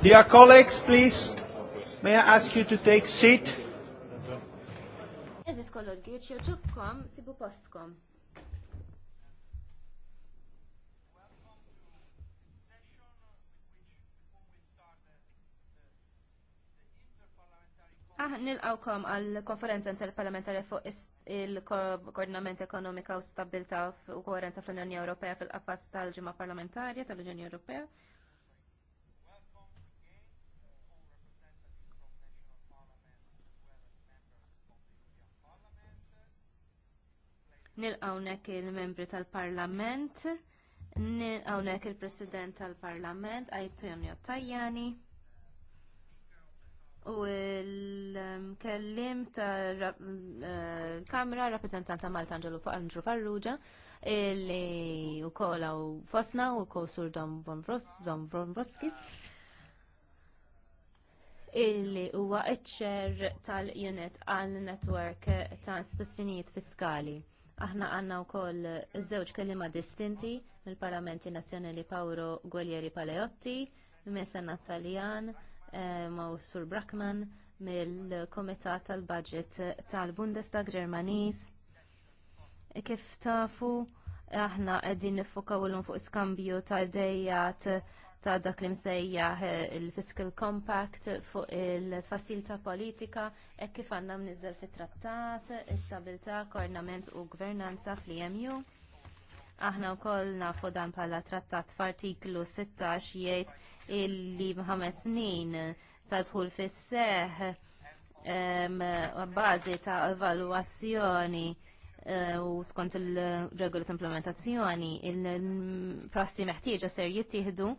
Dear colleagues, please, may I ask you to take seat? Eżis kollegi, ċirċubkom, sibu postkom. Aħ, ah, nilqawkom għal-konferenza interparlamentari fuq il-koordinament ekonomika u stabilta u koherenza fl-Unjoni Ewropea fil-qafas tal-ġimma parlamentarja tal-Unjoni Ewropea. nilqawnek il-membri tal-parlament, nilqawnek il-president tal-parlament, Jott tajjani u l-kellim tal-kamra rappresentant Malta Angelo Andrew Farrugia li u kola u Fosna u kosur Don Bonbroskis illi huwa iċ-ċer tal-unit għal netwerk ta' istituzzjonijiet fiskali. Aħna għanna u koll zewġ kelima distinti mill-Parlamenti Nazjonali Paolo Gualieri Paleotti, mill-Senat Taljan, eh, ma' Sur Brackman, mill-Komitat tal-Budget tal-Bundestag Ġermaniż. E kif tafu, aħna qegħdin nifokaw l fuq skambju tal dejjat ta' dak li msejjaħ eh, il-Fiscal Compact fuq il-tfassil ta' politika hekk kif għandna mnizzel fit-trattat, stabilta, koordinament u gvernanza fl-EMU. Aħna wkoll nafu dan bħala trattat f'artiklu 16 jgħid illi b'ħames snin ta' dħul fis-seħ bazi ta' evalwazzjoni eh, u skont il-regoli ta' implementazzjoni, il-prassi meħtieġa ser jittieħdu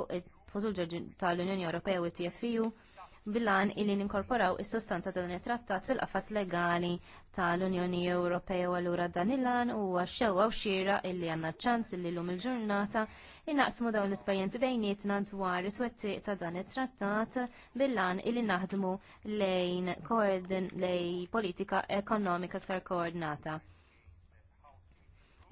fuq il-fużul tal-Unjoni Ewropea u t-TFU bilan illi ninkorporaw is-sostanza ta' dan it-trattat fil-qafas legali tal-Unjoni Ewropea u allura dan il-lan u għaxxew għaw xira illi għanna ċans illi l-lum il-ġurnata innaqsmu dawn l-esperienzi bejnietna dwar it-twettiq ta' dan it-trattat bilan illi naħdmu lejn lejn politika ekonomika ktar koordinata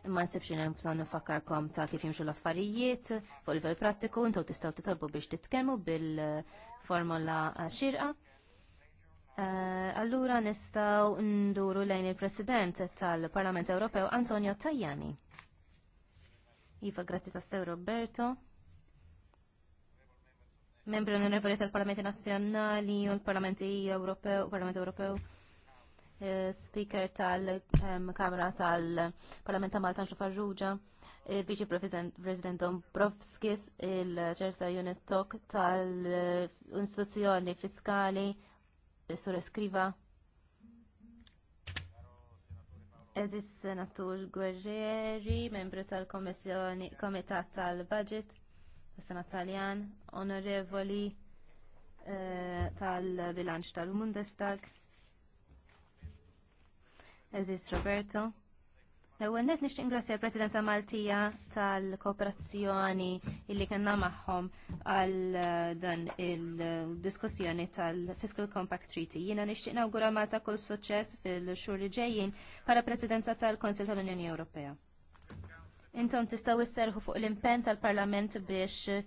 imma nsibx hemm bżonn nifakkarkom ta' kif jimxu l-affarijiet fuq livell prattiku intu tistgħu titolbu biex titkemmu bil-formola xirqa. Eh, allura nistgħu nduru lejn il-President tal-Parlament Ewropew Antonio Tajani. Iva, grazzi sew Roberto membri onorevoli tal-Parlamenti Nazzjonali u l-Parlamenti Ewropew, Parlament Ewropew, speaker tal-Kamra tal-Parlament ta' Malta Nxu Farrugia, e, Vice President Dombrovskis, il-ċerta Unit Tok tal-Istituzzjoni Fiskali, e, Sur Eskriva, Eżis Senatur Guerrieri, membru tal-Komissjoni Komitat tal-Budget, senat Taljan, Onorevoli e, tal-Bilanċ tal mundestag Eżis Roberto. L-ewwel net nixtieq ingrassja l-Presidenza Maltija tal-kooperazzjoni illi kellna magħhom għal eh, dan il-diskussjoni tal-Fiscal Compact Treaty. Jiena nixtieq nawgura Malta kull suċċess fil-xhur li ġejjin bħala Presidenza tal-Konsil tal-Unjoni Ewropea. Intom tistgħu isserħu fuq l-impenn tal-Parlament biex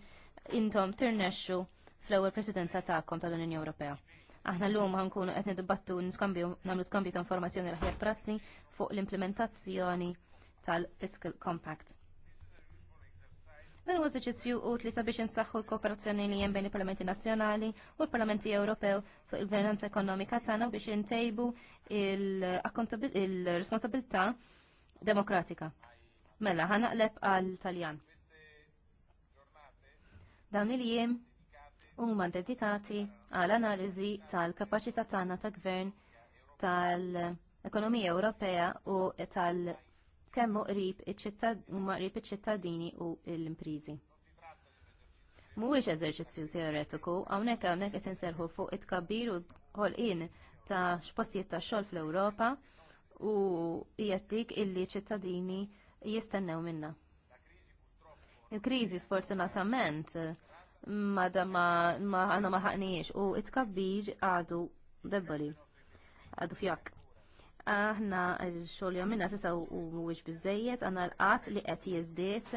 intom tirnexxu fl-ewwel Presidenza tagħkom tal-Unjoni Ewropea. Aħna l-lum ħankunu għetni nidibattu nagħmlu skambju ta' informazzjoni l-aħjar prassi fuq l-implementazzjoni tal-Fiscal Compact. Dan huwa eżerċizzju utli sabiex insaħħu l-kooperazzjoni li hemm bejn il-Parlamenti Nazzjonali u l-Parlamenti Ewropew fuq il vernanza ekonomika tagħna biex intejbu il-responsabilità demokratika. Mela, ħanaqleb għal Taljan. Dawn il-jiem huma dedikati għal analiżi tal-kapaċità tagħna ta' gvern tal-ekonomija Ewropea u tal- kemm qrib iċ-ċittadini u l-imprizi. Mhuwiex eżerċizzju teoretiku, hawnhekk hawnhekk qed inserħu fuq it-kabbir u ħolqien ta' x'postijiet ta' xogħol fl-Ewropa u hija dik illi ċittadini jistennew minna. Il-kriżi sfortunatament mada ma għana maħaqniex u it-kabbir għadu debbali għadu fjak. Aħna xogħol jomina sisa u mhuwiex biżejjed għandna l-qatt li qed jiżdied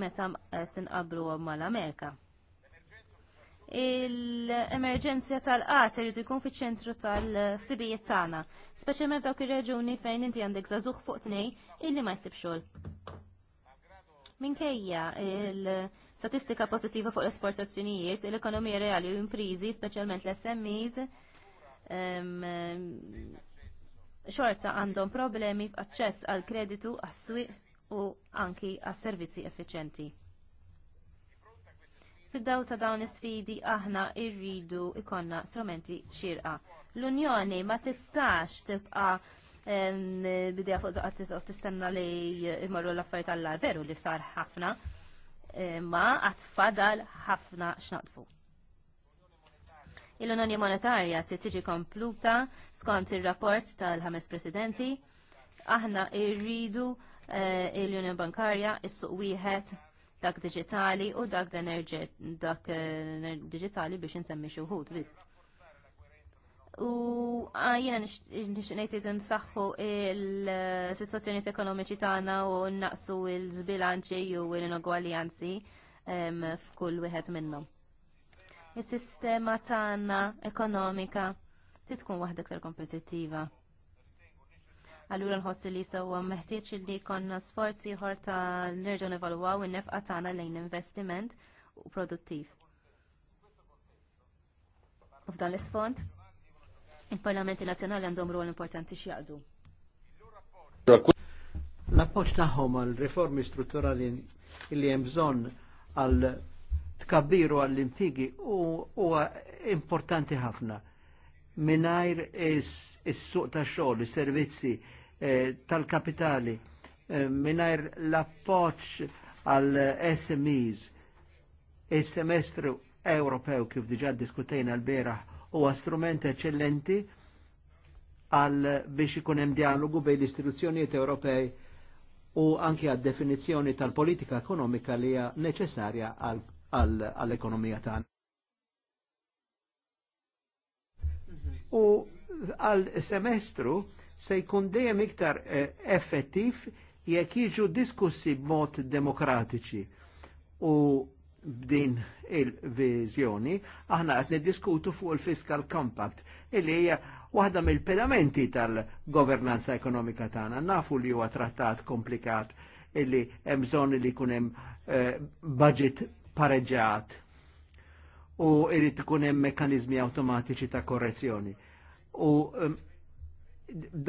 meta qed inqabru mal-Amerika. Il-emerġenzja tal-qatt irid ikun fiċ-ċentru tal-sibijiet tagħna, speċjalment dawk ir-reġuni fejn inti għandek żagħżugħ fuq tnej illi ma jsib xogħol. Minkejja il- statistika pozittiva fuq l-esportazzjonijiet, l-ekonomija reali u imprizi, specialment l-SMEs, xorta għandhom problemi f'aċċess għal kreditu għas-swieq u anki għas servizzi effiċenti. Fid-daw ta' dawn is-sfidi aħna irridu ikonna strumenti xirqa. L-Unjoni ma tistax tibqa' bidja fuq zaqqa tistenna li jmorru l-affarijiet għall veru li sar ħafna ma għat fadal ħafna xnaqfu. Il-Unjoni Monetarja tiġi kompluta skont il-rapport tal-ħames presidenti. Aħna irridu eh, il-Unjoni Bankarja issuq suq wieħed dak digitali u dak dak eh, digitali biex nsemmi xi wħud biss u jiena nixnejt nsaħħu il-situazzjoni ekonomiċi tagħna u naqsu il-żbilanċi u l-inogwaljanzi f'kull wieħed minnhom. Is-sistema tagħna ekonomika titkun waħda aktar kompetittiva. Allura nħossi li sewwa meħtieġ li konna sforzi ieħor ta' nerġa' nevalwaw in-nefqa tagħna lejn investiment u produttiv. U f'dan l-isfond, Il-Parlamenti Nazzjonali għandhom rol importanti x'jaqdu. L-appoġġ tagħhom għal riformi strutturali li hemm bżonn għal tkabbiru għall impigi huwa importanti ħafna. Minajr is-suq ta' xogħol is-servizzi eh, tal-kapitali, eh, minajr l-appoġġ għal SMEs, is-semestru Ewropew kif diġà diskutejna l-beraħ huwa strument eccellenti għal biex ikun hemm dialogu bejn l-istituzzjonijiet Ewropej u anke għad definizzjoni tal-politika ekonomika li hija neċessarja għall-ekonomija tagħna. U għal semestru se jkun dejjem iktar eh, effettiv jekk jiġu diskussi b'mod demokratiċi u b'din il-vizjoni, aħna qed niddiskutu fuq il-Fiscal Compact, illi hija waħda mill-pedamenti tal-governanza ekonomika tagħna. Nafu li huwa trattat komplikat illi hemm bżonn li jkun hemm eh, budget pareġġat u irid ikun hemm mekkaniżmi awtomatiċi ta' korrezzjoni. U eh,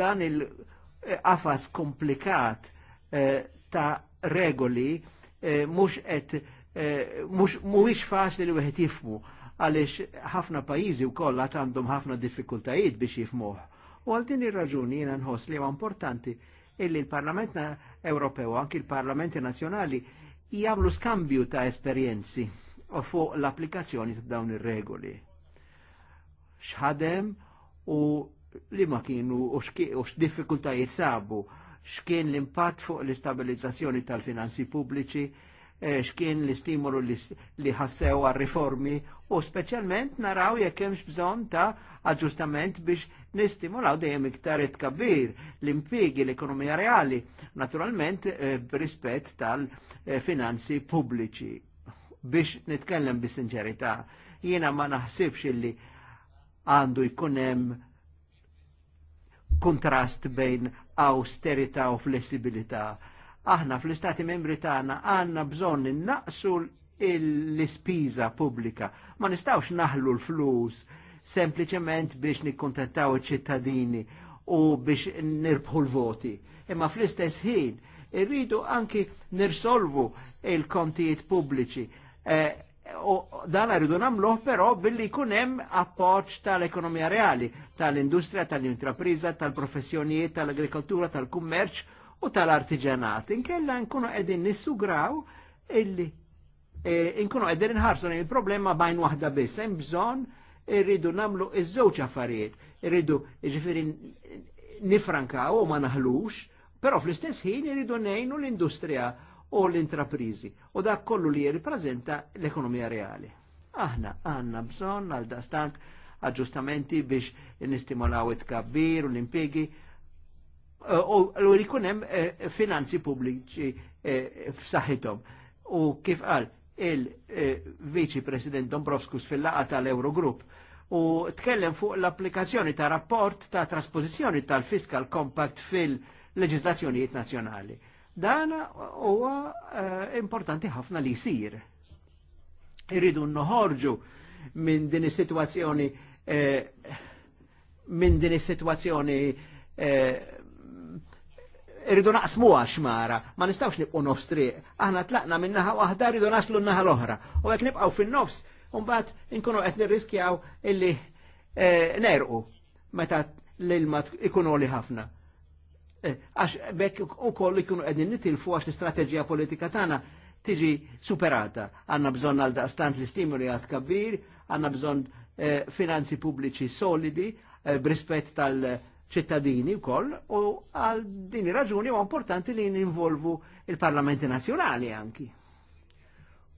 dan il-qafas komplikat eh, ta' regoli eh, mhux qed Eh, mhuwiex faċli li wieħed jifmu għaliex ħafna pajjiżi wkoll għad għandhom ħafna diffikultajiet biex jifmuh. U għal din ir-raġuni jiena nħoss li huwa importanti illi l-Parlament Ewropew anki l-Parlamenti Nazzjonali jagħmlu skambju ta' esperjenzi u fuq l-applikazzjoni ta' dawn ir-regoli. X'ħadem u li ma kienu u x'diffikultajiet sabu x'kien l-impatt fuq l-istabilizzazzjoni tal-finanzi pubbliċi xkien l-istimolu li ħassew għal-riformi u specialment naraw jekk hemmx bżonn ta' aġġustament biex nistimulaw dejjem iktar tkabbir l-impjiegi l-ekonomija reali, naturalment eh, b'rispett tal-finanzi pubbliċi. Biex nitkellem bis-sinċerità, jiena ma naħsibx illi għandu jkun hemm kontrast bejn austerità u flessibilità aħna fl-Istati Membri tagħna għandna bżonn innaqsu l-ispiża pubblika. Ma nistgħux naħlu l-flus sempliċement biex nikkuntentaw iċ-ċittadini u biex nirbħu l-voti. Imma fl-istess ħin irridu anki nirsolvu il-kontijiet pubbliċi. E, u dan rridu namluħ però billi jkun hemm appoġġ tal-ekonomija reali, tal-industrija, tal-intrapriża, tal-professjonijiet, tal-agrikoltura, tal-kummerċ u tal-artiġanat. Inkella nkunu qegħdin nissugraw illi e, nkunu qegħdin inħarsu il-problema bajn waħda biss, hemm bżonn irridu namlu iż-żewġ affarijiet, irridu ġifiri nifrankaw u ma naħlux, però fl-istess ħin irridu nejnu l-industrija u l-intraprizi u dak kollu li jirriprezenta l-ekonomija reali. Aħna għanna bżonn għal dastant aġġustamenti biex nistimolaw it-kabbir u l-impiegi Eh, u li kunem eh, finanzi pubbliċi eh, f'saħħithom. U kif qal il-Viċi President Dombrovskus fil-laqa tal-Eurogrupp u tkellem fuq l-applikazzjoni ta' rapport ta' trasposizjoni tal-Fiscal Compact fil-leġislazzjonijiet nazzjonali. Dan huwa importanti ħafna li jsir. Irridu noħorġu minn din is-sitwazzjoni minn din is-sitwazzjoni rridu naqsmu għax mara, ma nistawx nibqu nofs triq, aħna tlaqna minn naħa waħda rridu naslu n-naħa l-oħra, u għek nibqaw fin-nofs, Umbat inkunu qed nirriskjaw illi eh, nerqu meta l-ilma ikunu li ħafna. Eh, għax bekk u koll ikunu qegħdin nitilfu għax l-istrateġija politika tagħna tiġi superata. Għanna bżonn għal daqstant l-istimuli għad kabbir, għanna bżonn eh, finanzi pubbliċi solidi, brispett tal- ċittadini wkoll u għal din raġuni huwa importanti li ninvolvu il-Parlamenti Nazzjonali anki.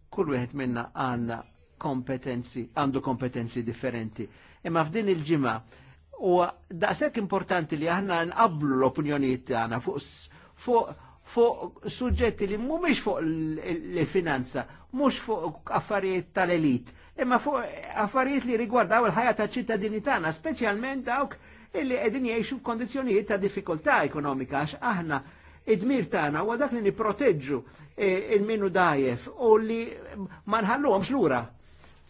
Kull wieħed minna għandna kompetenzi, għandu kompetenzi differenti. Imma f'din il-ġimgħa huwa daqshekk importanti li aħna nqablu l-opinjonijiet tagħna fuq fuq fuq suġġetti li mhumiex fuq l-finanza, mhux fuq affarijiet tal-elit, imma fuq affarijiet li rigwardaw il-ħajja tal ċittadini tagħna, speċjalment dawk illi qegħdin jgħixu f'kondizzjonijiet ta' diffikultà ekonomika għax aħna id-dmir tagħna huwa dak li niproteġġu e, il-minu dajef u li ma nħalluhomx lura.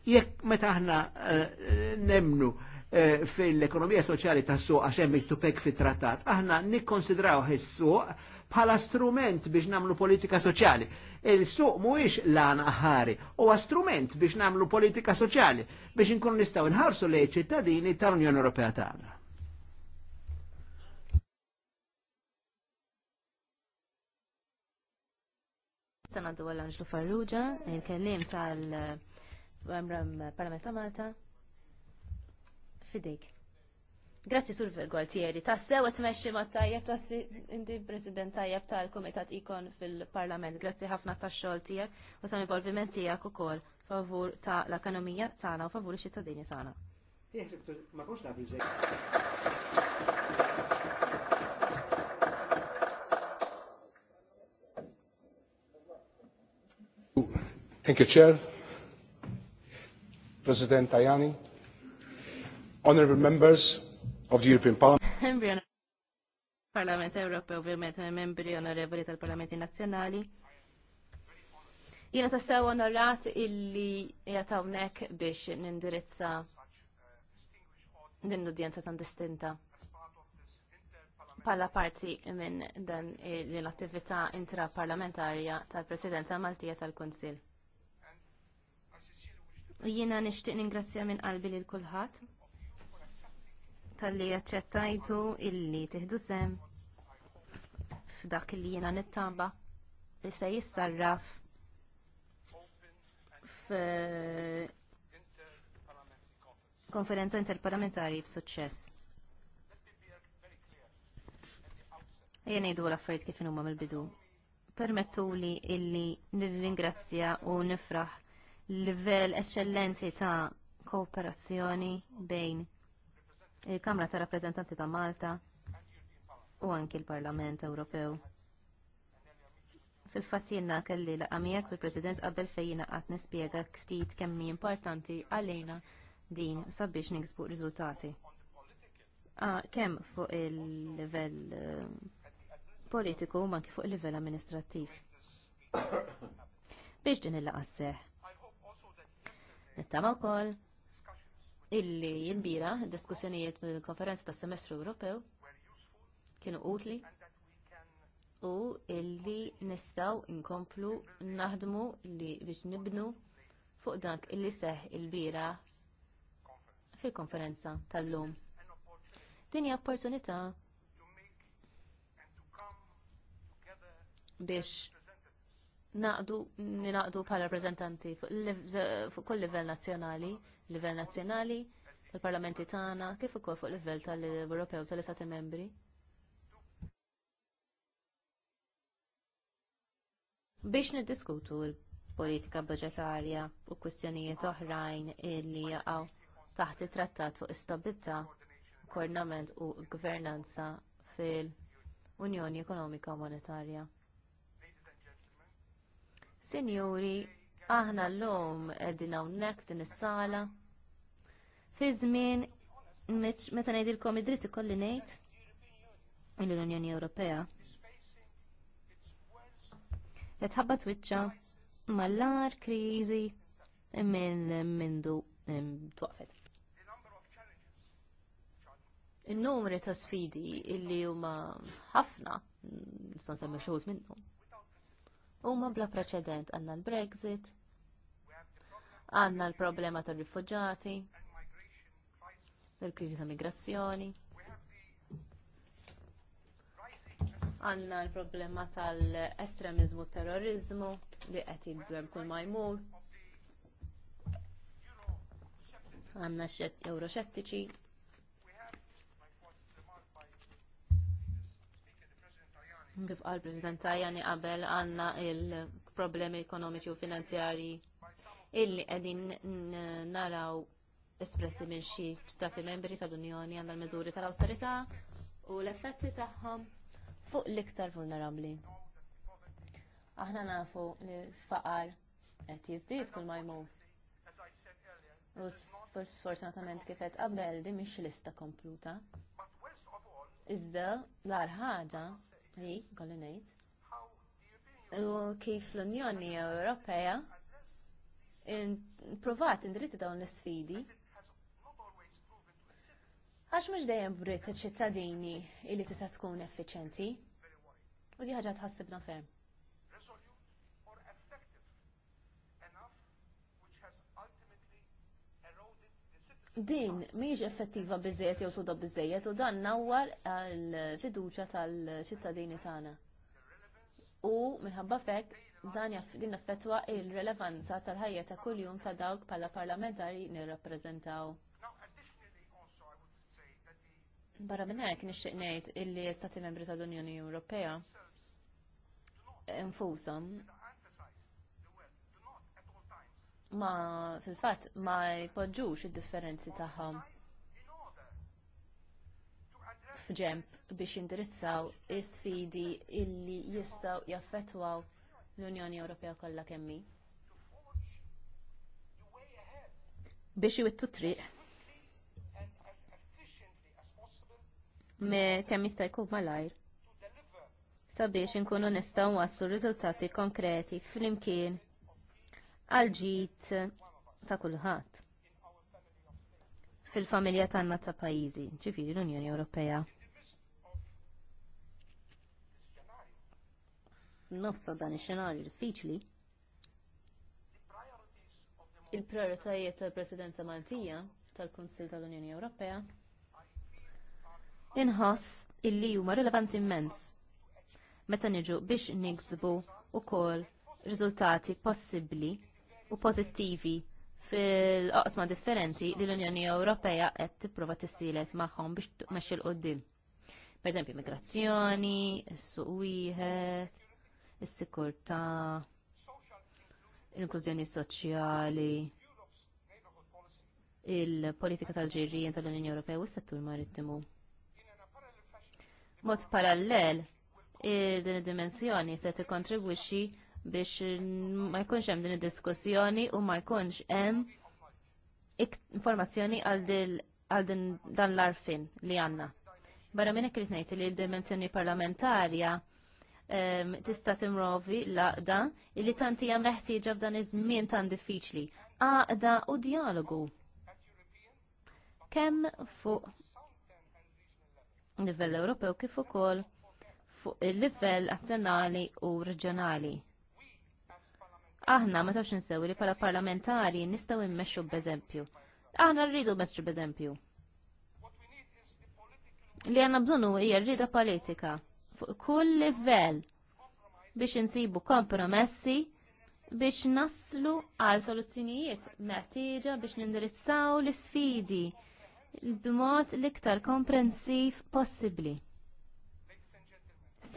Jekk meta aħna e, e, nemnu fil-ekonomija soċjali tas-suq għax hemm il-tupek fit-trattat, aħna nikkonsidraw is-suq bħala strument biex namlu politika soċjali. Il-suq mhuwiex lan aħari, huwa strument biex namlu politika soċjali biex inkun nistgħu nħarsu lejn ċittadini tal-Unjoni Ewropea tagħna. Sanaddu għall-Anġlu Farrugia, il-kellim tal-Parlament ta' Malta. Fidejk. Grazzi sur Gualtieri, ta' sewa tmexxi ma' tajjeb ta' indi president tajjeb tal-Komitat Ikon fil-Parlament. Grazzi ħafna ta' xogħol tiegħek u ta' involviment tiegħek ukoll favur ta' l-ekonomija tagħna u favur xittadini ċittadini tagħna. Jek, ma' konx nagħmel Thank you, Chair. President Tajani, honorable members of the European Parliament. Parlament Ewropew, ovvjament, membri onorevoli tal-Parlamenti Nazzjonali. Jiena tassew onorat illi jatawnek biex nindirizza din l-udjenza tan distinta Palla parti minn dan l-attività intraparlamentarja tal-Presidenza Maltija tal kunsill Jiena nixtieq ningrazzja minn qalbi lil kulħadd talli jaċċettajtu illi tieħdu sem f'dak li jiena nittaba li se jissarraf konferenza interparlamentari b'suċċess. Ejja ngħidu l-affarijiet kif huma mill-bidu. Permettu li illi nirringrazzja u nifraħ livell eċċellenti ta' kooperazzjoni bejn il-Kamra ta' Rappresentanti ta' Malta u anki l-Parlament Ewropew. Fil-fatt kelli kelli għamijak su president qabel fejjina qatt nispjega ftit kemm importanti għalina din sabiex niksbu riżultati. Kemm fuq il-livell eh, politiku u ma fuq il-livell amministrattiv. Biex din il-laqasseħ Nittama wkoll illi jimbira diskussjonijiet mill-konferenza tas semestru Ewropew kienu utli u illi nistaw inkomplu naħdmu li biex nibnu fuq dak illi seħ il-bira fil-konferenza tal-lum. Din hija opportunità biex naqdu ninaqdu bħala rappresentanti fuq kull livell nazzjonali, livell nazzjonali tal-parlamenti tagħna, kif ukoll fuq livell tal-Ewropew tal-Istati Membri. Biex niddiskutu l-politika budġetarja u kwistjonijiet oħrajn illi jaqgħu taħt it-trattat fuq istabilità, koordinament u gvernanza fil-Unjoni Ekonomika u Monetarja. Sinjuri, aħna l-lum edin hawnhekk din is-sala. Fi żmien meta ngħidilkom id-dritt ikolli ngħid l-Unjoni Ewropea. Qed twitċa mal-lar kriżi minn mindu twaqfet. Il-numri ta' sfidi illi huma ħafna, nistan semmi xogħol minnhom huma bla preċedent għandna l-Brexit, għandna l-problema tar rifugġati l kriżi ta' migrazzjoni, għandna l-problema tal-estremizmu u terrorizmu li qed jibdwem kull ma jmur, għandna euroxettiċi, Kif għal President Tajani qabel għanna il-problemi ekonomiċi u finanzjari illi għedin naraw espressi minn xi stati membri tal-Unjoni għandha l-miżuri tal-awsterità u l-effetti tagħhom fuq l-iktar vulnerabbli. Aħna nafu li faqar qed jiżdied kull ma jmur. U sfortunatament kif qed qabel di mhix lista kompluta. Iżda l-ar ħaġa Li, kolli ngħid. U kif l-Unjoni Ewropea provat indiritti dawn l-sfidi għax mhux dejjem brit ċittadini li tista' tkun effiċenti. U di ħaġa tħassibna ferm. din miġ effettiva bizzejet jew suda bizzejet u dan nawwar għal fiduċa tal-ċittadini tagħna. U minħabba fek dan din affettwa il-relevanza tal-ħajja ta' kuljum ta' dawk bħala parlamentari nirrappreżentaw. Barra minn hekk nixtieq ngħid illi stati membri tal-Unjoni Ewropea infushom ma fil-fatt ma jpoġġux id-differenzi tagħhom f'ġemp biex indirizzaw is-sfidi illi jistgħu jaffettwaw l-Unjoni Ewropea kollha kemm Biex iwittu triq kemm jista' jkun malajr sabiex inkunu nistgħu nwasslu riżultati konkreti flimkien għalġit ta' kulħadd fil-familja tagħna ta' pajjiżi, ġifieri l-Unjoni Ewropea. Nofsa ta' dan ix-xenarju diffiċli. Il-prioritajiet tal-Presidenza Maltija tal konsil tal-Unjoni Ewropea inħoss illi huma rilevanti immens meta niġu biex niksbu kol riżultati possibbli u pozittivi fil-oqsma differenti li l-Unjoni Ewropea qed tipprova tissielet magħhom biex tmexxi l qoddim Per eżempju, migrazzjoni, is-suq wieħed, is-sikurtà, l-inklużjoni soċjali, il-politika tal-ġirrien tal-Unjoni Ewropea u s-settur marittimu. Mod parallel, din id-dimensjoni se tikkontribwixxi biex ma jkunx hemm din id-diskussjoni u ma jkunx hemm informazzjoni għal dan l-arfin li għanna. Barra minn ikrit ngħid li l-dimensjoni parlamentarja ehm, tista' timrovi laqda li tanti hemm meħtieġa f'dan iż-żmien tan diffiċli. Għaqda u dialogu. Kemm fuq livell Ewropew kif ukoll fuq il-livell azzjonali u reġjonali. Aħna ma tafx nsewi li pala parlamentari nistaw immexxu b'eżempju. Aħna rridu meċċu b'eżempju. Li għanna bżonu hija rrida politika fuq kull livell biex insibu kompromessi biex naslu għal soluzzjonijiet meħtieġa biex nindirizzaw l-sfidi b'mod l-iktar komprensiv possibbli.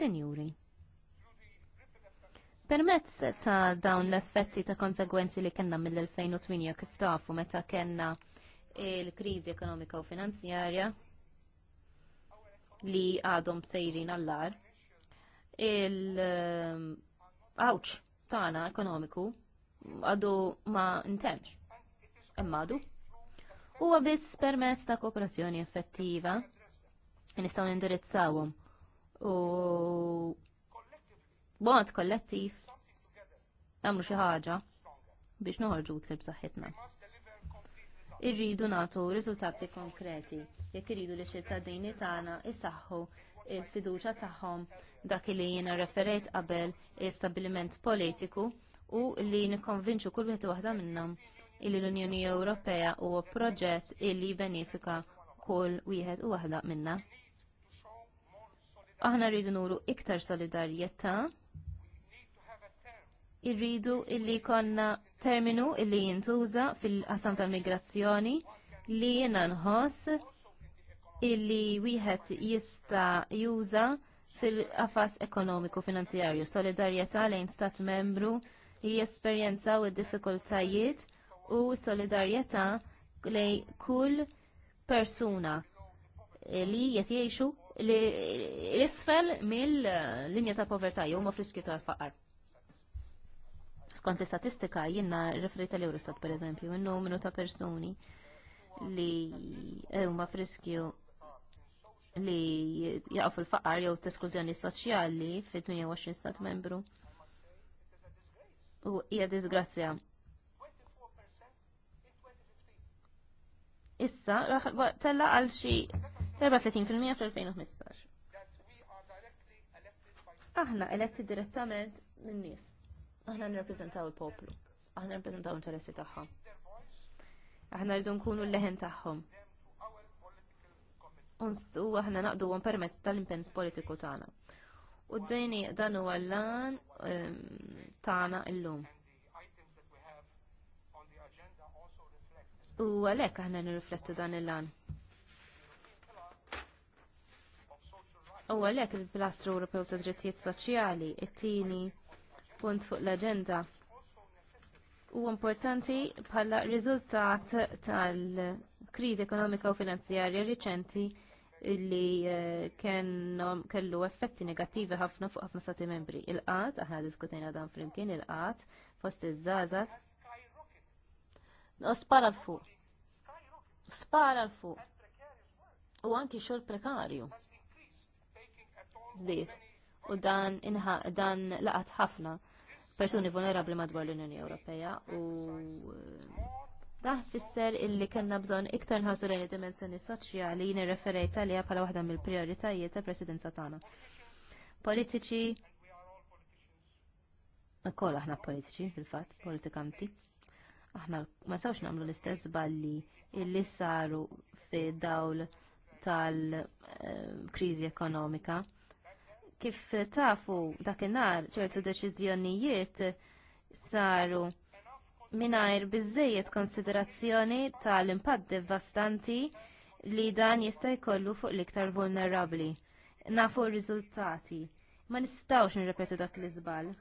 Senjuri. Permezz ta' dawn l-effetti ta' konsegwenzi li kellna mill-2008 kif tafu meta kellna il-kriżi ekonomika u finanzjarja li għadhom sejrin għallar, il-għawċ um, tagħna ekonomiku għadu ma intemx imma għadu. Huwa biss permezz ta' kooperazzjoni effettiva nistgħu nindirizzawhom u bond kollettiv namlu xi ħaġa biex noħorġu iktar b'saħħitna. Irridu nagħtu riżultati konkreti jekk iridu li ċittadini tagħna jsaħħu l-fiduċja tagħhom dak li jiena referejt qabel stabbiliment politiku u li nikkonvinċu kull wieħed waħda minnhom illi l-Unjoni Ewropea huwa proġett illi jbenefika kull wieħed u waħda minna. Aħna rridu nuru iktar solidarjetà irridu illi konna terminu illi jintuża fil-qasam tal-migrazzjoni li jiena nħoss illi wieħed jista' juża fil-qafas ekonomiku finanzjarju solidarjetà lejn stat membru li jesperjenzaw id-diffikultajiet u solidarjetà lej kull persuna li qed jgħixu l-isfel mill-linja ta' povertà jew ma' friskju ta' faqar Skont l-istatistika jinnna referi tal eurostat per eżempju, n-numru ta' persuni li eh, huma friskju li jaqfu l-faqar jew t-esklużjoni soċjali fi 28 stat membru. U hija disgrazzja. Issa, tella għal xi 34% fl-2015. Aħna eletti direttament minn nies. Aħna nirrepreżentaw il-poplu, aħna nirrappreżentaw interessi tagħhom. Aħna rridu nkunu l-leħen tagħhom. U aħna naqdu għom permezz tal impenz politiku tagħna. U d dajni dan u għallan ehm, tagħna illum. U għalek aħna nirriflettu dan il-lan. U għalek il plastru Ewropew ta' Drittijiet Soċjali, it tini punt fuq l-agenda. U importanti bħala riżultat tal-kriżi ekonomika u finanzjarja riċenti li eh, kellu effetti negattivi ħafna fuq ħafna stati membri. Il-qat, aħna diskutejna dan flimkien, il-qat, fost iż-żazat. Spara l-fuq. Spara l-fuq. U anki xogħol prekarju. Zdiet. U dan, dan laqat ħafna persuni vulnerabli madwar l-Unjoni Ewropea u eh, daħ fisser illi kellna bżonn iktar nħasur lejn id-dimensjoni soċjali jien irreferejt għaliha bħala waħda mill-prijoritajiet ta' presidenza tagħna. Politiċi Kol aħna politiċi fil-fatt, politikanti. Aħna ma sawx nagħmlu l-istess balli illi saru fi dawl tal-kriżi eh, ekonomika Kif tafu dakinhar ċertu deċiżjonijiet saru mingħajr biżżejjed konsiderazzjoni tal-impatt devastanti li dan jista' jkollu fuq l-iktar vulnerabbli. Nafu r-riżultati. Ma nistgħux nirrepetu dak l iżball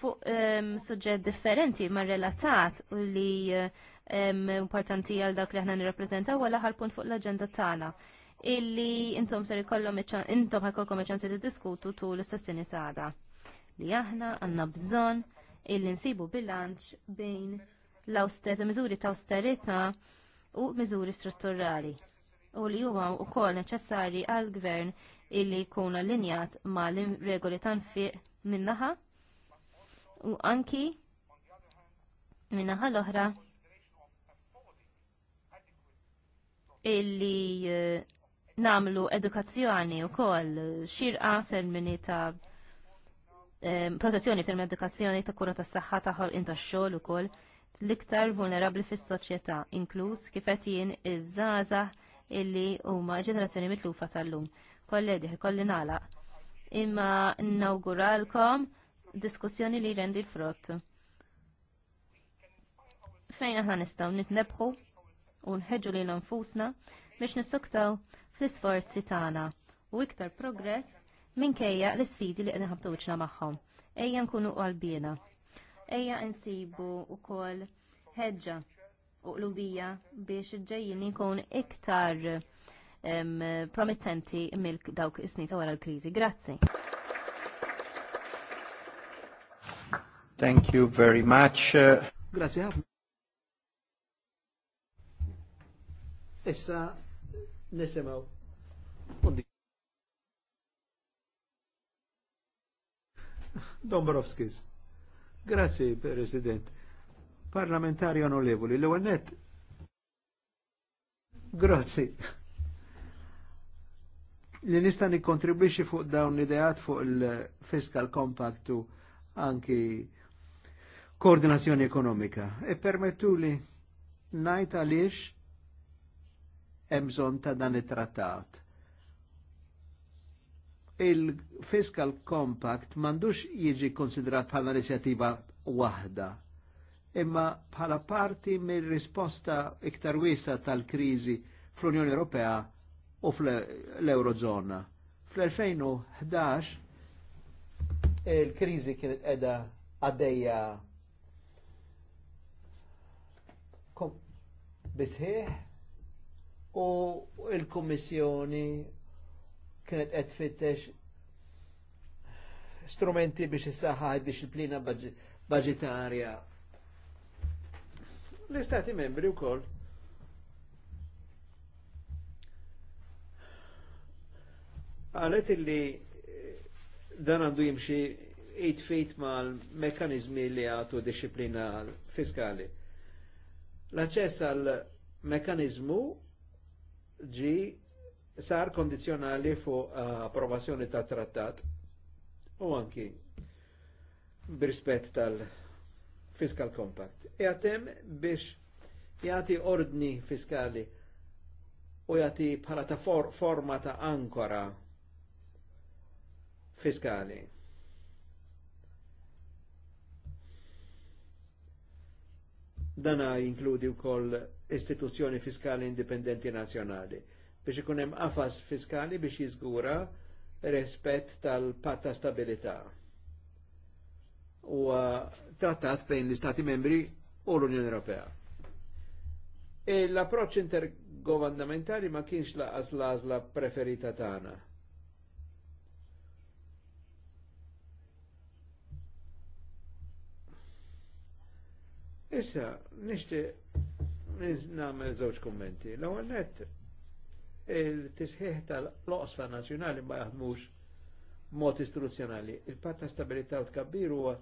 fuq um, suġġett differenti ma' relatat u li um, importanti għal dak li ħna nirrepreżentaw għal aħħar punt fuq l aġenda tagħna illi intom ser ikollhom intom ħajkolkom iċan ċansi diskutu tul is-sessjoni ta' Li aħna għandna bżonn illi nsibu bilanċ bejn l-austerita, miżuri ta' austerita u miżuri strutturali u li huwa wkoll neċessarji għall gvern illi jkun allinjat mal regoli tanfiq min-naħa u anki min-naħa l-oħra illi eh, namlu edukazzjoni u koll xirqa fil-mini ta' protezzjoni fil edukazzjoni ta' kura tas saħħa ta' ħolqin ta' xogħol ukoll l-iktar vulnerabbli fis-soċjetà, inkluż kif qed jien iż-żgħażagħ illi huma ġenerazzjoni mitlufa tal-lum. Kolledi, kolli nagħlaq. Imma inauguralkom diskussjoni li rendi l-frott. Fejn aħna nistgħu nitnebħu u nħeġġu l nfusna biex nissuktaw fl-isforzi tagħna u iktar progress minkejja l-isfidi li nħabtu wiċna magħhom. Ejja nkunu qalbina. Ejja nsibu wkoll ħeġġa u qlubija biex ġejjini ġejjin jkun iktar promettenti mill dawk is-snita wara l-kriżi. Grazzi. Thank you very much. Grazie. Issa nisimaw. Dombrovskis. Grazie, President. Parlamentari onorevoli, l għannet Grazie. Li nistan kontribwixi fuq dawn l-ideat fuq il-Fiscal Compact u anki koordinazzjoni ekonomika. E permettu li najta għaliex emżon bżonn ta' dan it-trattat. Il-Fiscal Compact mandux jiġi konsidrat bħala inizjattiva waħda, imma bħala parti mill-risposta iktar wiesa tal-kriżi fl-Unjoni Ewropea u fl-Eurozona. Fl-2011 il-kriżi kienet edha għaddejja bisħieħ u il-Kommissjoni kienet qed fittex strumenti biex issaħħa disciplina budgetarja. L-Istati membri wkoll għalet illi dan għandu jimxi it fit mal-mekanizmi li għatu disciplina fiskali. L-aċċess għal mekanizmu ġi sar kondizjonali fuq eh, approvazzjoni ta' trattat u anki b'rispett tal-Fiscal Compact. E għatem biex jati ordni fiskali u jati bħala ta' for forma ta' ankora fiskali. Dana jinkludi u koll istituzzjoni fiskali indipendenti nazjonali biex ikun hemm qafas fiskali biex jiżgura rispett tal-patt ta' stabilità. U trattat bejn l-Istati membri u l-Unjoni Ewropea. E l-approċċ intergovernamentali ma kienx laqas l-għażla preferita tagħna. Issa, nishti namel żewġ kommenti. l net il-tisħiħ tal-loqsfa nazzjonali ma jaħdmux mod istruzzjonali. Il-patta stabilità u tkabbir huwa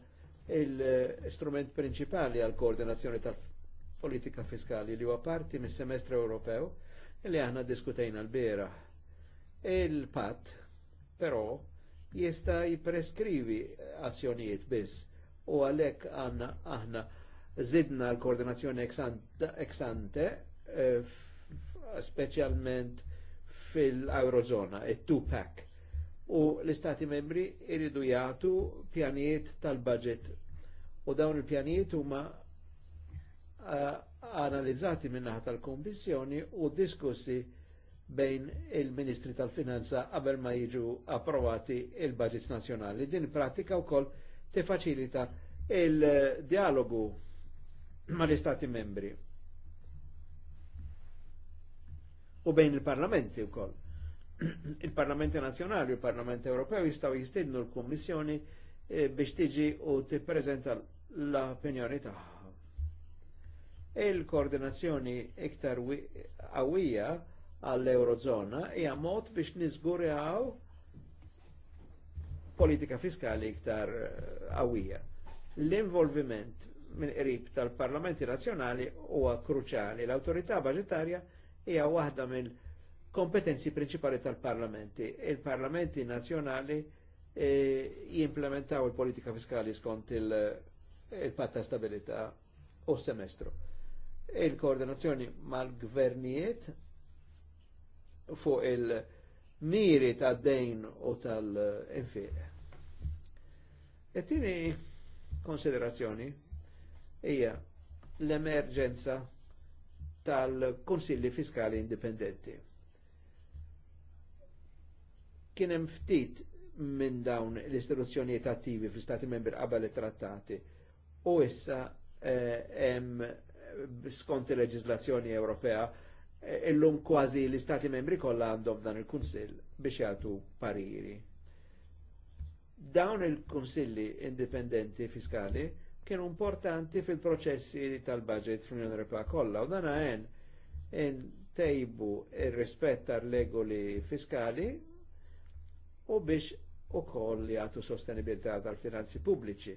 l-istrument prinċipali għal koordinazzjoni tal-politika fiskali li huwa parti mis-semestru Ewropew li aħna diskutejna l-bera. Il-pat, però, jista' jipreskrivi azzjonijiet biss u għalhekk għandna aħna Zidna l-koordinazzjoni ex ante, eh, specialment fil-Eurozona, e two pack U l-Istati membri irridu jgħatu pjanijiet tal-budget. U dawn il-pjanijiet huma eh, analizzati minnaħat tal-Kommissjoni u diskussi bejn il-Ministri tal-Finanza qabel ma jiġu approvati il-budgets nazjonali. Din pratika wkoll tefaċilita il-dialogu ma l istati membri. U bejn il-parlamenti u koll. Il-parlamenti nazjonali u il-parlament Ewropew jistaw jistidnu l-Kommissjoni eh, biex tiġi u t-prezenta l-opinjoni tagħha. Il-koordinazzjoni iktar għawija għall-Eurozona hija mod biex niżguraw politika fiskali iktar għawija. Eh, L-involviment minn qrib tal-parlamenti nazzjonali huwa kruċjali. L-autorità budgetarja hija waħda mill kompetenzi principali tal-parlamenti. Il-parlamenti nazzjonali e, jimplementaw il-politika fiskali skont il-patta il eh, stabilità u semestru. Il-koordinazzjoni mal-gvernijiet fuq il-miri ta' dejn u tal-infiq. E tini konsiderazzjoni hija l-emerġenza tal-Konsilli Fiskali Indipendenti. Kien hemm ftit minn dawn l-istituzzjonijiet attivi fl-Stati membri qabel it-trattati u issa eh, hemm skont il-leġislazzjoni Ewropea eh, illum kważi l-Istati membri kollha għandhom dan il-Kunsill biex jagħtu pariri. Dawn il-Kunsilli Indipendenti Fiskali kienu importanti fil-proċessi tal-budget fl-Unjoni Ewropea kollha u dan għen tejbu ir-rispett tar-regoli fiskali u biex ukoll jagħtu sostenibilità tal-finanzi pubbliċi.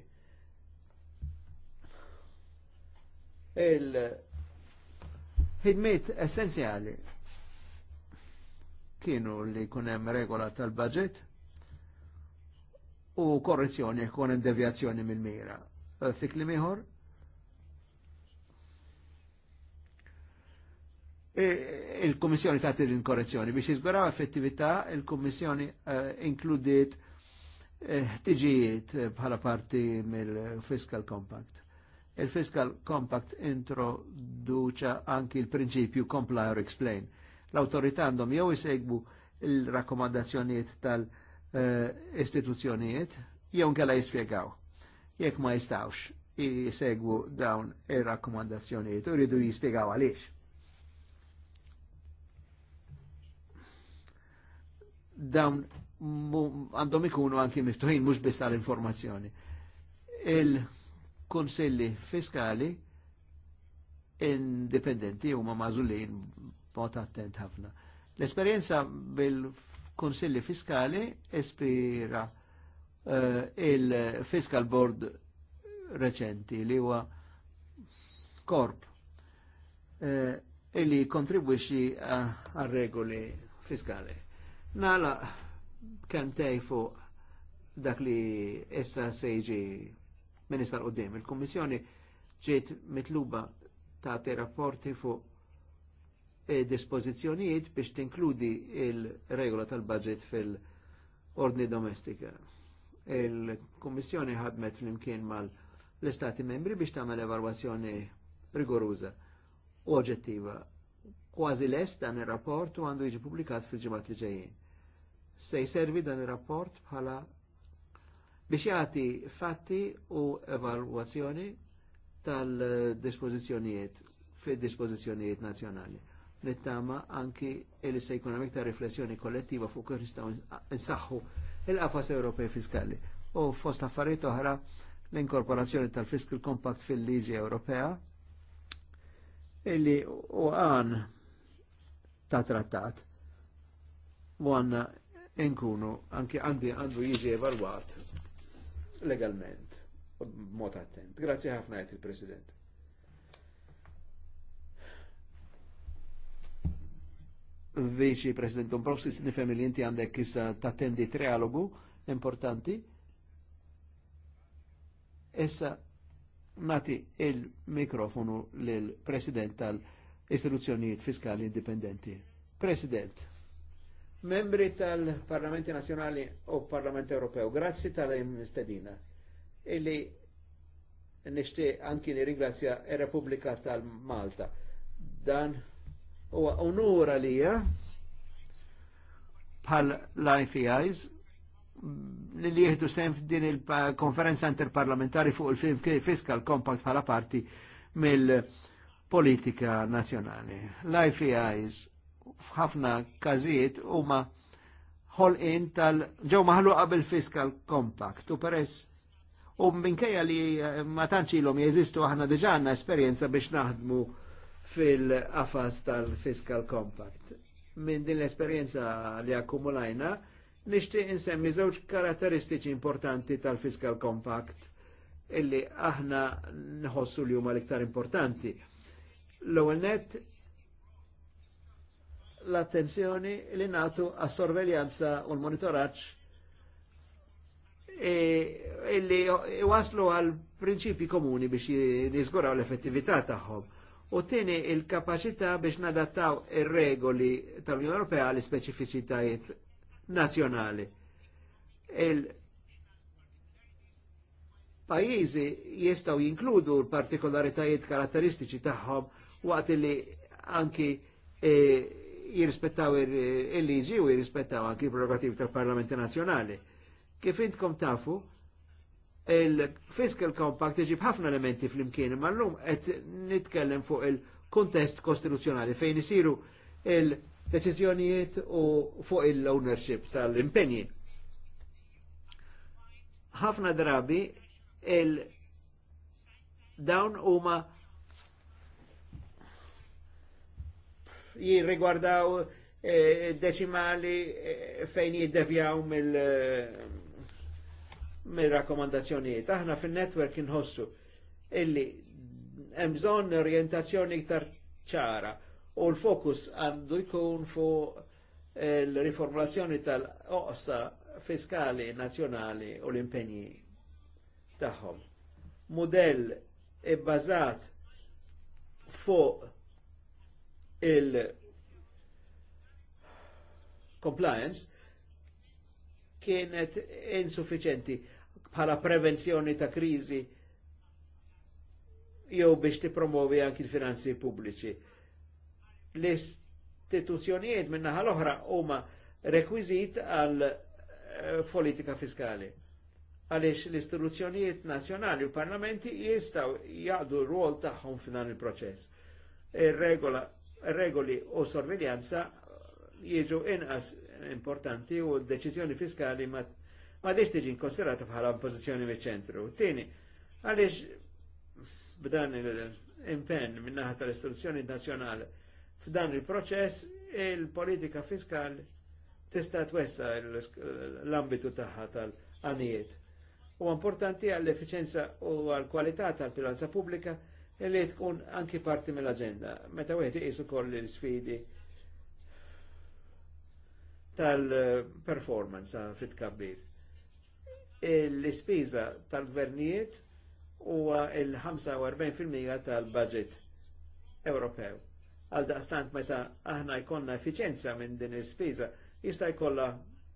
Il-ħidmiet essenzjali kienu li jkun hemm regola tal-budget u korrezzjoni jkun hemm devjazzjoni mill-mira Eh, Fikli klim ieħor. E, il kommissjoni ta' tirin korrezzjoni biex jiżguraw effettività il kommissjoni eh, inkludiet eh, ħtiġijiet bħala parti mill-Fiscal Compact. Il-Fiscal Compact introduċa anki il-prinċipju comply or explain. L-autorità għandhom jew isegbu il-rakkomandazzjonijiet tal-istituzzjonijiet jew nkella jispjegaw jekk ma jistawx jisegwu dawn ir-rakkomandazzjonijiet u rridu jispiegaw għaliex. Dawn għandhom ikunu anki miftuħin mhux biss tal-informazzjoni. Il-konsilli fiskali indipendenti huma mażulin b'mod attent ħafna. L-esperjenza bil-konsilli fiskali espira uh, eh, il-Fiscal Board reċenti li huwa korp illi eh, kontribwixi għal regoli fiskali. Nala kem tej dak li issa sejġi minister qoddim. Il-Kommissjoni ġiet mitluba ta' te rapporti fu e dispozizjonijiet biex tinkludi il-regola tal-budget fil-ordni domestika. Il-Kommissjoni ħadmet flimkien mal-Istati membri biex tagħmel evalwazzjoni rigoruża u oġettiva. Kważi lest dan ir-rapport u għandu jiġi publikat fil-ġimgħat li ġejjin. Se jservi dan ir-rapport bħala biex jagħti fatti u evalwazzjoni tal-dispożizzjonijiet fid-dispożizzjonijiet nazzjonali nittama anki il se ta' riflessjoni kollettiva fuq kif nistgħu nsaħħu il-qafas Ewropej fiskali. U fost affarijiet oħra l-inkorporazzjoni tal-Fiscal Compact fil-liġi Ewropea illi u għan ta' trattat u għanna inkunu anki għandi għandu jiġi evalwat legalment, b'mod attent. Grazie ħafna il-President. Viċi President Dombrovskis nifhem li inti għandek issa tattendi trialogu importanti. Essa nati il-mikrofonu lil President tal-Istituzzjonijiet Fiskali Indipendenti. President, membri tal-Parlamenti Nazjonali u Parlament Ewropew, grazzi tal-imstedina illi nishti anki li ringrazzja il-Repubblika tal-Malta. Dan u onura lija bħal Life Eyes li li jihdu sem din il-konferenza interparlamentari fuq il-Fiscal Compact bħala parti mill-politika nazjonali. L-IFIs f'ħafna kazijiet huma in tal ġew maħlu qabel fiscal Compact u peress u minkejja li ma tantx ilhom jeżistu aħna diġà għandna esperjenza biex naħdmu fil-qafas tal-Fiscal Compact. Minn din l-esperienza li akkumulajna, nixtieq insemmi żewġ karatteristiċi importanti tal-Fiscal Compact illi aħna nħossu li huma l-iktar importanti. L-ewwel net l-attenzjoni li natu għas-sorveljanza u l-monitoraġġ e, illi waslu għal prinċipi komuni biex jiżguraw l-effettività tagħhom u t-tini il-kapacità biex nadattaw il regoli tal-Unjoni Ewropea għal speċifiċitajiet nazjonali. Il-pajjiżi jistgħu jinkludu l-partikolaritajiet karatteristiċi tagħhom waqt li anki e, jirrispettaw il-liġi u jirrispettaw anki il-prerogativi tal-Parlamenti Nazzjonali. Kif intkom tafu, il-fiscal compact iġib ħafna elementi fl-imkien, ma l-lum qed nitkellem fuq il-kontest kostituzzjonali fejn isiru il-deċiżjonijiet u fuq il-ownership tal-impenji. Ħafna drabi il- dawn huma jirrigwardaw eh, decimali eh, fejn jiddevjaw mill- minn rakkomandazzjonijiet. Aħna fin-network nħossu illi hemm bżonn orientazzjoni iktar ċara u l-fokus għandu jkun fuq il-riformulazzjoni eh, tal-oqsa fiskali nazzjonali u l-impenji tagħhom. Modell ibbażat bazat fuq il- compliance kienet insuffiċenti bħala prevenzjoni ta' krizi jew biex tipromovi anki l-finanzi pubbliċi. L-istituzzjonijiet minna ħal oħra huma rekwizit għal eh, politika fiskali. Għalix l-istituzzjonijiet nazjonali u parlamenti jistaw jgħadu r-rol tagħhom f'dan il-proċess. Ir-regola il regoli u sorveljanza jieġu inqas importanti u d-deċiżjoni fiskali ma ma diex tiġi konsiderata bħala pożizzjoni miċ-ċentru. Tieni, għaliex b'dan il-impenn minnaħa tal-istruzzjoni nazzjonali f'dan il-proċess il-politika fiskali tista' twessa l-ambitu tagħha tal-għanijiet. U importanti għall-efficienza u għall-kwalità tal-finanza pubblika li tkun anki parti mill-agenda. Meta wieħed iqisu koll l-sfidi tal-performance fit kabbir l-ispiża tal-gvernijiet huwa il-45% tal-budget Ewropew. Għal daqstant meta aħna jkollna efficienza minn din l-ispiża jista' jkollha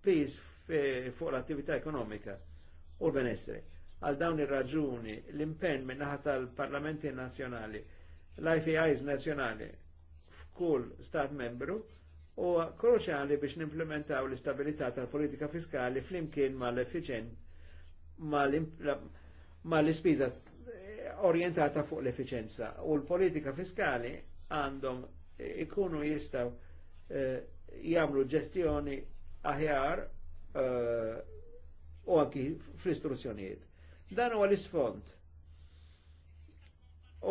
pis fuq l-attività ekonomika u l-benessri. Għal dawn ir-raġuni l-impenn minn naħa tal-parlamenti nazzjonali, l-IFIs nazzjonali f'kull stat membru u kruċali biex nimplementaw l-istabilità tal-politika fiskali flimkien mal-effiċenza mal-ispiża eh, orientata fuq l-efficienza u l-politika fiskali għandhom eh, ikunu jistaw eh, jamlu ġestjoni aħjar eh, u għanki fl-istruzzjonijiet. Dan huwa l-isfond.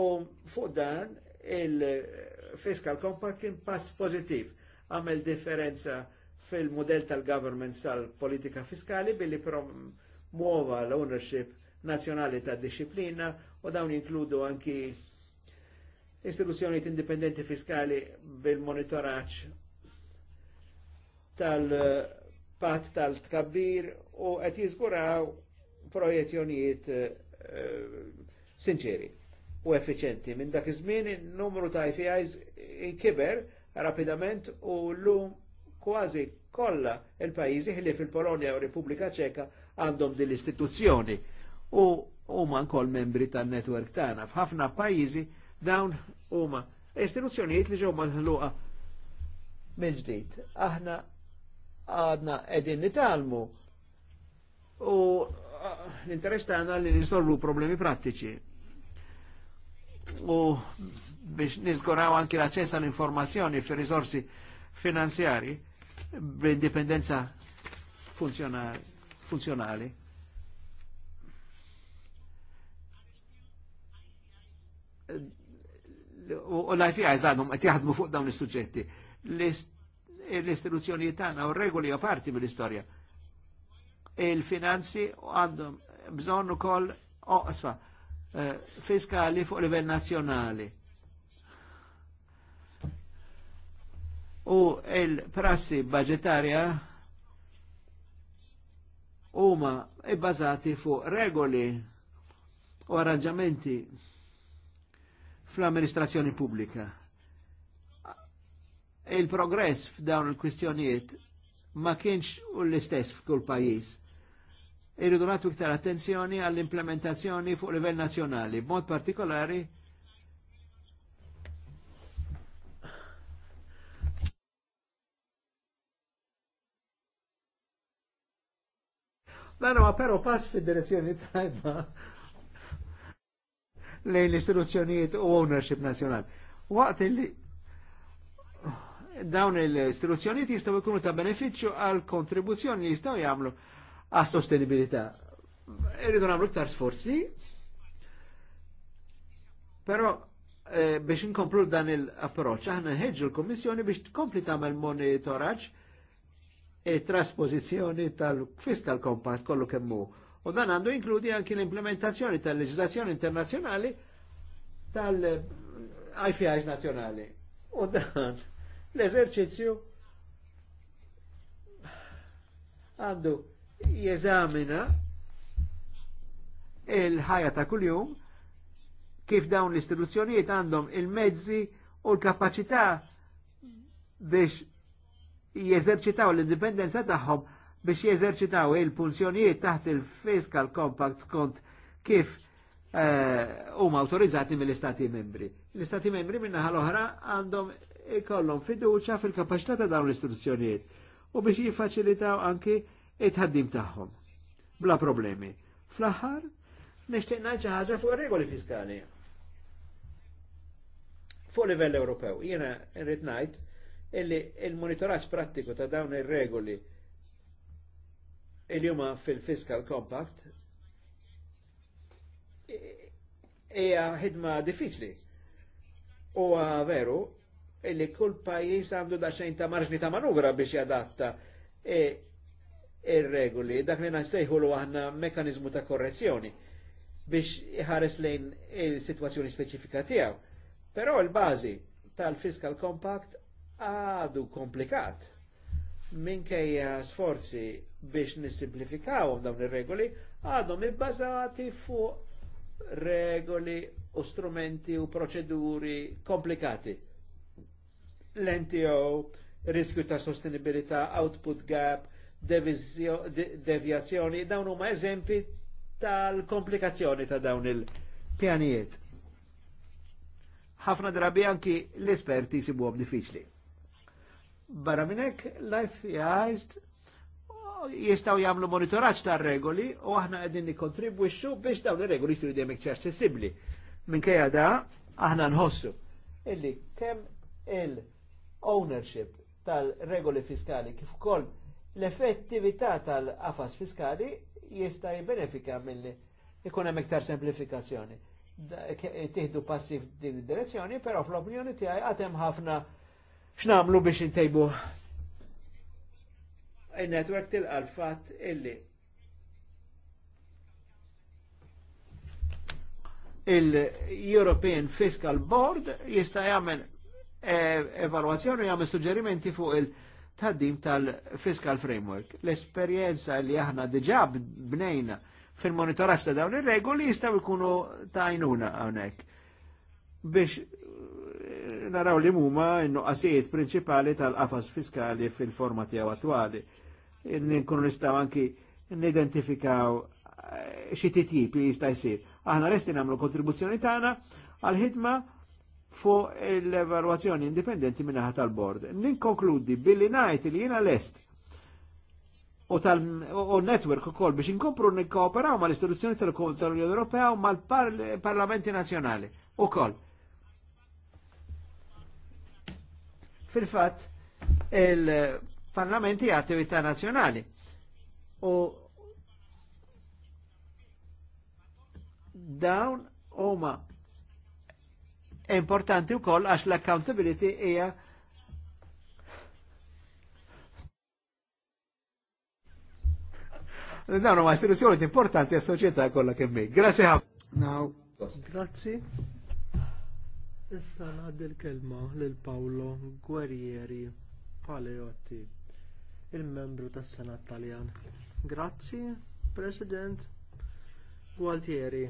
U fuq dan il-fiscal compact kien pass pozittiv għamel differenza fil-modell tal-governments tal-politika fiskali billi prom muova l-ownership nazjonali ta' disciplina u dawn inkludu anki istituzzjonijiet indipendenti fiskali bil-monitoraċ tal-pat tal-tkabbir u qed jiżguraw projezzjonijiet uh, sinċeri u effiċenti. Minn dak iż-żmien numru ta' IFIs inkiber rapidament u llum kważi kollha il-pajjiżi ħli fil-Polonja u Repubblika Ċeka għandhom din l-istituzzjoni u huma nkoll membri tan-netwerk tagħna. F'ħafna pajjiżi dawn huma istituzzjonijiet li ġew maħluqa minn ġdid Aħna għadna qegħdin nitalmu u l-interess tagħna li nisolvu problemi prattiċi. U biex nizguraw anki l-aċċess għall informazzjoni fir risorsi finanzjari b'indipendenza funzjonari funzjonali. U l-IFIs għadhom qed jaħdmu fuq dawn l suġġetti L-istituzzjonijiet tagħna u regoli parti mill istoria Il-finanzi għandhom bżonn ukoll oqsfa eh, fiskali fuq livell nazjonali. U il-prassi budgetarja huma bbażati fuq regoli u arranġamenti fl-amministrazzjoni pubblika. Il-progress f'dawn il-kwistjonijiet ma kienx u l-istess f'kull pajjiż. Irridu nagħtu iktar attenzjoni għall-implementazzjoni fuq livell nazzjonali, b'mod partikolari Dan ma però pass fid-direzzjoni tajba lejn l-istituzzjonijiet u ownership nazzjonali. Waqt li dawn l-istituzzjonijiet jistgħu jkunu ta' benefiċċju għal kontribuzzjoni li jistgħu jagħmlu għas sostenibilità. Irridu nagħmlu iktar sforzi, però eh, biex nkomplu dan il-approċ, aħna ħedġu l-Kommissjoni biex tkompli tagħmel monitoraġġ trasposizjoni tal-Fiscal Compact kollu kemmu. U dan għandu inkludi anki l-implementazzjoni tal-leġislazzjoni internazzjonali tal-IFIs nazjonali. U dan l-eżerċizzju għandu jeżamina il-ħajja ta' kuljum kif dawn l-istituzzjonijiet għandhom il-mezzi u l-kapacità biex jeżerċitaw l-indipendenza tagħhom biex jeżerċitaw il punzjonijiet taħt il-Fiscal Compact kont kif eh, huma uh, autorizzati mill-Istati membri. L-Istati membri minna l-oħra għandhom ikollhom fiduċa fil-kapaċità ta' dawn l-istruzzjonijiet u biex jiffaċilitaw anki it-ħaddim tagħhom bla problemi. Fl-aħħar nixtieq ngħid xi ħaġa fuq regoli fiskali. Fuq livell Ewropew, jiena rrid ngħid illi il monitoraċ prattiku ta' dawn il regoli il juma fil-Fiscal Compact hija ħidma diffiċli. U veru illi kull pajis għandu daċċejn ta' marġni ta' manuvra biex jadatta e il regoli dak li nasejħu l aħna mekanizmu ta' korrezzjoni biex jħares lejn il-situazzjoni speċifika tijaw. Pero il-bazi tal-Fiscal Compact għadu komplikat minkejja sforzi biex nisimplifikaw dawn ir-regoli għadhom ibbażati fuq regoli u strumenti u proċeduri komplikati. L-NTO, riskju ta' sostenibilità, output gap, devjazzjoni, dawn huma eżempi tal-komplikazzjoni ta' dawn il-pjanijiet. Ħafna drabi anki l-esperti sibuhom diffiċli. Barra minnek, life ifis jistaw jamlu monitoraċ ta' regoli u aħna għedin nikontribwixxu biex dawn li regoli jistaw dejjem iktar ċessibli. Minkejja da, aħna nħossu illi kemm il-ownership tal-regoli fiskali kif ukoll l-effettività tal afas fiskali jista' jibbenefika milli ikun hemm iktar semplifikazzjoni. Tihdu passiv f'din id-direzzjoni, però fl-opinjoni tiegħi għad ħafna X'namlu biex intejbu il-network tilqa l-fatt illi il-European Fiscal Board jista' jagħmel eh, evalwazzjoni jagħmel suġġerimenti fuq il-taddim tal-fiscal framework. L-esperjenza li aħna diġà bnejna fil monitorasta ta' dawn ir-regoli jistgħu jkunu tajnuna hawnhekk biex naraw li muma n-nuqqasijiet prinċipali tal-qafas fiskali fil-forma tiegħu attwali. Nkun nistaw anki nidentifikaw eh, xi titjib li jista' jsir. Aħna resti nagħmlu kontribuzzjoni tagħna għal-ħidma fuq l evaluazzjoni indipendenti minnaħa tal-bord. Ninkonkludi billi najt li jiena lest u tal-network u kol biex inkompru nikkooperaw ma l-istituzzjoni tal-Unjoni Ewropea u mal-parlamenti nazjonali u kol fil-fat il-parlamenti għattu internazjonali. U dawn huma importanti u koll għax l-accountability hija Dawn huma istituzzjoni importanti għas-soċjetà kollha kemm Grazie ħafna. Now, grazie. Issa ngħaddi l-kelma lil Paolo Guerrieri Paleotti, il-membru tas-Senat Taljan. Grazzi, President Gualtieri.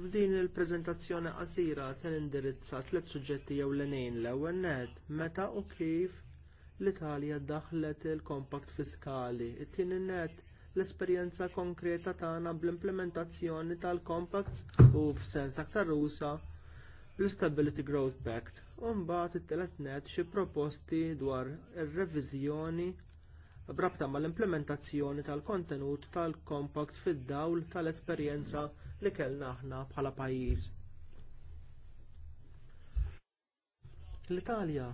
F'din il-preżentazzjoni qasira se nindirizza tliet suġġetti jew l l-ewwel nett, meta u kif l-Italja ddaħlet il-kompakt fiskali. It-tieni net l-esperjenza konkreta tagħna bl-implementazzjoni tal-kompakt u f'sens aktar rusa l-Stability Growth Pact. u mbagħad it-telet net xi proposti dwar ir-reviżjoni brabta mal-implementazzjoni tal-kontenut tal-Compact fid-dawl tal-esperjenza li kellna aħna bħala pajjiż. L-Italja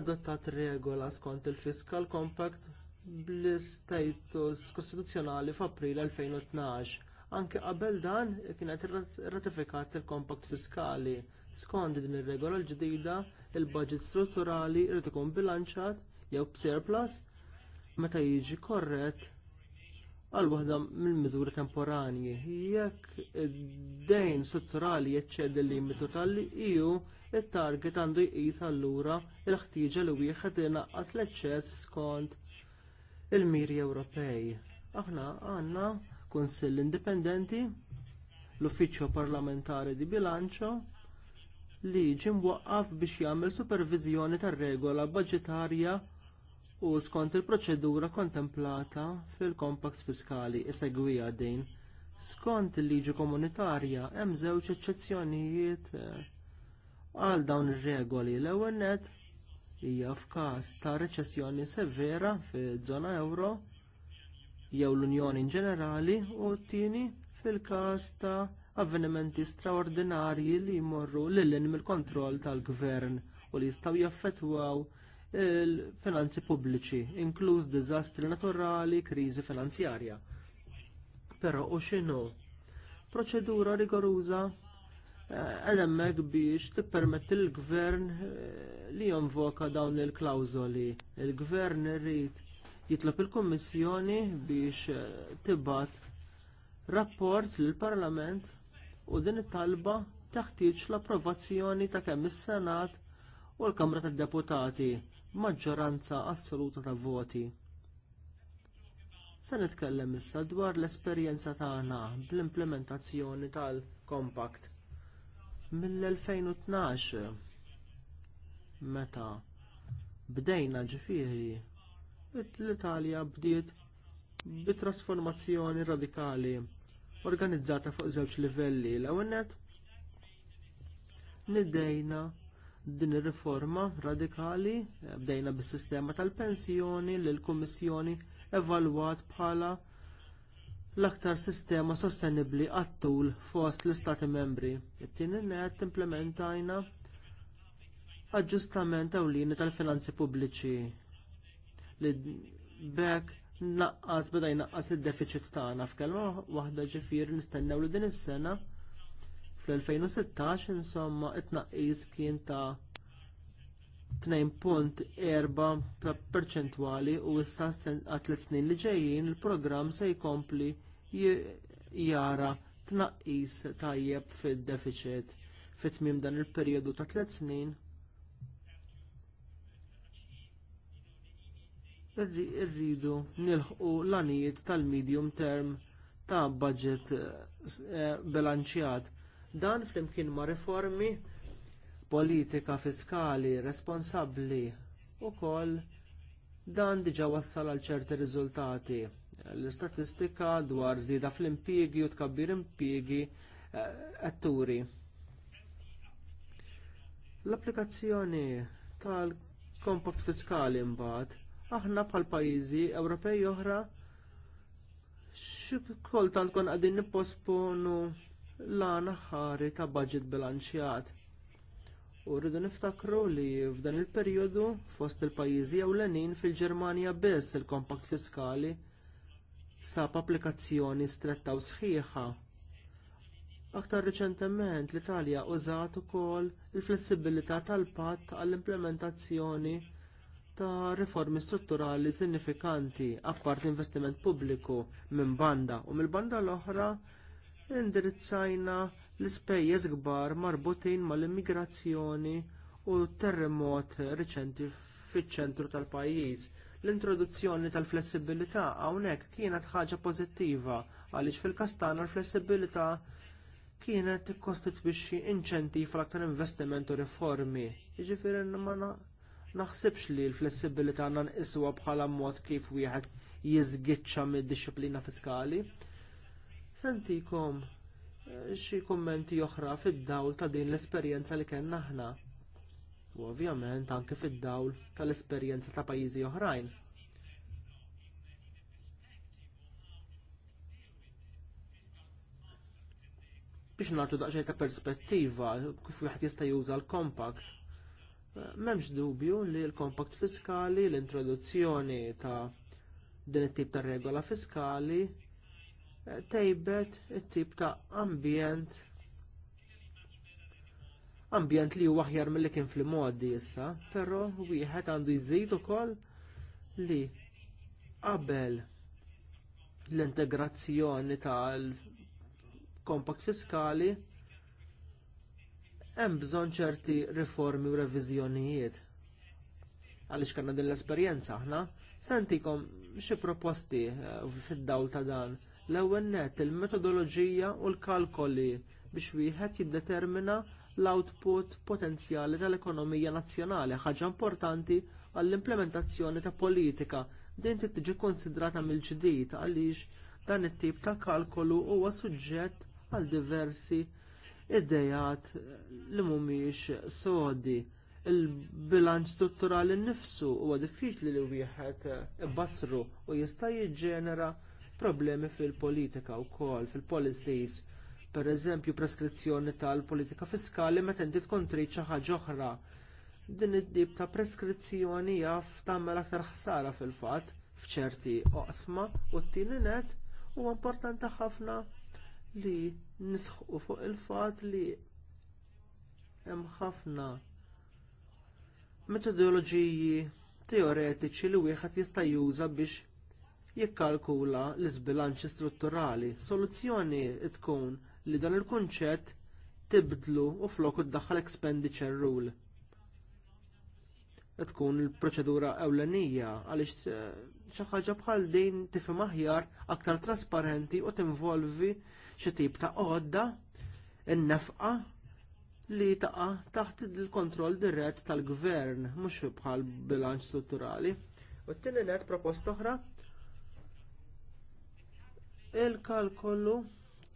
adottat regola skont il-Fiscal Compact bl-istatus kostituzzjonali f'April 2012 Anke qabel dan kienet ratifikat il-kompakt fiskali. Skont din ir-regola l-ġdida, il-budget strutturali irid ikun bilanċat jew b'surplus meta jiġi korrett għal waħda mill-miżuri temporanji. Jekk id-dejn strutturali jeċċedi l-limitu tal-EU, it-target għandu jqis allura l ħtieġa li wieħed inaqqas l-eċċess skont il-miri Ewropej. Aħna għandna kunsill indipendenti, l-Uffiċċju Parlamentari di Bilanċo, li jiġi mwaqqaf biex jagħmel superviżjoni tar-regola budġetarja u skont il-proċedura kontemplata fil-kompaks fiskali isegwija din. Skont il-liġi komunitarja hemm żewġ eċċezzjonijiet eh, għal dawn ir-regoli l-ewwel nett hija f'każ ta' reċessjoni severa fiż-żona euro jew l-Unjoni in ġenerali u t-tieni fil-każ ta' avvenimenti straordinarji li jmorru lil mill-kontroll tal-gvern u li jistgħu jaffettwaw il-finanzi pubbliċi, inkluż diżastri naturali, kriżi finanzjarja. Però u x'inhu? Proċedura rigoruża eh, edemmek biex tippermetti l-gvern eh, li jonvoka dawn il-klawżoli. Il-gvern irrid jitlob il kummissjoni biex eh, tibbat rapport lill parlament u din it-talba taħtieġ l-approvazzjoni ta' kemm is-Senat u l-Kamra tad-Deputati maġġoranza assoluta ta' voti. Se nitkellem issa dwar l-esperjenza tagħna bl-implementazzjoni tal-Compact mill-2012 meta bdejna ġifieri l-Italja bdiet bit-trasformazzjoni radikali organizzata fuq żewġ livelli. L-ewwel nett niddejna din ir-riforma radikali bdejna bis-sistema tal-pensjoni li l-Kummissjoni evalwat bħala l-aktar sistema sostenibbli għat-tul fost l-Istati membri. It-tieni net implementajna aġġustament ewlieni tal-finanzi pubbliċi li bekk naqqas beda jnaqqas id-deficit tagħna f'kelma waħda ġifir nistennew li din is-sena fl-2016 insomma it-tnaqqis kien ta' 2.4 perċentwali u issa għat-tliet snin li ġejjin il-programm se jkompli jara tnaqqis tajjeb fil deficit fit-tmiem dan il-perjodu ta' tliet snin irridu nilħqu l-anijiet tal-medium term ta' budget eh, bilanċjat. Dan flimkien ma' riformi, politika fiskali responsabbli wkoll dan diġa wassal għal ċerti riżultati. L-istatistika dwar żieda fl-impjiegi u tkabbir impjiegi atturi. Eh, L-applikazzjoni tal-kompakt fiskali mbagħad aħna bħal pajjiżi Ewropej oħra xikoltant kon qegħdin nipposponu l-għana ħari ta' budget bilanċjat. U rridu niftakru li f'dan il perjodu fost il pajjiżi ewlenin fil-Ġermanja biss il-kompakt fiskali sab applikazzjoni stretta u sħiħa. Aktar riċentement l-Italja użat ukoll il-flessibilità tal-patt għall-implementazzjoni ta' riformi strutturali sinifikanti apart investiment pubbliku minn banda u mill banda l-oħra indirizzajna l-ispejjeż kbar marbutin mal-immigrazzjoni u t terremot riċenti fiċ-ċentru tal-pajjiż l-introduzzjoni tal-flessibilità hawnhekk kienet ħaġa pożittiva għaliex fil-kastana l-flessibilità kienet tikkostitwixxi inċentiv għal aktar investiment u riformi. Jiġifieri ma naħsibx li l-flessibilità għandna nqiswa bħala mod kif wieħed jiżgiċċa mid-disciplina fiskali. Sentikom eh, xi kummenti oħra fid-dawl ta' din l-esperjenza li kellna aħna. U ovvjament anke fid-dawl tal-esperjenza ta' pajjiżi oħrajn. biex nartu daqxaj ta' perspettiva kif wieħed jista' juża l-kompakt. M'hemmx dubju li l-kompakt fiskali, l-introduzzjoni ta' din it-tip ta' regola fiskali eh, tejbet it-tip ta' ambjent ambjent li huwa aħjar mill-li kien fil-modi issa, però wieħed għandu jżid ukoll li qabel l-integrazzjoni tal-kompakt fiskali hemm bżonn ċerti riformi u reviżjonijiet. Għaliex kellna din l-esperjenza aħna, sentikom xi proposti eh, fid-dawl ta' dan l-ewwel nett il-metodoloġija u l-kalkoli biex wieħed jiddetermina l-output potenzjali tal-ekonomija nazzjonali, ħaġa importanti għall-implementazzjoni ta' politika din trid tiġi konsidrata mill-ġdid għaliex dan it-tip ta' kalkolu huwa suġġett għal diversi id-dejat li mhumiex sodi il-bilanċ strutturali nnifsu huwa diffiċli li wieħed ibassru u jista' jiġġenera problemi fil-politika wkoll fil-policies. pereżempju preskrizzjoni tal-politika fiskali meta inti tkun trid xi ħaġa oħra. Din id-dib ta' preskrizzjoni jaf tagħmel aktar ħsara fil-fatt f'ċerti oqsma u t-tieni net huwa importanti ħafna li nisħu fuq il-fat li hemm ħafna metodoloġiji teoretiċi li wieħed jista' juża biex jikkalkula l-isbilanċi strutturali. Soluzzjoni tkun li dan il-kunċett tibdlu u flok iddaħħal expenditure rule tkun il-proċedura ewlenija għaliex eh, xi ħaġa bħal din tifhem aħjar aktar trasparenti u tinvolvi xi tip ta' għodda in-nefqa li taqa taħt il-kontroll dirett tal-gvern mhux bħal bilanċ strutturali. U t-tieni net propost oħra il-kalkolu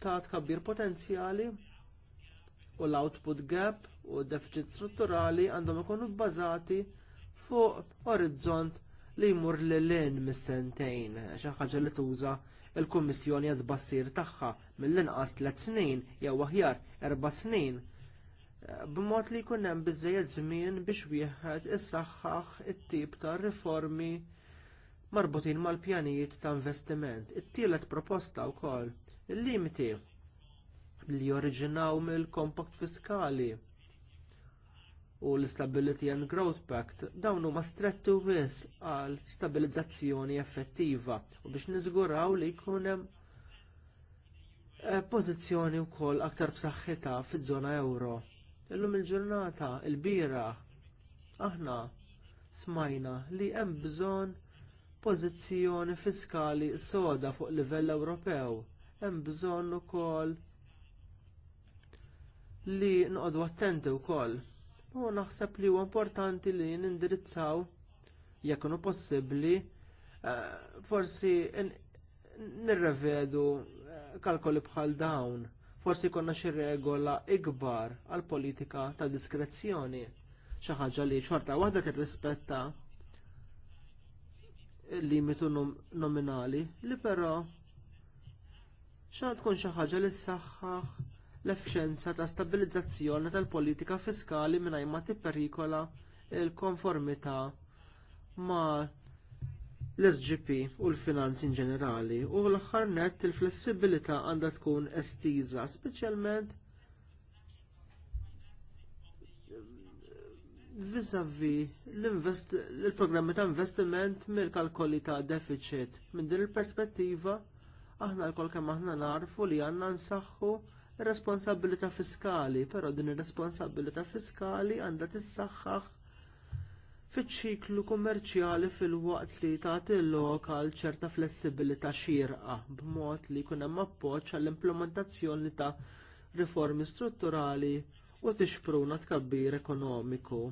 ta' tkabbir potenzjali u l-output gap u d-deficit strutturali għandhom ikunu bbażati fuq orizzont li jmur lil-lin mis-sentejn, xi ħaġa li tuża il-Kummissjoni għad bassir tagħha mill-inqas tliet snin jew aħjar erba' snin b'mod li jkun hemm biżżejjed żmien biex wieħed issaħħaħ it-tip ta' riformi marbutin mal-pjanijiet ta' investiment. It-tielet proposta wkoll il-limiti li joriginaw mill-kompakt fiskali u l-Stability and Growth Pact dawn huma strettu wis għal stabilizzazzjoni effettiva u biex niżguraw li jkun hemm eh, pożizzjoni wkoll aktar b'saħħitha fiż-żona euro. Illum il-ġurnata il-bira aħna smajna li hemm bżonn pożizzjoni fiskali soda fuq livell Ewropew. Hemm bżonn ukoll li nqogħdu attenti wkoll U naħseb li huwa importanti li nindirizzaw jekk hu possibbli eh, forsi nirrevedu eh, kalkoli bħal dawn. Forsi konna xi regola ikbar għal politika ta' diskrezzjoni. Xi ħaġa li xorta waħda tirrispetta il-limitu nominali li però xa tkun xi ħaġa li ssaħħaħ l-efficienza ta' stabilizzazzjoni tal-politika fiskali mingħajr ma tipperikola l-konformità ma' l-SGP u l-finanzi in ġenerali u l-aħħar nett il-flessibilità għandha tkun estiża, speċjalment vizavi l-programmi ta' investiment mill-kalkoli ta' deficit. Minn din il-perspettiva, aħna l-kol kemm aħna narfu li għandna nsaħħu responsabilità fiskali, però din ir-responsabilità fiskali għandha tissaħħaħ fiċ-ċiklu kummerċjali fil-waqt li tagħti lokal ċerta flessibilità xirqa b'mod li jkun hemm appoġġ għall-implementazzjoni ta' riformi strutturali u tixpruna tkabbir ekonomiku.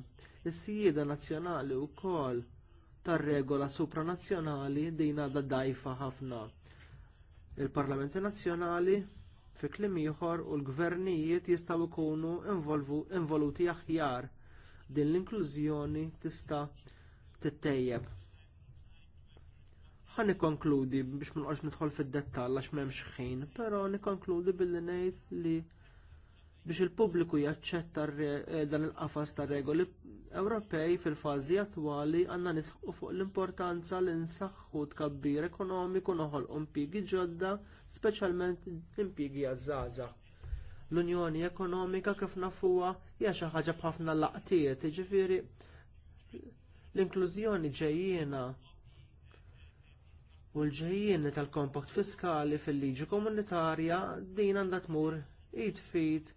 Is-sijida nazzjonali wkoll tar-regola supranazzjonali din għandha dajfa ħafna. Il-Parlamenti Nazzjonali Fi kliem ieħor u l-gvernijiet jistgħu jkunu involuti aħjar din l-inklużjoni tista' tittejjeb. Ħa nikkonkludi biex ma nqgħodx nidħol fid-dettall għax m'hemmx ħin, però nikkonkludi billi ngħid li biex il-pubbliku jaċċetta eh, dan il-qafas tar regoli Ewropej fil-fażi attwali għandna nisħu fuq l-importanza li nsaħħu tkabbir ekonomiku noħolqu impjiegi ġodda, speċjalment impjiegi għaż-żgħażagħ. L-Unjoni Ekonomika kif nafuha hija xi ħaġa b'ħafna laqtiet, jiġifieri l-inklużjoni ġejjiena u l ġejjien tal-kompakt fiskali fil-liġi komunitarja din għandha tmur id-fit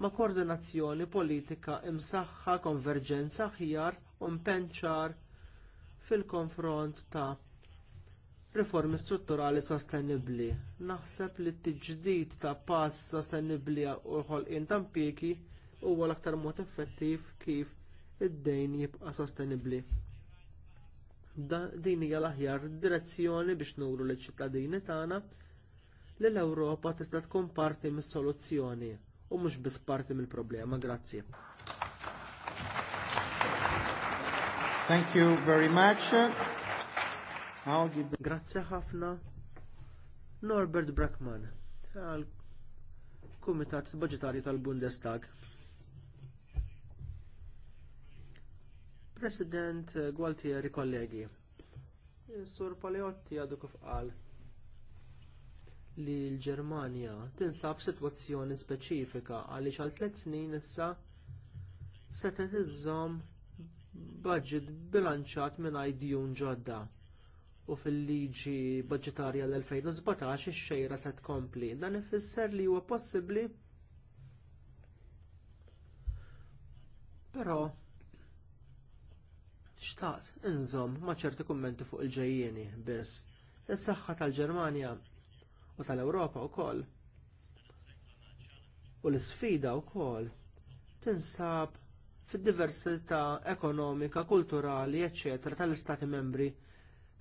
ma' koordinazzjoni politika imsaħħa konverġenza aħjar u mpenċar fil-konfront ta' riformi strutturali sostenibbli. Naħseb li t-tġdid ta' pass sostenibbli u ħolqien ta' impjiegi huwa l-aktar mod effettiv kif id-dejn jibqa' sostenibbli. Din hija l-aħjar direzzjoni biex nuru liċ ċittadini tagħna li l-Ewropa tista' tkun parti mis-soluzzjoni u mhux biss parti mill-problema. Grazzi. Thank you very much. Give... Grazzi ħafna. Norbert Brackman, tal kumitat Budgetari tal-Bundestag. President Gualtieri kollegi, Sur Paleotti għadu kif qal li l-Ġermanja tinsab sitwazzjoni speċifika għaliex għal tliet snin issa setet iżżomm budget bilanċat mingħajr djun ġodda u fil-liġi baġitarja l-2017 ix-xejra se tkompli. Dan ifisser li huwa possibbli però xtaqt inżomm ma' ċerti kummenti fuq il-ġejjieni biss. Is-saħħa tal-Ġermanja u tal-Ewropa wkoll. U l isfida wkoll tinsab fid-diversità ekonomika, kulturali, eċċetera tal-Istati membri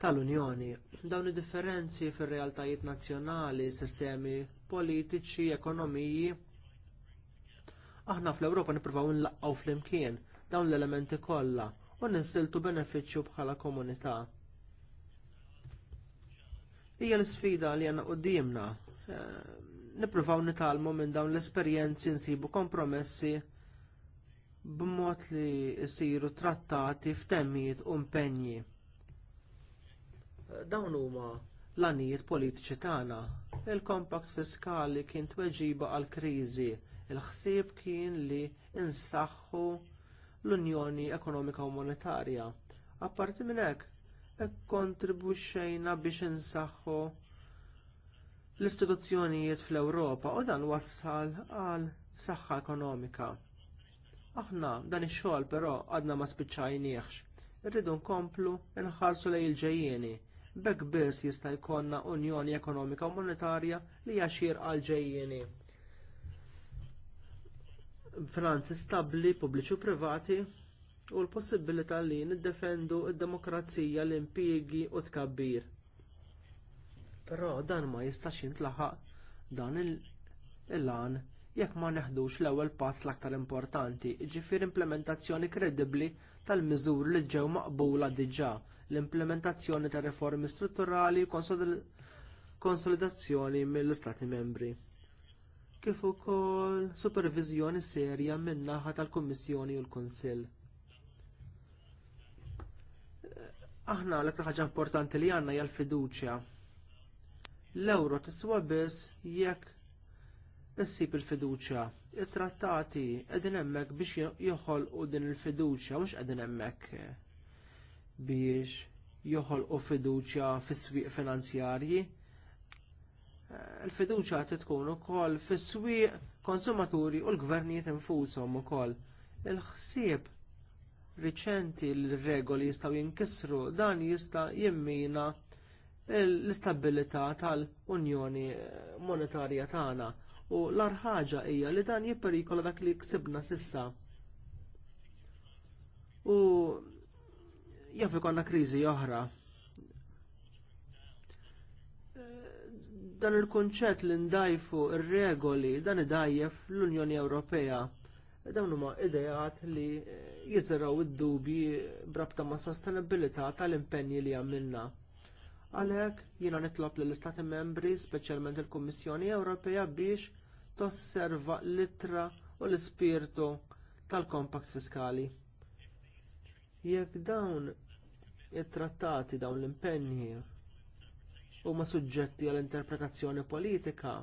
tal-Unjoni. Dawn id-differenzi fir-realtajiet nazzjonali, sistemi politiċi, ekonomiji. Aħna fl-Ewropa nippruvaw nlaqqaw flimkien dawn l-elementi kollha u ninsiltu benefiċċju bħala komunità. Hija l-sfida li għanna qudiemna. Eh, nippruvaw nitalmu minn dawn l-esperjenzi nsibu kompromessi b'mod li jsiru trattati f'temmijiet u impenji. Eh, dawn huma l-anijiet politiċi tagħna. Il-kompakt fiskali kien tweġiba għall kriżi il-ħsieb kien li insaħħu l-Unjoni Ekonomika u Monetarja. Apparti minn hekk, kontribuxxejna biex insaħħu l-istituzzjonijiet fl-Ewropa u dan wassal għal saħħa ekonomika. Aħna dan ix-xogħol però għadna ma spiċċajniex. Irridu nkomplu nħarsu lejn il-ġejjieni. B'hekk biss jista' jkollna Unjoni Ekonomika u Monetarja li hija xierqa għal ġejjieni. Finanzi stabbli pubbliċi u privati u l-possibilità li niddefendu d demokrazija l-impjiegi u tkabbir. Però dan ma jistax jintlaħaq dan il-lan jekk ma neħdux l-ewwel pass l-aktar importanti, ġifier implementazzjoni kredibbli tal-miżur li ġew maqbula diġà, l-implementazzjoni ta' riformi strutturali u konsolidazzjoni mill-Istati membri kif ukoll superviżjoni serja min-naħa tal-Kummissjoni u l-Kunsill. aħna l ħaġa importanti li għandna hija l-fiduċja. l ewro tiswa biss jekk issib il-fiduċja. Il-trattati qegħdin hemmhekk biex joħolqu din il-fiduċja mhux qegħdin hemmhekk eh, biex joħolqu fiduċja fis-swieq finanzjarji. Eh, il-fiduċja tkun ukoll fis-swieq konsumaturi u l-gvernijiet infushom ukoll. Il-ħsieb riċenti l regoli jistgħu jinkisru dan jista' jimmina l-istabilità tal-Unjoni Monetarja tagħna u l-ar ħaġa hija li dan jipperikola dak li ksibna sissa. U jaf ikonna kriżi oħra. Dan il kunċett li ndajfu r regoli dan idajjef l-Unjoni Ewropea dawn huma idejat li eh, jiżraw id-dubji brabta ma' sostenibilità tal-impenji li għamilna. Għalhekk jiena nitlob lill istati membri, speċjalment il-Kummissjoni Ewropea biex tosserva l-ittra u l-ispirtu tal-kompakt fiskali. Jekk dawn it-trattati dawn l-impenji huma suġġetti għall interpretazzjoni politika,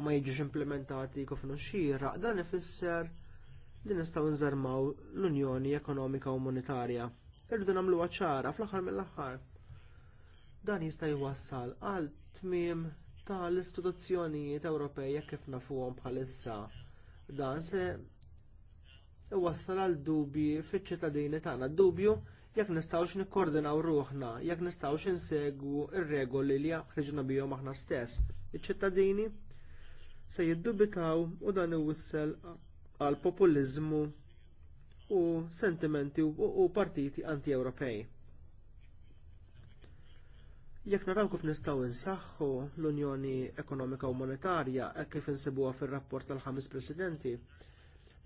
ma jiġux implementati kif xira, dan ifisser li nistgħu nżarmaw l-Unjoni Ekonomika u Monetarja. Irridu nagħmluha ċara fl-aħħar mill-aħħar. Dan jista' jwassal għal tmiem tal-istituzzjonijiet Ewropej kif nafuhom bħalissa. Dan se iwassal għal dubji fiċ-ċittadini tagħna, dubju jekk nistgħux nikkoordinaw ruħna, jekk nistgħux insegwu r regoli li ħriġna bihom aħna stess. Iċ-ċittadini se jiddubitaw u dan iwissel għal populiżmu u sentimenti u partiti anti-Ewropej. Jekk naraw kif nistgħu insaħħu l-Unjoni Ekonomika u Monetarja hekk kif insibuha fir-rapport tal-ħames Presidenti,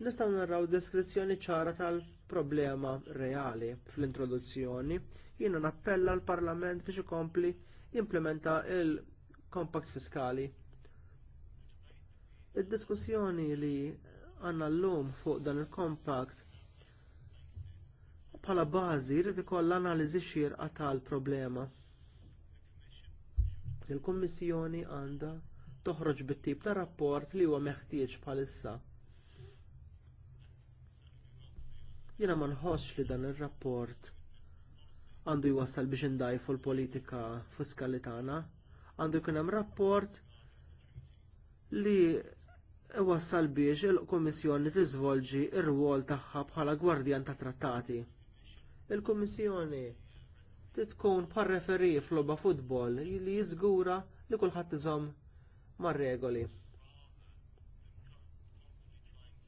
nistgħu naraw deskrizzjoni ċara tal-problema reali fl-introduzzjoni. Jiena nappella l-Parlament biex ikompli jimplementa l kompatt fiskali Id-diskussjoni li għandna llum fuq dan il-kompakt bħala bażi jrid ikollha analiżi xierqa tal-problema. Il-Kummissjoni għandha toħroġ bit-tip ta' rapport li huwa meħtieġ bħalissa. Jiena ma nħossx li dan ir-rapport għandu jwassal biex indajfu l-politika fiskali tagħna, għandu jkun hemm rapport li wassal biex il-Komissjoni tiżvolġi r rwol tagħha bħala gwardjan tat trattati. Il-Komissjoni titkun par referi f'logħba futbol li jiżgura li kulħadd iżomm mar-regoli.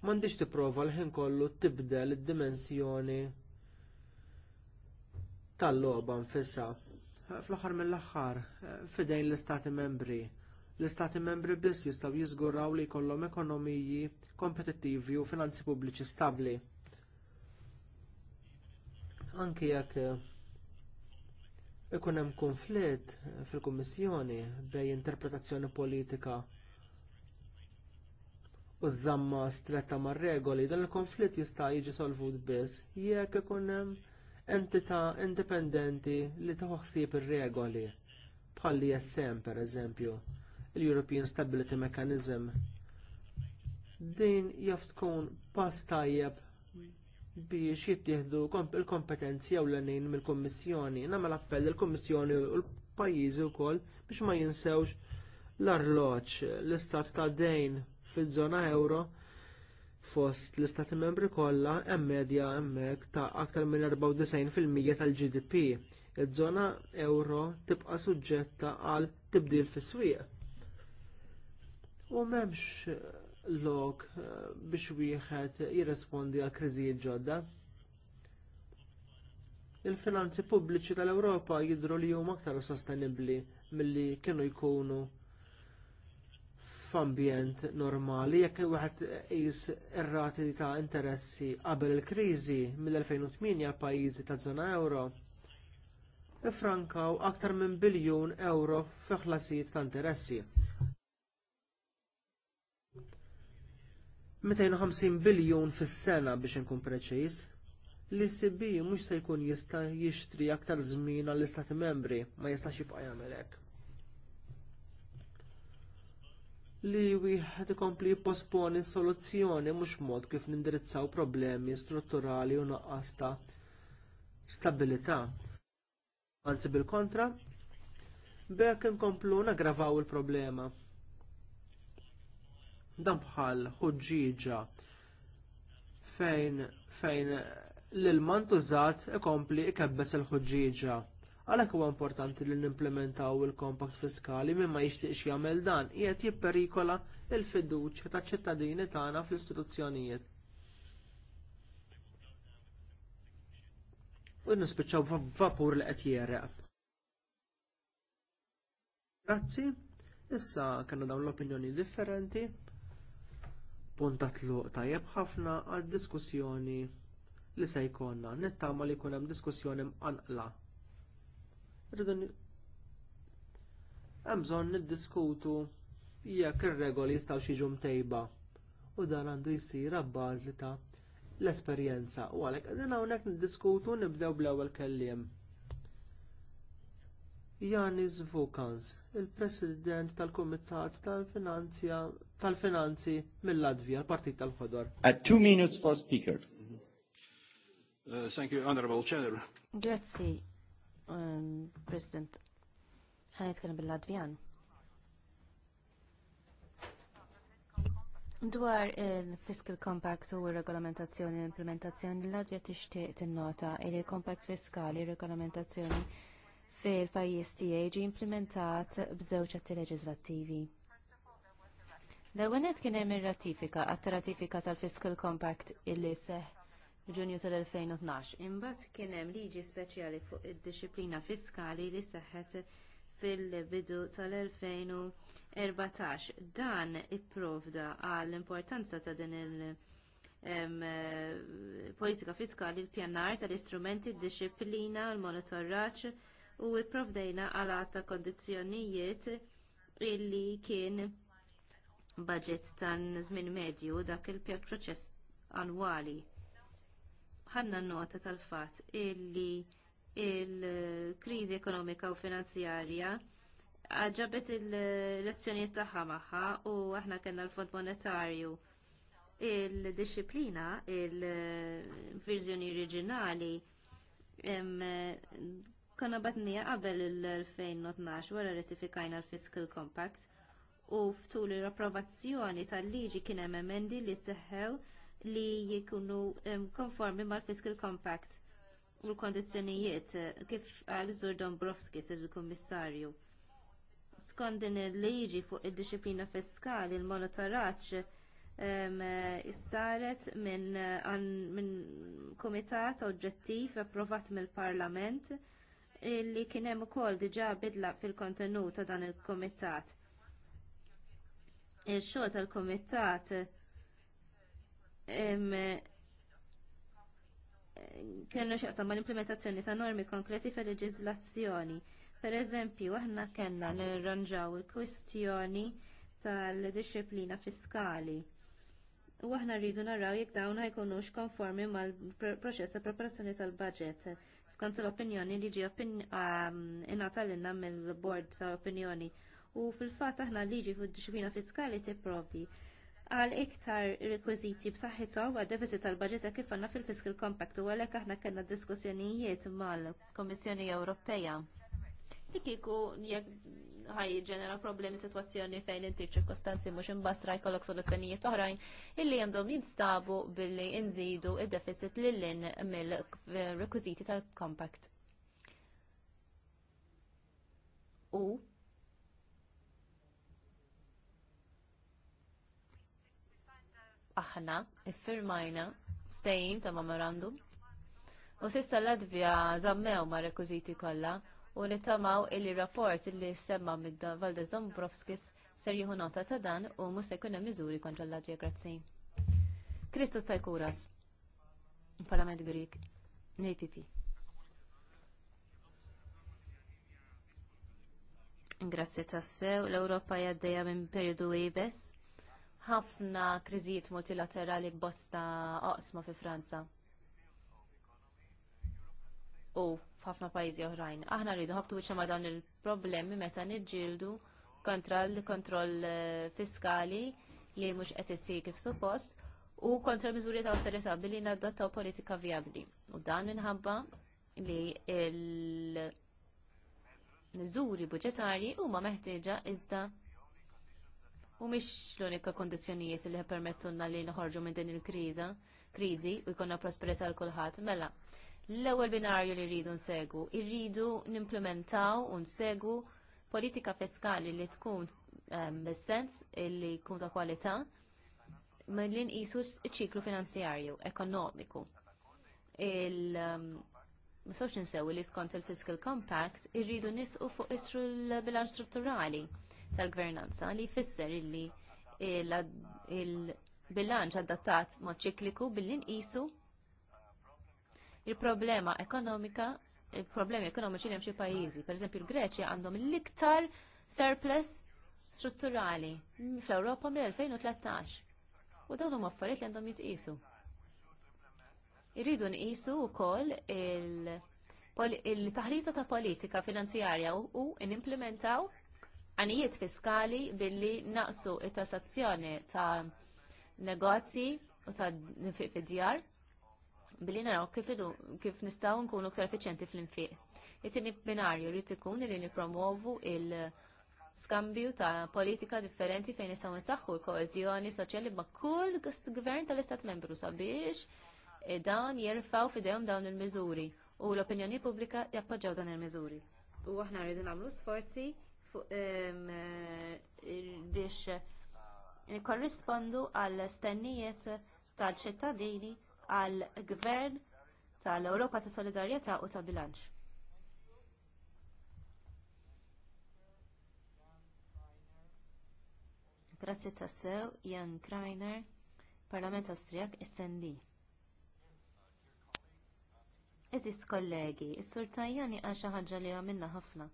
M'għandix tipprova l-ħin kollu tibdel id-dimensjoni tal-logħba nfisha. Fl-aħħar mill-aħħar fidejn l-Istati Membri L-Istati membri biss jistgħu jiżguraw li jkollhom ekonomiji kompetittivi u finanzi pubbliċi stabbli. Anki jekk eh, ikun hemm konflitt eh, fil-Kummissjoni bejn interpretazzjoni politika u żamma stretta mar-regoli, dan il-konflitt jista' jiġi solvut biss jekk ikun hemm entità indipendenti li toħsib ir-regoli bħalli SM pereżempju l-European Stability Mechanism. Din jaf tkun pass tajjeb biex jittieħdu il-kompetenzi jew l-għanin mill kummissjoni Nagħmel appell il-Kommissjoni u l-pajjiżi wkoll biex ma jinsewx l-arloġġ l-istat ta' dejn fiż-żona euro fost l-istati membri kollha hemm medja hemmhekk ta' aktar minn 94% tal-GDP. Iż-żona euro tibqa' suġġetta għal tibdil fis-swieq u m'hemmx lok eh, biex wieħed jirrespondi għal kriżijiet ġodda. Il-finanzi pubbliċi tal-Ewropa jidhru li huma aktar sostenibbli milli kienu jkunu f'ambjent normali jekk wieħed qis ir-rati ta' interessi qabel il-kriżi mill-2008 għal pajjiżi ta' żona euro ifrankaw aktar minn biljun euro fi ħlasijiet ta' interessi. 250 biljun fis-sena biex inkun preċiż, l cb mhux se jkun jista' jixtri aktar żmien għall-Istati Membri ma jistax jibqa' jagħmel hekk. Li wieħed ikompli jipposponi soluzzjoni mhux mod kif nindirizzaw problemi strutturali u naqqas ta' stabilità. Anzi bil-kontra, b'hekk inkomplu nagravaw il-problema dan bħal ħuġġiġa fejn fejn l-mantużat ikompli ikebbes il-ħuġġiġa. Għalhekk huwa importanti li nimplementaw il-kompakt fiskali minn ma jixtieqx jagħmel dan qiegħed jipperikola l-fiduċja taċ ċittadini tagħna fl-istituzzjonijiet. U nispiċċaw vapur li qed jereq. Grazzi, issa kellna dawn l-opinjoni differenti punta tluq tajjeb ħafna għad diskussjoni li se jkollna nittama li jkun hemm diskussjoni mqanqla. Hemm bżonn niddiskutu jekk ir-regoli jistgħu jiġu mtejba u dan għandu jsir abbażi ta' l-esperjenza u għalhekk qegħdin hawnhekk niddiskutu nibdew bl-ewwel kelliem. Janis Vukans, il-President tal kumitat tal-Finanzi mill-Latvija, partit tal-Ħodor. At two minutes for speaker. Mm-hmm. Uh, thank you, Honorable Chair. Grazzi, um, President. Ħan jitkellem bil-Latvijan. Dwar il-Fiscal Compact u regolamentazzjoni u implementazzjoni l-Latvija tixtieq tinnota il-Compact Fiskali, regolamentazzjoni fil-pajjiż tiegħi ġie implementat b'żewġ atti leġislattivi. L-ewwel kien hemm ir-ratifika għat-ratifika tal-Fiscal Compact illi seħ ġunju tal-2012. Imbagħad kien hemm liġi speċjali fuq id-disciplina fiskali li seħħet fil-bidu tal-2014. Dan ipprovda għall importanza ta' din il- politika fiskali l-pjanar tal-istrumenti, d-disciplina, l monitorraċ u pprovdejna għal ta' kondizzjonijiet illi kien budget tan żmien medju dak il pjat proċess annwali. Ħanna nota tal-fatt illi il-kriżi ekonomika u finanzjarja ġabet il-lezzjonijiet tagħha magħha u aħna kellna l-Fond Monetarju il-disciplina, il-verżjoni oriġinali konna batnija qabel l-2012 wara ratifikajna l-Fiscal Compact u ftul l-approvazzjoni tal-liġi kien hemm emendi li seħħew li jkunu konformi mal-Fiscal Compact u l-kondizzjonijiet eh, kif għal Zur Dombrovskis il-Kummissarju. Skont din il-liġi fuq id-disciplina fiskali, l monitoraġġ eh, saret minn eh, komitat oġġettiv approvat mill-Parlament li kien hemm ukoll diġà bidla fil-kontenut ta' dan il-kumitat. Ix-xogħol tal-kumitat kienu xaqsam ma l-implementazzjoni ta' normi konkreti fil leġiżlazzjoni pereżempju aħna kellna nirranġaw il-kwistjoni tal-disciplina fiskali u aħna rridu naraw jekk dawn ħajkunux konformi mal-proċess ta' preparazzjoni tal-budget skont l-opinjoni li ġi um, ingħata lilna mill-bord ta' opinjoni. U fil-fatt aħna liġi fuq disciplina fiskali tipprovdi għal iktar rekwiżiti b'saħħithom għad deficit tal-budget kif għandna fil-Fiscal Compact u għalhekk aħna kellna diskussjonijiet mal-Kommissjoni Ewropea ħaj ġenera problemi situazzjoni fejn inti ċirkostanzi mhux imbasra jkollok soluzzjonijiet oħrajn illi għandhom jinstabu billi nżidu id-deficit lil-lin mill-rekwiżiti tal-compact. U aħna iffirmajna ftehim ta' memorandum u sissa Latvija zammew ma' rekwiżiti kollha u nittamaw il-rapport li semma mid Valdez Dombrovskis ser jieħu nota ta' dan u mhux se jkun hemm miżuri kontra l-Latvja grazzi. Kristos Tajkuras, Parlament Grik, NPP. Grazzi tassew, l-Ewropa jaddeja minn periodu ibes ħafna kriżijiet multilaterali bosta oqsma fi Franza. U f'ħafna pajjiżi oħrajn. Aħna rridu ħabtu biex ma' dawn il-problemi meta niġġieldu kontra l-kontroll eh, fiskali li mhux qed issir kif suppost u kontra miżuri ta' awtorità billi naddattaw politika vjabbli. U dan minħabba li l miżuri budġetarji huma meħtieġa iżda u mhix l-unika kondizzjonijiet li permettuna li nħorġu minn din il-kriża, kriżi u jkollna prosperità l kulħadd. Mela, l-ewwel binarju li rridu nsegu. Irridu nimplementaw u nsegu politika fiskali li tkun ehm, bis-sens li jkun ta' kwalità mill nqisu ċ-ċiklu finanzjarju ekonomiku. Il Mistox ehm, ninsew li skont il-Fiscal Compact irridu nisqu fuq isru l-bilanċ strutturali tal-gvernanza li jfisser illi il-bilanċ adattat ma' ċikliku billi nqisu il-problema ekonomika, il-problemi ekonomiċi li xi pajjiżi. Pereżempju il-Greċja għandhom l-iktar surplus strutturali fl-Ewropa mill-2013. U dawn huma affarijiet li għandhom jitqisu. Irridu nqisu wkoll il-taħlita ta' politika finanzjarja u nimplementaw għanijiet fiskali billi naqsu it-tassazzjoni ta' negozji u ta' fid-djar billi naraw kif, idu, kif nistaw nkunu uktar efficienti fl-infiq. it binarju li ikun li nipromovu il-skambju ta' politika differenti fejn nistaw nsaxħu l-koezjoni soċjali ma' kull gvern tal-Istat membru sabiex eh, dan jirfaw fidejhom dawn il-miżuri u l-opinjoni pubblika jappoġġaw dan il-miżuri. U aħna rridu nagħmlu sforzi eh, biex eh, korrispondu għall stennijiet tal-ċittadini għal gvern tal-Ewropa ta' Solidarjetà u ta' Bilanċ. Grazzi tassew, Jan Kreiner, Parlament Awstrijak, SND. Eżis kollegi, s sur Tajjani għal xi ħaġa li għamilna ħafna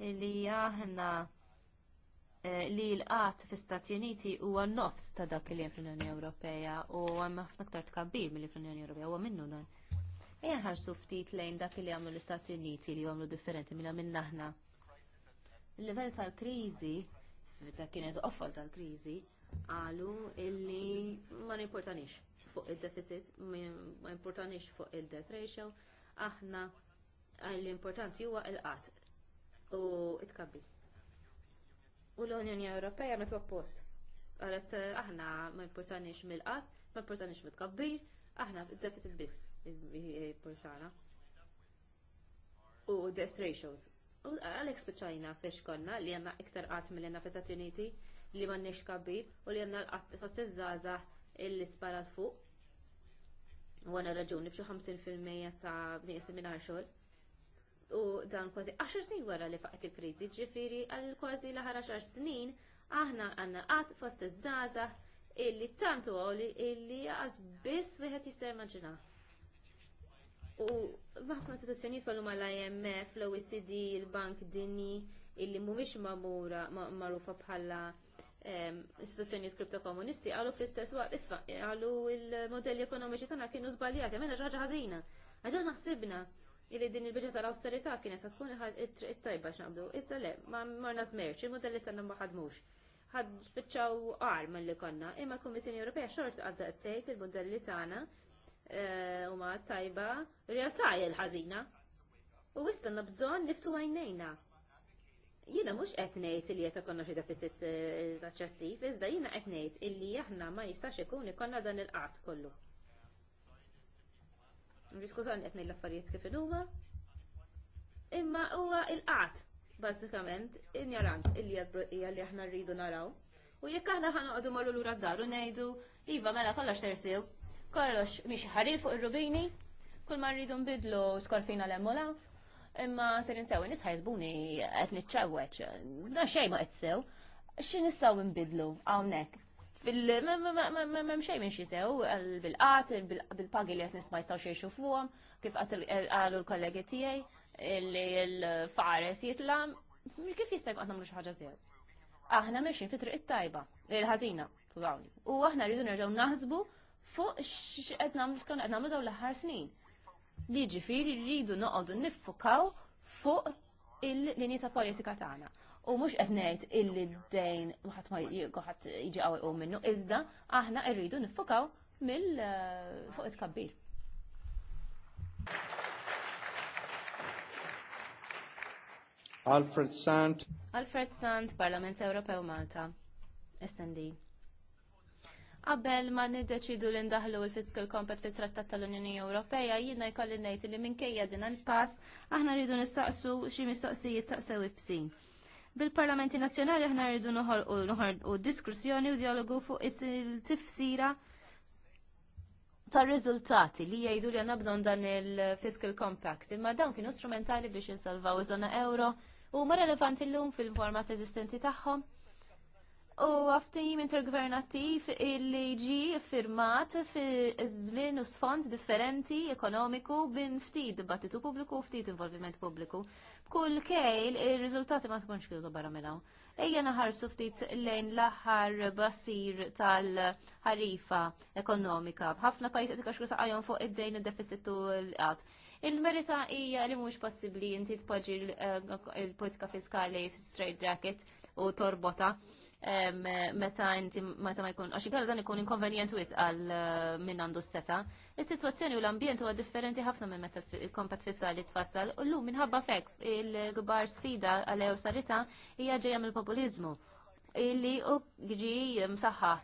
li aħna Eh, li l-qat fi Stati Uniti huwa nofs ta' dak li fl-Unjoni Ewropea u hemm ħafna aktar tkabbir milli fl-Unjoni Ewropea huwa minnu dan. Ejja ħarsu ftit lejn dak li għamlu l-Istati Uniti li għamlu differenti minn minn aħna. Il-livell tal-kriżi, ta' kienet offal tal-kriżi, għalu illi ma importanix fuq il-deficit, ma importanix fuq il-debt ratio, aħna l-importanti huwa il-qat u it kabbir U l-Unjoni Ewropea ma l-oppost. Għalet aħna ma importanix mill-qat, ma importanix mil kabbir aħna deficit biss importana. U death ratios. U għalek speċajna fiex konna li għanna iktar qat mill-għanna fiex Uniti li ma nix kabbir u li għanna l-qat fost iż-żaza illi spara l-fuq. U għanna raġuni bċu 50% ta' bniqsi minn xogħol u dan kważi 10 snin wara li faqet il-kriżi, ġifiri għal kważi l 10 snin aħna għandna qatt fost iż-żgħażagħ illi tantu għoli illi għaz biss wieħed jista' jimmaġina. U ma istituzzjonijiet bħallu mal-IMF, l-OECD, il-Bank Dini, illi mhumiex magħmura magħrufa bħala ehm, istituzzjonijiet kriptokomunisti għalu fl-istess waqt għalu il-modelli ekonomiċi tagħna kienu żbaljati, għamilna xi ħażina. Għaġa naħsibna illi din il-bidġa tal-austerità kienet tkun it tajba x'nabdu. Issa le, ma morna żmerċ, il-modelli tagħna ma ħadmux. Ħad spiċċaw għar mill-li konna, imma l Ewropea xort għadda tgħid il-modelli tagħna eh, huma tajba realtà il ħazina U issa na bżonn niftu għajnejna. Jiena mhux qed ngħid li qed konna xi deficit taċċessiv, eh, iżda jiena qed ngħid illi aħna ma jistax ikun ikollna dan il-qatt kollu. Diskużani qed l-affarijiet kif huma. Imma huwa il qat bażikament injarant illi li aħna rridu naraw. U jekk aħna għadu marru lura d daru nejdu, ngħidu iva mela kollox tersew, kollox mhix ħarir fuq ir-rubini, kull ma rridu nbidlu skorfina l-emmola, imma ser insew nisħaj zbuni qed ċawweċ, da xejn ma qed sew, xi nbidlu hawnhekk. Mem xej minn sew bil-qat, bil-pagi li għet nisma jistaw xej xufuħom, kif għallu l-kollegi tijaj, li l faret jitla, kif jistajk għatna mlu ħagġa zjew. Aħna meċin fitri it-tajba, il-ħazina, fudawni. U aħna rridu nerġaw naħsbu fuq xqed namlu daw l-ħar snin. Li ġifiri rridu noqogħdu niffukaw fuq il-linji ta' politika tagħna. U mhux qed ngħid illi d-dejn ħadd ma ħadd jiġi qawwi qum minnu, iżda aħna rridu nifukaw mill eh, fuq it-kabbir. Alfred Sant. Alfred Sant, Parlament Ewropew Malta. SND. Qabel ma niddeċidu li ndaħlu l-Fiscal Compact fit trattat tal-Unjoni Ewropea, jiena jkolli ngħid li minkejja din il-pass aħna rridu nistaqsu xi mistoqsijiet taqsew ibsin. Bil-Parlamenti Nazzjonali aħna rridu noħolqu diskussjoni u dialogu fuq is-tifsira tar riżultati li jgħidu li għanna bżon dan il-Fiscal Compact, imma dawn kienu strumentali biex insalvaw iż-żona euro u ma relevanti l-lum fil-format eżistenti tagħhom u għaftim intergvernattiv illi ġi firmat fi żmien u sfond differenti ekonomiku bin ftit dibattitu pubbliku u ftit involviment pubbliku. B'kull kejl ir-riżultati ma tkunx kienu barra minnaw. Ejja naħarsu ftit lejn l-aħħar basir tal-ħarifa ekonomika. B'ħafna pajjiż qed ikaxru saqajhom fuq id-dejn id-deficit u l-qatt. Il-merita hija li mhux possibbli inti tpoġġi eh, il politika fiskali f-straight jacket u torbota meta inti meta ma jkun għax inkella dan ikun inkonvenjent wis għal eh, minn għandu s-seta. Is-sitwazzjoni u l-ambjent huwa differenti ħafna minn meta kompet kompat fiskali tfassal u llum minħabba fek il-gbar sfida għal sarita hija ġejja mill-populiżmu illi u ġi msaħħa.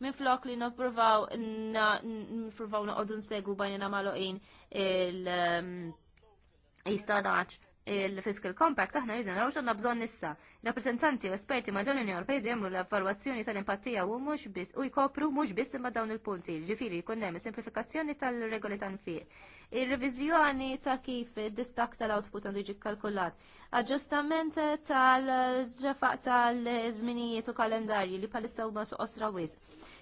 Minn flok li nipruvaw nipruvaw noqogħdu nsegu bajnina maloqin il-istadaċ il-Fiscal Compact aħna jridu rawx għanna bżonn issa. Rappreżentanti u esperti ma' dawn l-Unjoni Ewropea jagħmlu l evaluazzjoni tal-impattija u mhux biss u jkopru mhux biss imma dawn il-punti. Ġifiri jkun hemm simplifikazzjoni tal-regoli tanfiq. ir revizjoni ta' kif id-distak tal-output għandu ġi kalkulat. Aġġustament tal ġafaq tal-żminijiet u kalendarji li palissa huma su osra wisq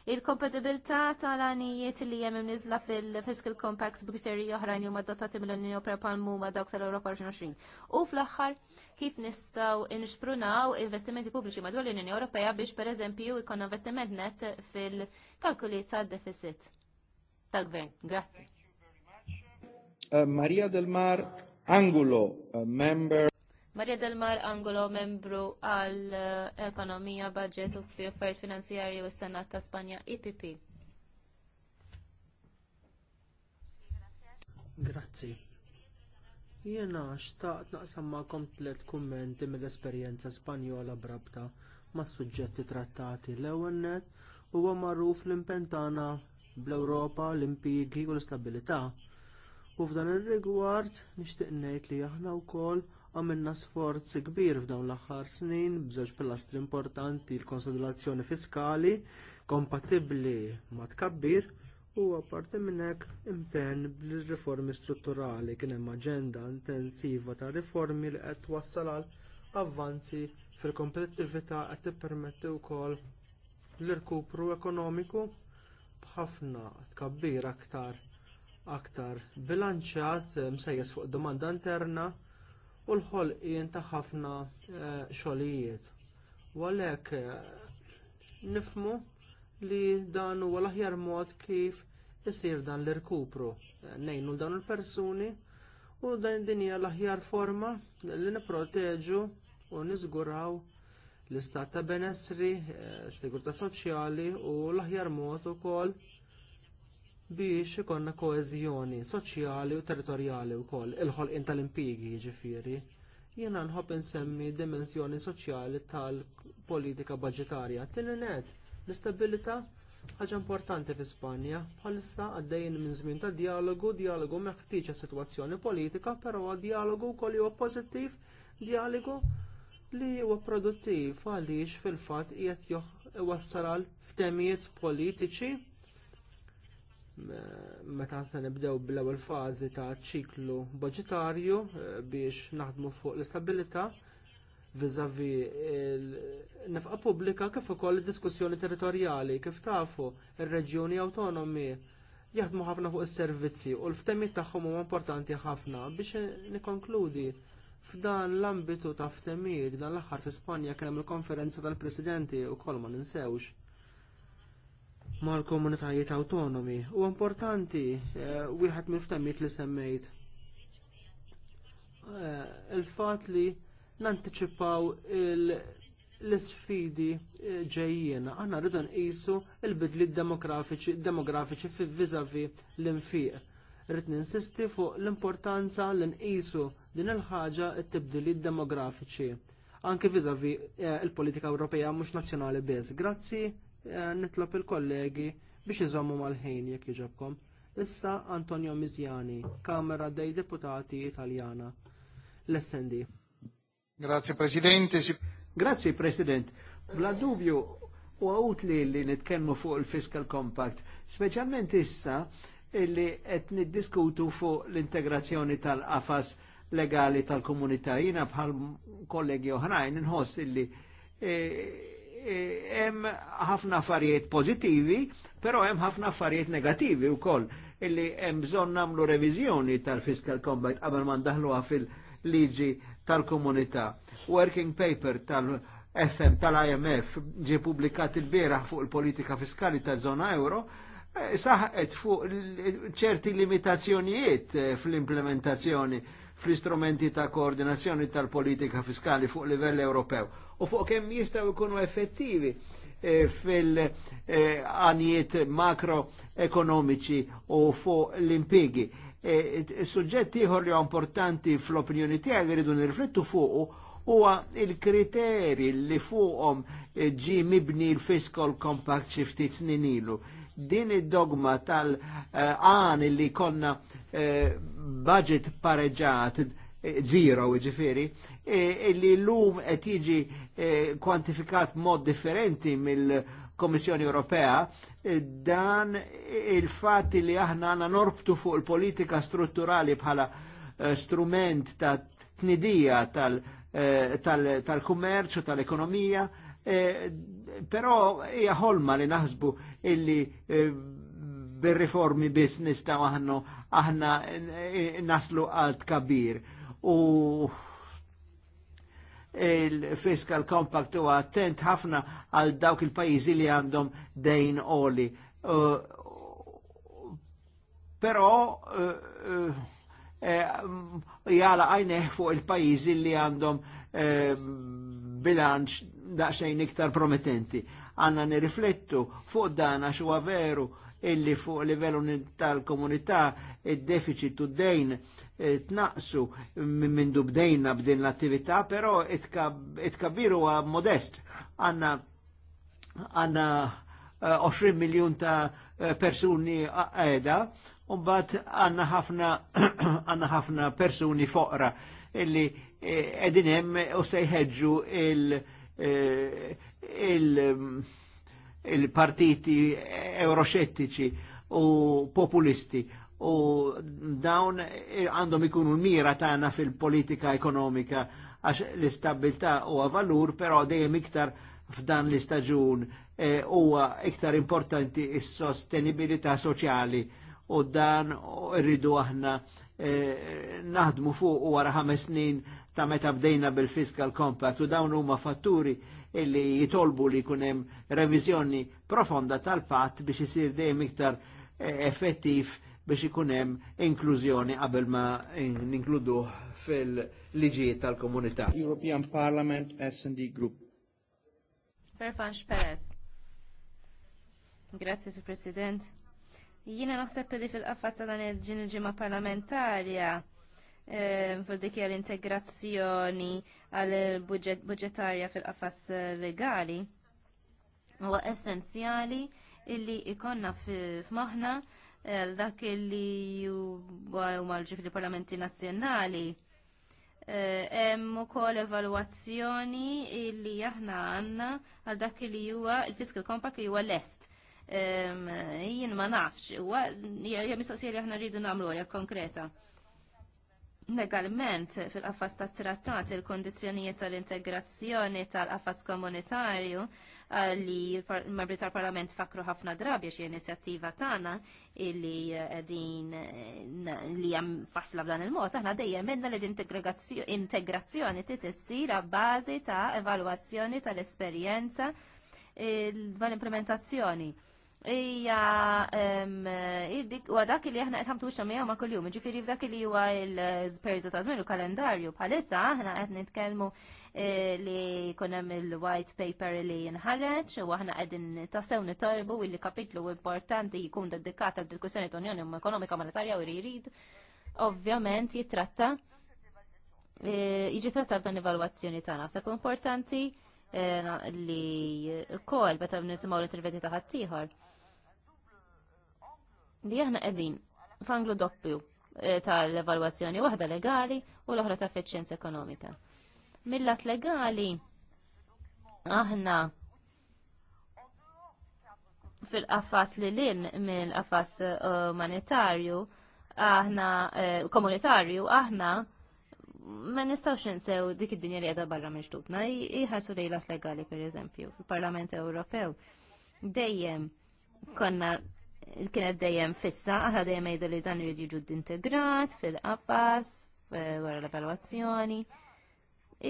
Il-kompatibilità tal-għanijiet li hemm nizla fil-Fiscal Compact b'kriterji oħrajn u huma mill-Unjoni Ewropea pal huma dawk tal europa 2020. U fl-aħħar kif nistgħu inxprunaw investimenti pubbliċi madwar l-Unjoni Ewropea biex pereżempju jkun investiment net fil-kalkuli tad-deficit tal-gvern. Grazzi. Uh, Maria del Mar Angulo, member Del Delmar Angolo membru għal eh, ekonomija, budget u fi affarijiet finanzjarji u s-Senat ta' Spanja IPP. E Grazzi. Jiena xtaqt naqsam ma' komplet kummenti mill-esperjenza Spanjola brabta mas suġġetti trattati l-ewwel net huwa magħruf l-impentana bl-Ewropa, l impigi u l stabilita U f'dan ir-rigward nixtieq ngħid li aħna wkoll għamilna sforzi kbir f'dawn l-aħħar snin b'żewġ pilastri importanti l-konsolidazzjoni fiskali kompatibbli ma' tkabbir u apparti minn hekk impenn bil-riformi strutturali kien hemm aġenda intensiva ta' riformi li qed twassal għal avvanzi fil-kompetittività qed tippermetti wkoll l-irkupru ekonomiku b'ħafna tkabbir aktar aktar bilanċjat eh, msejjes fuq domanda interna u l-ħolqien ta' ħafna eh, xogħlijiet. U għalhekk eh, nifmu li dan huwa l-aħjar mod kif isir dan l-irkupru. Nejnu dan il-persuni u dan din hija l-aħjar forma li nipproteġu u niżguraw l-istat ta' benessri, s sigurtà soċjali u l-aħjar mod ukoll biex ikonna koeżjoni soċjali u territorjali wkoll il-ħolqien tal-impigi jiġifieri. Jiena nħobb insemmi dimensjoni soċjali tal-politika budġetarja. Tininet, l-istabilità ħaġa importanti fi Spanja. Bħalissa għaddejjin minn żmien ta' dialogu, dialogu meħtieġ sitwazzjoni politika, però dialogu wkoll huwa pożittiv, dialogu li huwa produttiv għaliex fil-fatt qiegħed wassal għal ftemijiet politiċi meta ħasna nibdew bl-ewwel fażi ta' ċiklu budġetarju eh, biex naħdmu fuq l-istabilità vizavi nefqa pubblika kif ukoll id diskussjoni territorjali kif tafu ir-reġjuni awtonomi jaħdmu ħafna fuq is-servizzi u l-ftemiet tagħhom huma importanti ħafna biex nikkonkludi f'dan l-ambitu ta' ftemiet dan l-aħħar fi Spanja kien hemm il-konferenza tal-Presidenti wkoll ma ninsewx mal-komunitajiet autonomi. U importanti, eh, wieħed għat ftemmiet li semmejt. Eh, il-fat li nantiċipaw l-sfidi eh, ġejjien. Aħna rridu nqisu l-bidli demografiċi fi vizavi l-infiq. Rrid ninsisti fuq l-importanza li nqisu din il-ħaġa t-tibdili demografiċi. Anke vizavi l politika Ewropea mhux nazzjonali biss. Grazzi. Eh, nitlob il-kollegi biex iżommu mal-ħin jekk iġobkom. Issa Antonio Miziani, Kamera dei Deputati Italjana, l-SND. Grazie Presidente. Grazie President. Bla dubju u għawt li li nitkellmu fuq il-Fiscal Compact, specialment issa illi qed niddiskutu fuq l-integrazzjoni tal-qafas legali tal-komunità. Jina bħal kollegi oħrajn nħoss illi e hemm ħafna affarijiet pożittivi, però hemm ħafna affarijiet negativi wkoll illi hemm bżonn nagħmlu reviżjoni tal-fiscal combat qabel ma ndaħluha fil-liġi tal-komunità. Working paper tal-FM tal-IMF ġi publikat il-bieraħ fuq il-politika fiskali ta' zona euro eh, saħqet fuq ċerti limitazzjonijiet eh, fl-implementazzjoni fl-istrumenti ta' koordinazzjoni tal-politika fiskali fuq livell Ewropew u fuq kemm jistgħu jkunu effettivi eh, fil-għanijiet eh, makroekonomiċi u fuq l-impigi. Eh, suġġett ieħor li importanti fl-opinjoni tiegħi li rridu nirriflettu fuq huwa il-kriteri li fuqhom ġi mibni l-fiscal compact xi ftit snin ilu din id-dogma tal-għan li konna budget pareġat zero ġifiri, illi l-lum qed jiġi E, kwantifikat mod differenti mill-Komissjoni Ewropea, e, dan il-fat li aħna għana norbtu fuq il-politika strutturali bħala e, strument ta' tnidija tal-kummerċu, tal-ekonomija, però hija ħolma li naħsbu illi bil-reformi biss nistaw aħna naslu għal kabir. U il-Fiscal Compact huwa attent ħafna għal dawk il-pajjiżi li għandhom dejn oli. Uh, però uh, uh, eh, jala għajneħ fuq il-pajjiżi li għandhom eh, bilanċ daqsxejn iktar promettenti. Għanna nirriflettu fuq dan għax huwa veru illi fuq livellu tal-komunità id-deficit u dejn tnaqsu minn dubdejna b'din l-attività, pero itkabbiru huwa modest. Għanna għanna 20 eh, miljon ta' eh, persuni għeda, Umbat għanna ħafna għanna ħafna persuni foqra illi edin eh, u sejħedġu il- il-partiti il euroxettiċi u populisti u dawn għandhom ikunu l-mira tagħna fil-politika ekonomika għax l-istabilità huwa valur, però dejjem iktar f'dan l-istaġun e, huwa e, iktar importanti is-sostenibilità soċjali u dan irridu aħna e, naħdmu fuq wara ħames snin ta' meta bdejna bil-fiscal compact u dawn huma fatturi illi jitolbu li jkun hemm reviżjoni profonda tal-patt biex isir dejjem iktar e, effettiv biex ikun hemm inklużjoni qabel ma ninkludu fil-liġijiet tal-komunità. European Parliament S&D Group. Perfanx Perez. Grazie, Sur President. Jiena naħseb li fil-qaffas ta' dan il-ġin il-ġimgħa parlamentarja fil ehm, dikja l-integrazzjoni għal budġetarja fil-qafas legali huwa essenzjali illi ikonna f'maħna dak li huma l-ġifri parlamenti nazzjonali. Eh, hemm ukoll evalwazzjoni li aħna għandna għal dak li huwa il-fiscal compact li huwa lest. Jien ma nafx, huwa hija mistoqsija li aħna rridu nagħmlu hija konkreta. Legalment fil-qafas tat trattat il-kondizzjonijiet tal-integrazzjoni tal-qafas komunitarju li membri tal-Parlament fakru ħafna drabi xie inizjattiva tagħna illi eh, din eh, li jam fasla b'dan il-mod aħna dejjem minna li integrazzjoni titissir bażi ta' evalwazzjoni tal-esperjenza eh, l-implementazzjoni Ija, u dak li aħna qed ħamtu xamija ma' kuljum, ġifieri f'dak li huwa l-periodu ta' żmien u kalendarju bħalissa aħna qed nitkellmu eh, li jkun hemm il-white paper li jinħareġ u aħna qegħdin tassew nitolbu li kapitlu importanti jkun dedikat għal diskussjoni ta' Unjoni um Ekonomika Monetarja u jrid ovvjament jitratta eh, jiġi trattat dan evalwazzjoni tagħna. Naħseb importanti eh, li kol beta nisimgħu l-interventi ta' ħaddieħor li aħna qegħdin f'anglu doppju eh, tal-evalwazzjoni waħda legali u l-oħra ta' efficienza ekonomika. Millat legali aħna fil-qafas li lin mill-qafas eh, umanitarju aħna eh, komunitarju aħna ma nistawx nsew dik id-dinja li għadha barra mixtubna. jħarsu lejlat legali per eżempju, fil-Parlament Ewropew. Dejjem konna kienet dejjem fissa, aħna dejjem jgħidu li dan irid jiġu integrat fil-qafas, eh, wara l-evalwazzjoni.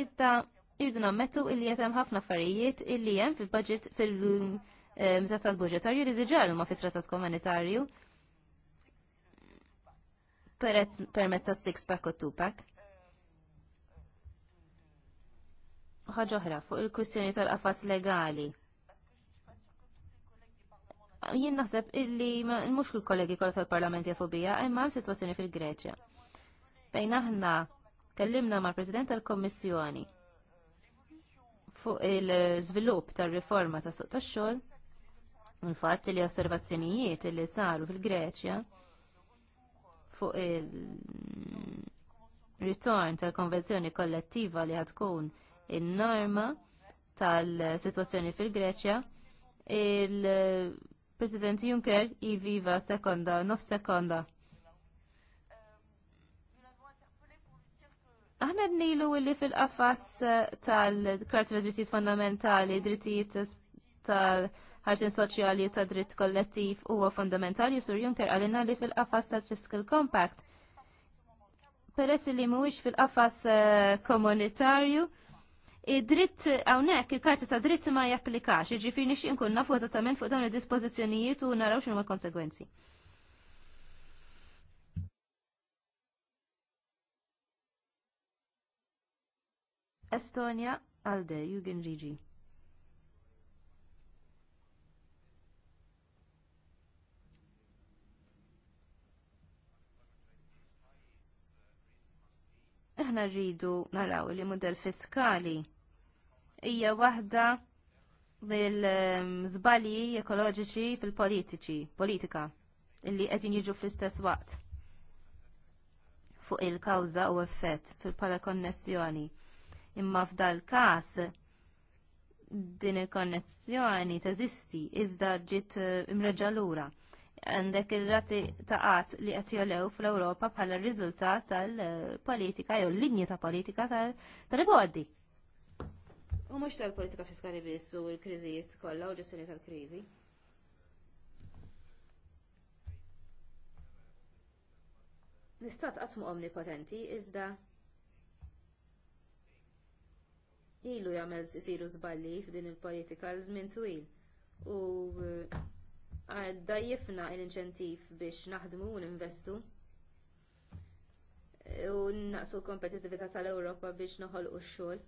Itta irridu nammettu illi qed hemm ħafna affarijiet illi jem fil-budget fil-trattat budgetarju li diġà huma fit-trattat komunitarju permezz ta' six pack u two pack. Ħaġa fuq il-kwistjoni tal-qafas legali jien naħseb illi mhux kull kollegi kollha tal-Parlament jafu bija, imma hemm sitwazzjoni fil-Greċja. Fejn aħna kellimna mal-President tal-Kommissjoni fuq il-żvilupp tar-riforma ta' suq tax-xogħol, il-fatt li osservazzjonijiet li saru fil-Greċja fuq il-ritorn tal-konvenzjoni kollettiva li ħatkun in-norma tal-sitwazzjoni fil-Greċja, il- President Juncker, i viva iva, sekonda, nof sekonda. Aħna d-nilu illi fil-qafas eh, tal-kart Drittijiet fondamentali, drittijiet tal-ħarsin soċjali u ta' dritt kollettiv huwa fondamentali, Sur Juncker għalina li fil-qafas tal-Fiscal Compact. Peress li mhuwiex fil-qafas eh, komunitarju, id-dritt hawnhekk il-karti ta' dritt ma japplikax, ġifini nixtieq inkun nafu eżattament fuq dawn id dispozizjonijiet u naraw ma' konsegwenzi. Estonia, Alde, Jugin Rigi. aħna rridu naraw li mudell fiskali hija waħda mill-żbalji ekoloġiċi fil-politiċi, politika, illi qed jiġu fl-istess waqt fuq il-kawża u effett fil-pala konnessjoni. Imma f'dal każ din il-konnessjoni teżisti iżda ġiet imreġalura. lura għandek il-rati ta' qatt li qed jolew fl-Ewropa bħala riżultat tal-politika jew linji ta' politika tal-ibodi. U mhux tal-politika fiskali biss u l-kriżijiet kollha u ġestjoni tal-kriżi. L-istat qatt mu omnipotenti iżda ilu jagħmel isiru żballi f'din il-politika l-żmien twil. U dajjifna l-inċentiv biex naħdmu u ninvestu u naqsu l-kompetitività tal-Ewropa biex noħolqu x-xogħol.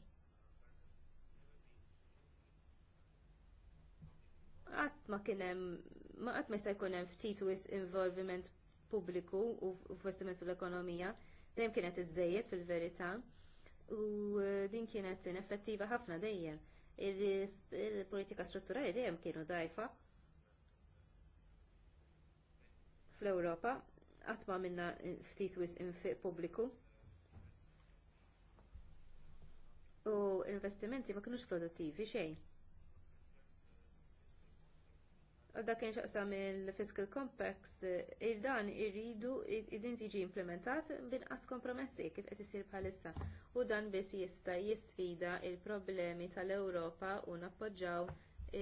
Qatt ma kien hemm ma ma jista' jkun hemm ftit wisq involviment pubbliku u investiment fil-ekonomija, dejjem kienet iżżejjed fil-verità u eh, din kienet ineffettiva ħafna dejjem. Il-politika strutturali dejjem kienu dajfa. fl-Ewropa qatt ma minna ftit wis infiq pubbliku. U investimenti ma kinux produttivi xejn. U dak kien xaqsam il-Fiscal Compacts, eh, il-dan irridu id-din tiġi implementat binqas kompromessi kif qed isir bħalissa. U dan biss jista' jisfida l problemi tal-Ewropa u nappoġġaw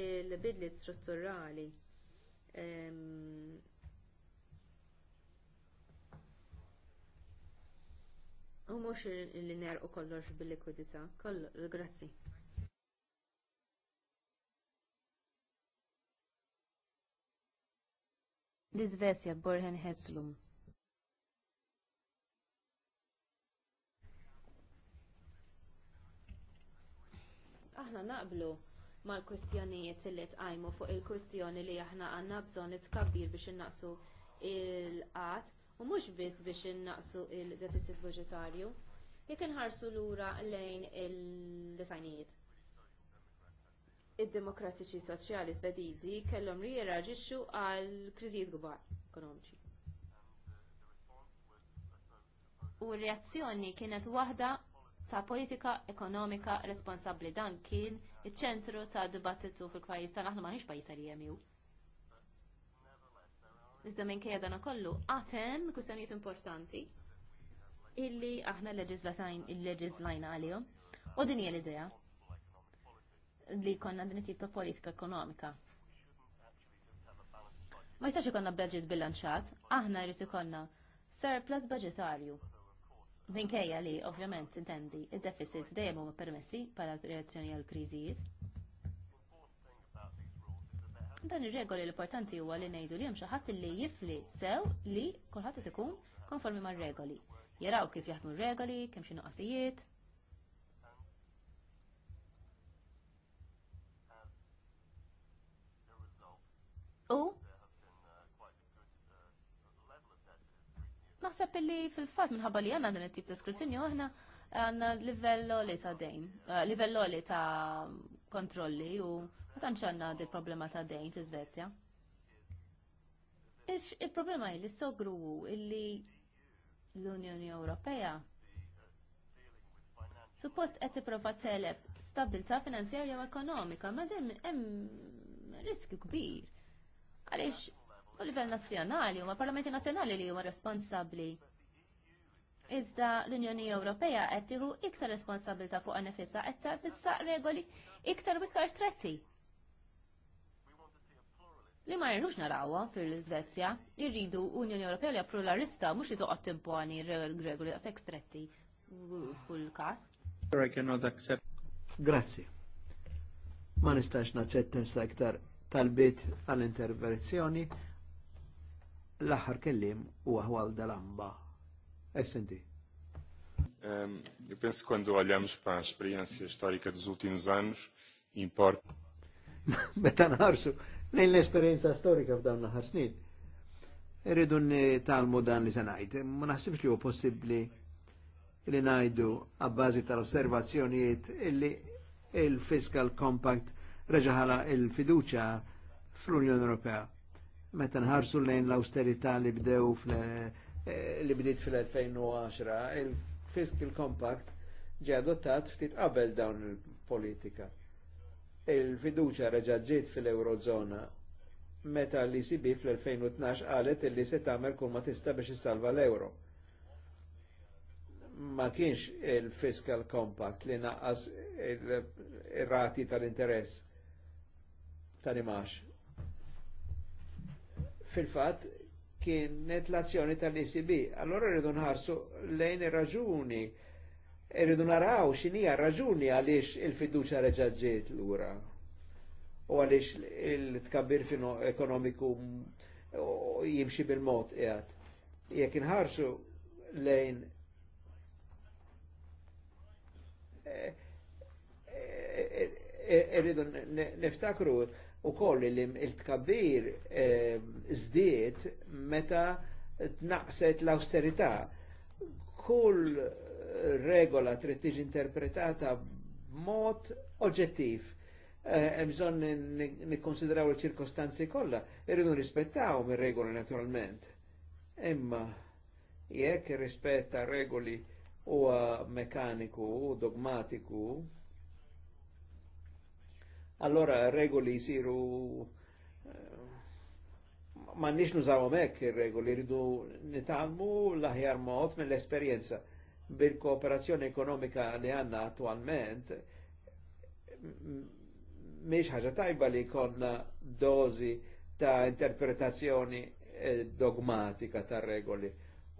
il-bidliet strutturali ehm, U mhux li nerqu kollox bil-likwidità. Kollox, grazzi. l Borhen Heslum. Aħna naqblu mal-kustjonijiet li tqajmu fuq il-kustjoni li aħna għandna bżonn it biex innaqsu il-qat u mhux biss biex innaqsu l deficit budġetarju, jekk inħarsu lura lejn il desajnijiet Id-demokratiċi soċjali svedizi kellhom li jirraġixxu għal kriżijiet kbar ekonomiċi. U r-reazzjoni kienet waħda ta' politika ekonomika responsabbli dan kien iċ-ċentru ta' dibattitu fil-pajjiż tal aħna m'aħniex pajjiż tal jemju. Iżda minn kejja dana kollu, għatem kustanijiet importanti illi aħna leġizlatajn il-leġizlajn għalihom. U din hija l-idea li konna din tip ta' politika ekonomika. Ma jistax ikonna budget bilanċat, aħna jrid ikonna surplus budgetarju. Minkejja li ovvjament intendi id deficit dejjem huma permessi bħala reazzjoni għal kriżijiet dan ir-regoli l-importanti huwa li ngħidu li hemm xi ħadd li jifli sew li kulħadd ikun konformi mar-regoli. Jaraw kif jaħdmu r-regoli, kemm xi nuqqasijiet. U naħseb li fil-fatt minħabba li għandna din it-tip ta' skrutinju aħna għanna livell li ta' dejn, eh, livell li ta' kontrolli u Ma tantx għandna di problema ta' dejn fi Svezja. Ix il-problema li sogru illi l-Unjoni Ewropea suppost qed tipprova teleb stabilità finanzjarja u ekonomika, ma dem hemm riskju kbir. Għaliex u livell nazzjonali huma parlamenti nazzjonali li huma responsabbli. Iżda l-Unjoni Ewropea qed tieħu iktar responsabilità fuq nifisha qed tfissaq regoli iktar u iktar stretti li ma jirrux narawha fil-Svezja, jirridu Unjoni Ewropea li l-arista, mhux li toqgħod timponi regoli ta' sex sekstretti kull każ. Grazzi. Ma nistax naċċetta issa iktar bit għall-intervenzjoni l-aħħar kellim huwa Walda Lamba. Essendi. Um, eu penso que quando olhamos para a experiência histórica dos últimos anos, importa. Meta Lejn l-esperienza storika f'dawn l-ħar snin. Irridu talmu dan li sanajt. Ma naħsibx li huwa possibbli li najdu għabbażi tal-osservazzjonijiet illi il-Fiscal Compact reġaħala il-fiduċa fl-Unjoni Ewropea. Meta nħarsu lejn l-austerità li bdew eh, li bdiet fil-2010, il-Fiscal Compact ġi adottat ftit qabel dawn il-politika il-fiduċa reġaġġiet fil-Eurozona meta l-ECB fl-2012 qalet illi se tagħmel kull ma tista' biex issalva l-euro. Ma kienx il-fiscal compact li naqqas ir-rati tal-interess tal-imax. Fil-fatt kienet l-azzjoni tal-ECB. Allora rridu nħarsu lejn ir-raġuni Irridu naraw x'inhija raġuni għaliex il-fiduċa reġaġġiet lura. U għaliex il-tkabbir ekonomiku jimxi bil-mod qiegħed. Jekk inħarsu lejn eh, eh, eh, irridu niftakru u koll il-tkabbir zdiet meta tnaqset l austerita Kull regola trid tiġi interpretata b'mod oġġettiv. Eh, hemm bżonn nikkonsidraw il-ċirkostanzi kollha, irridu rispettaw ir regoli naturalment. Imma jekk rispetta regoli huwa mekaniku u dogmatiku, allora regoli jisiru eh, ma nix nużawom mek ir-regoli rridu nitalmu l-aħjar mod mill esperienza bil-kooperazzjoni ekonomika li għanna attualment, miex ħaġa tajba li konna dozi ta' interpretazzjoni eh, dogmatika ta' regoli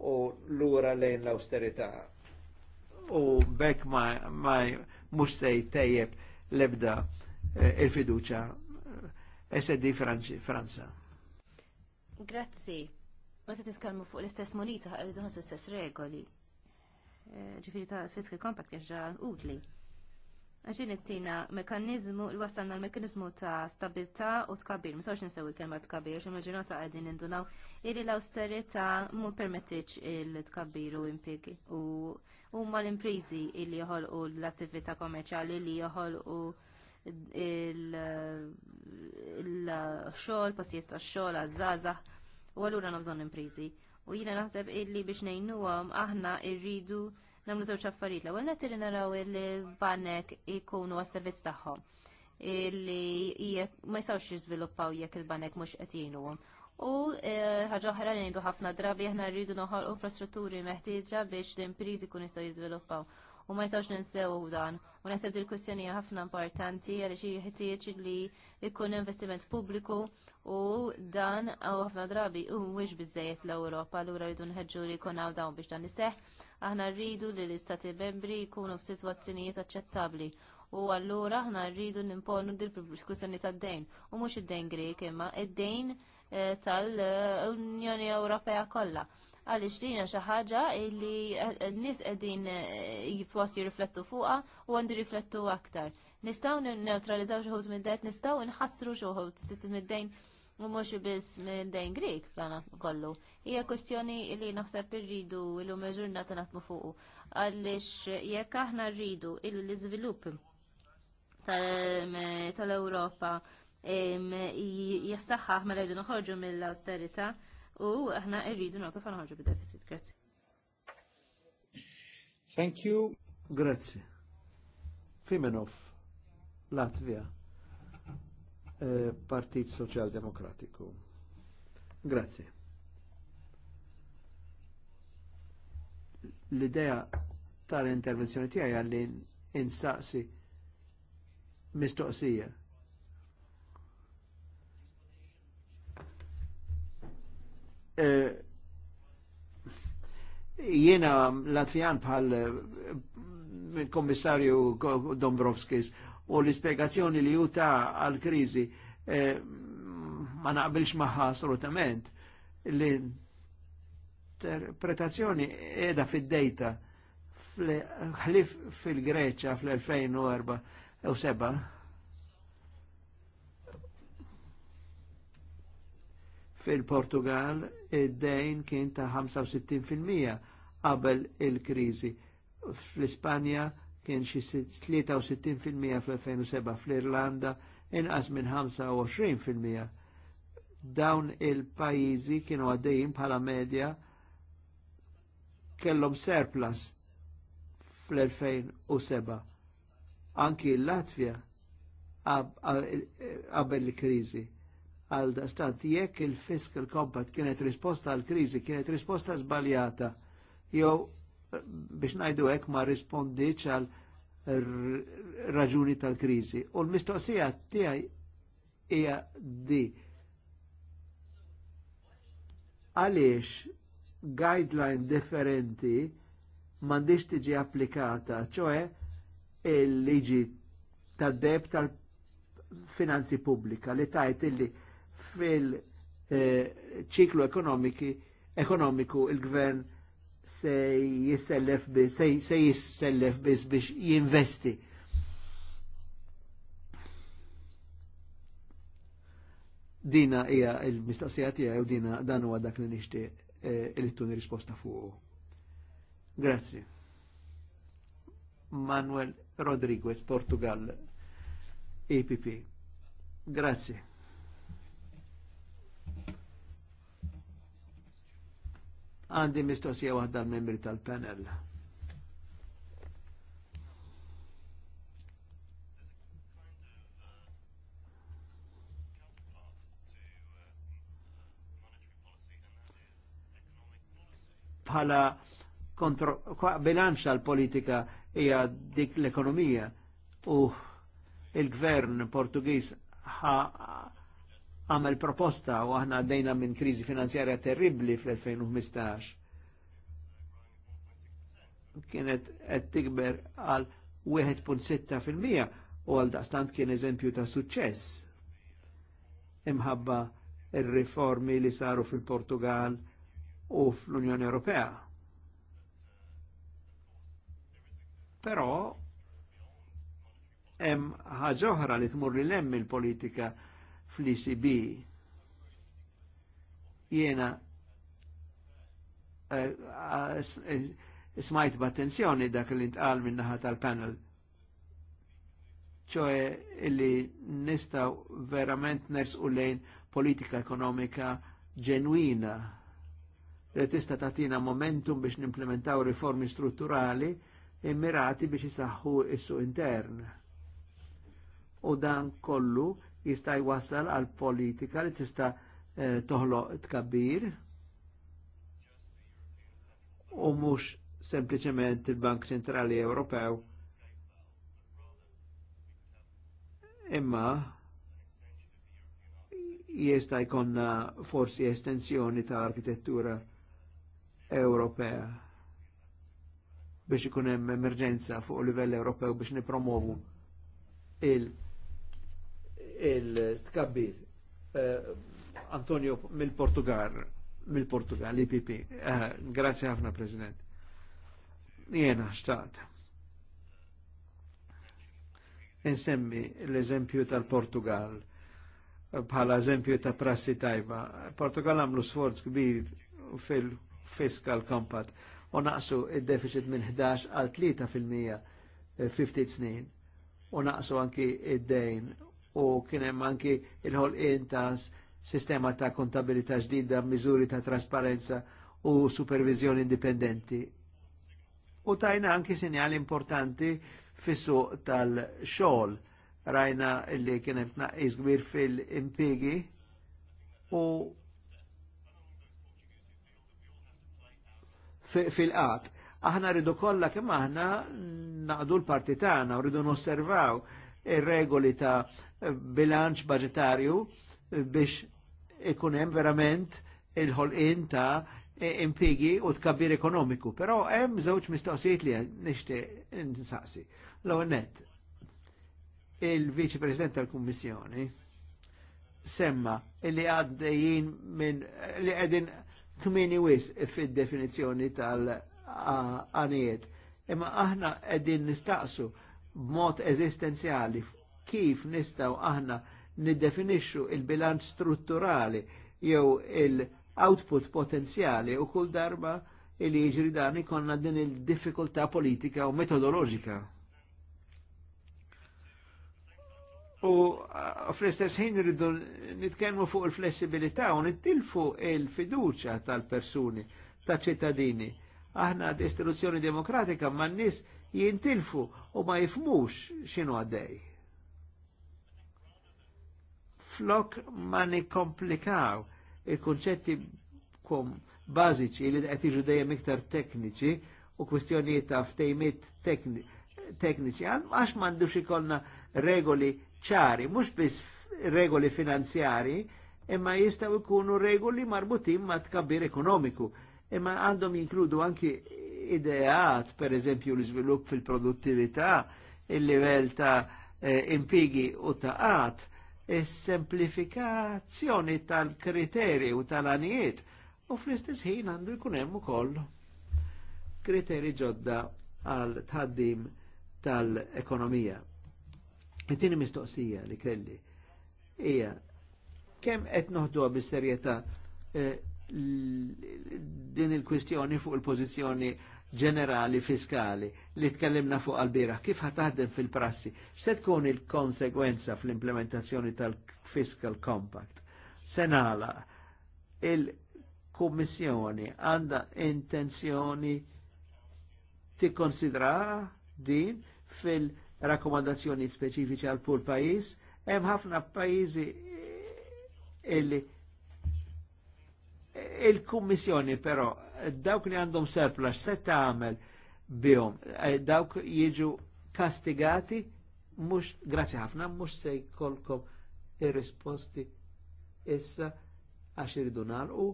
u l-ura lejn l-austerità. U bekk ma, mux sej tejjeb lebda eh, il-fiduċa eh, SD Franza. Grazzi. Ma se tiskalmu fuq l-istess monita, għal l-istess regoli ġifiri ta' fiscal compact jaxġa utli. Għaxin it-tina mekanizmu, l-wasanna l-mekanizmu ta' stabilta u tkabir, misoċ sewi kelma tkabir, xie maġinota għedin indunaw, illi l-austerita mu permettiċ il-tkabir u impigi. U ma l-imprizi illi joħol u l-attivita kommerċali li joħol u il-xol, pasijiet ta' xol, għazzaza, u għallura nabżon imprizi. U jiena naħseb illi biex ngħinuhom aħna rridu nagħmlu żewġ affarijiet. L-ewwel nett naraw il-banek ikunu għas-servizz tagħhom illi ma jistgħux jiżviluppaw jekk il-banek mhux qed jgħinuhom. U e, ħaġa oħra li ngħidu ħafna drabi aħna rridu noħolqu infrastrutturi meħtieġa biex l-imprizi kun jistgħu jiżviluppaw u ma jistgħux ninsew dan. U nasib il kwestjoni ħafna importanti għaliex jeħtieġ li jkun investiment pubbliku u dan għaw ħafna drabi u mhuwiex biżejjed fl-Ewropa allura rridu nħeġġu li jkun hawn dawn biex dan iseħħ. Aħna rridu li l-istati membri jkunu f'sitwazzjonijiet aċċettabbli u allura aħna rridu nimponu dil diskussjoni tad-dejn u mhux id-dejn Grek imma id-dejn eh, tal-Unjoni Ewropea kollha għaliex din xi ħaġa li n-nies qegħdin eh, jippost jirriflettu fuqha u għandi riflettu aktar. Nistgħu neutralizzaw xi minn dejt, nistgħu nħassru xi sitt mid u mhux biss minn dejn Grik plana kollu. Hija kustjoni li naħseb irridu meġurna ta' naħdmu fuqu. Għaliex jekk aħna rridu l izvilup tal-Ewropa jissaħħaħ mela rridu noħorġu mill austerita u aħna rridu nokif għanħarġu bid-deficit. Grazzi. Thank you. Grazzi. Fimenov, Latvia, eh, Partit Soċjaldemokratiku. Grazzi. L-idea tal-intervenzjoni tiegħi għalli insaqsi mistoqsija Eh, jiena Latvijan bħal eh, kommissarju Dombrovskis u l-ispiegazzjoni li juta għal-krizi eh, ma naqbilx maħħa assolutament l-interpretazzjoni edha fid-dejta ħlif fil-Greċa fl-2004 u seba' Fil-Portugal id-dejn kien ta' 65% qabel il-kriżi. Fl-Ispanja kien xi 63% fl-2007, fl-Irlanda inqas minn 25%. Dawn il-pajjiżi kienu għaddejjin bħala medja kellhom surplus fl-2007. Anki l-Latvja qabel il-kriżi. Għal stant jekk il il compact kienet risposta għal kriżi kienet risposta żbaljata, Jow, biex najdu ek ma rispondiċ għal raġuni tal krizi U l-mistoqsija tiegħi ija di. Għaliex guideline differenti mandiċ tiġi applikata, ċoħe il-liġi tad-deb tal-finanzi pubblika li tajt illi fil-ċiklu ekonomiki ekonomiku il-gvern se jissellef biz, se, se jissellef biex jinvesti. Dina hija il-mistoqsija tiegħi u dina dan huwa dak li nixtieq eh, tuni risposta fuq. Grazzi. Manuel Rodriguez, Portugal, EPP. Grazie. Għandi mistoqsija waħda l-membri tal-panel. bħala bilanċ tal-politika hija dik l-ekonomija u il-gvern Portugiż għamel proposta u aħna għaddejna minn krizi finanzjarja terribli fl-2015. Kienet qed tikber għal 1.6% u għal daqstant kien eżempju ta' suċċess. Imħabba il riformi li saru fil-Portugal u fl-Unjoni Ewropea. Però hemm ħaġa oħra li tmur li lemm il-politika fl-ICB. Jena eh, eh, smajt b'attenzjoni dak li ntqal minnaħa tal-panel. ċoħe illi nistaw verament ners u lejn politika ekonomika ġenwina li tista tatina momentum biex nimplementaw riformi strutturali immirati biex jisaxħu issu intern. U dan kollu jista' jwassal għal politika li tista' eh, toħloq tkabbir u mhux sempliċement il-Bank Ċentrali Ewropew imma jista' jkollna forsi estensjoni ta' arkitettura Ewropea biex ikun hemm emerġenza fuq livell Ewropew biex nipromovu il- il-tkabbir. Uh, Antonio mill-Portugal, mill-Portugal, IPP. Uh, eh, grazie ħafna, President. Jena, xtaqt. Insemmi l-eżempju tal-Portugal eh, bħala eżempju ta' prassi tajba. Portugal għamlu sforz kbir fil-fiskal compact u naqsu il deficit minn 11 għal 3% 50 snin u naqsu anki id-dejn u kien hemm anki il-ħolqin ta' sistema ta' kontabilità ġdida, miżuri ta' trasparenza u supervizjoni indipendenti. U tajna anki sinjali importanti fissu tal-xol rajna kien hemm tnaqqis kbir fil-impigi u fil-qat. Aħna rridu kollha kemm aħna naqdu l-parti tagħna u rridu nosservaw regoli ta' bilanċ budgetarju biex ikunem verament il-ħolqin ta' impigi u tkabbir ekonomiku. Però hemm żewġ mistoqsijiet li nixtieq nsaqsi. L-ewwel net, il-Viċi President tal-Kummissjoni semma li għaddejjin minn li għedin kmini wis fid-definizzjoni tal-għanijiet. Imma aħna qegħdin nistaqsu b'mod eżistenzjali kif nistaw aħna niddefinixxu il-bilanċ strutturali jew il-output potenzjali u kull darba il jiġri dan ikonna din il-diffikultà politika u metodoloġika. U fl-istess ħin rridu nitkellmu fuq il-flessibilità u nittilfu il-fiduċa tal-persuni, tal-ċittadini. Aħna d-istituzzjoni demokratika ma' nis jintilfu u ma jifmux xinu għaddej. Flok ma nikomplikaw il-konċetti kom bażiċi li qed jiġu dejjem iktar tekniċi u kwistjonijiet ta' ftejmiet tekniċi għax m'għandux ikollna regoli ċari, mhux biss regoli finanzjari, imma jistaw ikunu regoli marbutin ma' tkabbir ekonomiku, imma għandhom jinkludu anki ideat, per eżempju l-izvilupp fil-produttività, il-livell ta' eh, impigi u ta' għat, is-semplifikazzjoni tal-kriteri u tal-anijiet u fl-istess ħin għandu jkun hemm ukoll kriteri ġodda għal tħaddim tal-ekonomija. It-tieni mistoqsija li kelli hija kemm qed noħduha bis-serjetà eh, din il-kwistjoni fuq il-pożizzjoni ġenerali fiskali li tkellimna fuq għalbira, kif ħataħdem fil-prassi, se tkun il-konsegwenza fl-implementazzjoni tal-Fiscal Compact. Senala, il-Kummissjoni għanda intenzjoni tikkonsidra din fil-rakkomandazzjoni speċifiċi għal Pull pajis, hemm ħafna pajjiżi illi il-Kummissjoni però dawk li għandhom surplus se tagħmel bihom, eh, dawk jiġu kastigati mhux grazzi ħafna mhux se jkollkom ir-risposti issa għax iridu nagħlqu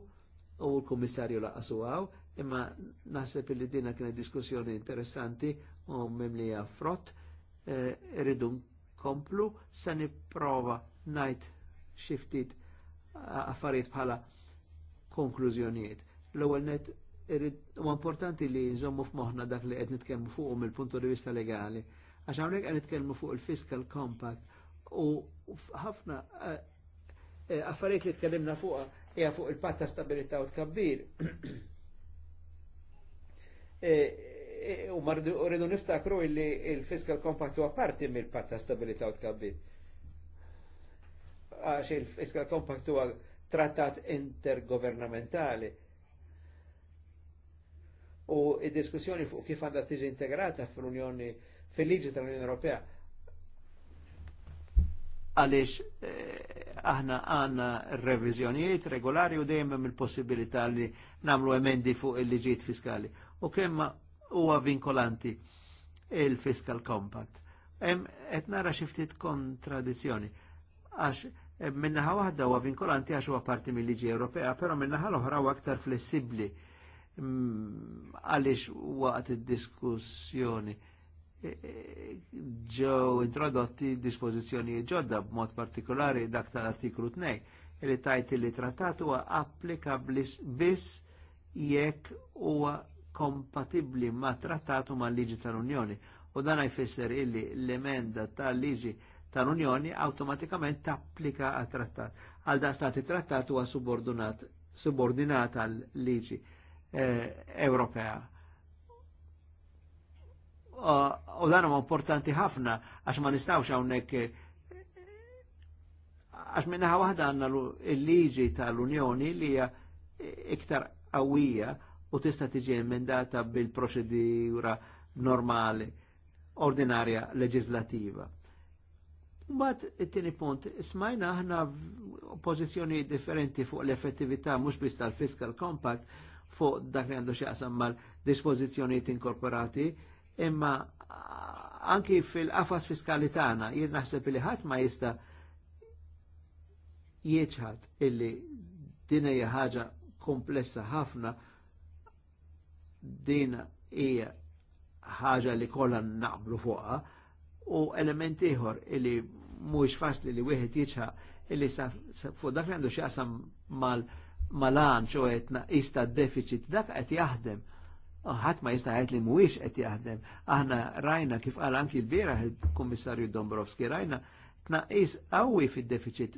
u l-kummissarju laqasu għaw, imma naħseb li dina kienet diskussjoni interessanti u mimlija frott, eh, iridu komplu, se nipprova najt xiftit eh, affarijiet bħala konklużjonijiet. L-ewwel net huwa importanti li nżommu f'moħħna dak li qed nitkellmu fuq mill-punt di vista legali. Għax hawnhekk qed nitkellmu fuq il-fiscal compact u ħafna eh, eh, affarijiet li tkellimna fuqha hija fuq il-patt ta' stabilità u tkabbir. Eh, u rridu niftakru li il-fiscal compact huwa parti mill-patt ta' stabilità u tkabbir. Għax il-fiscal compact huwa trattat intergovernamentali u id-diskussjoni fuq kif għandha tiġi integrata fl-Unjoni fil-liġi tal-Unjoni Ewropea għaliex eh, aħna għanna revizjonijiet regolari u dejjem hemm il-possibilità li nagħmlu emendi fuq il-liġijiet fiskali. U kemm huwa vinkolanti il-Fiscal Compact. Hemm qed nara xi ftit kontradizzjoni għax eh, minnaħa waħda huwa vinkolanti għax huwa parti mill-liġi Ewropea, però minnaħa l-oħra huwa aktar flessibbli Mm, għaliex waqt id-diskussjoni e, e, ġew introdotti dispożizzjoni ġodda b'mod partikolari dak tal-artiklu 2 li tajt li trattat huwa applikabli biss jekk huwa kompatibbli ma trattat ma liġi tal-Unjoni. U dan jfisser illi l-emenda tal-liġi tal-Unjoni automatikament tapplika għat trattat. Għal dan stati trattat huwa subordinat għal liġi Eh, Ewropea. U dan huwa importanti ħafna għax ma nistgħux hawnhekk eh, għax minnaħa waħda għandna l-liġi tal-Unjoni li hija iktar qawwija u tista' tiġi emendata bil-proċedura normali, ordinarja leġislativa. Mbagħad it-tieni punt, smajna aħna pożizzjoni differenti fuq l-effettività mhux biss tal-fiscal compact, fuq dak li għandu xaqsam mal-dispozizjoniet inkorporati, imma anki fil-qafas fiskali tagħna jien naħseb li ħadd ma jista' jieċħad illi din hija ħaġa komplessa ħafna din hija ħaġa li kollha naqblu fuqha u element ieħor illi mhux faċli li wieħed jiċħaq illi sa fuq dak li għandu xaqsam mal- malanċ u qed ista deficit dak qed jaħdem. Ħadd ma jista' għet li muwix qed jaħdem. Aħna rajna kif qal anki l-bieraħ il-Kummissarju Dombrovski rajna tnaqis qawwi fid-deficit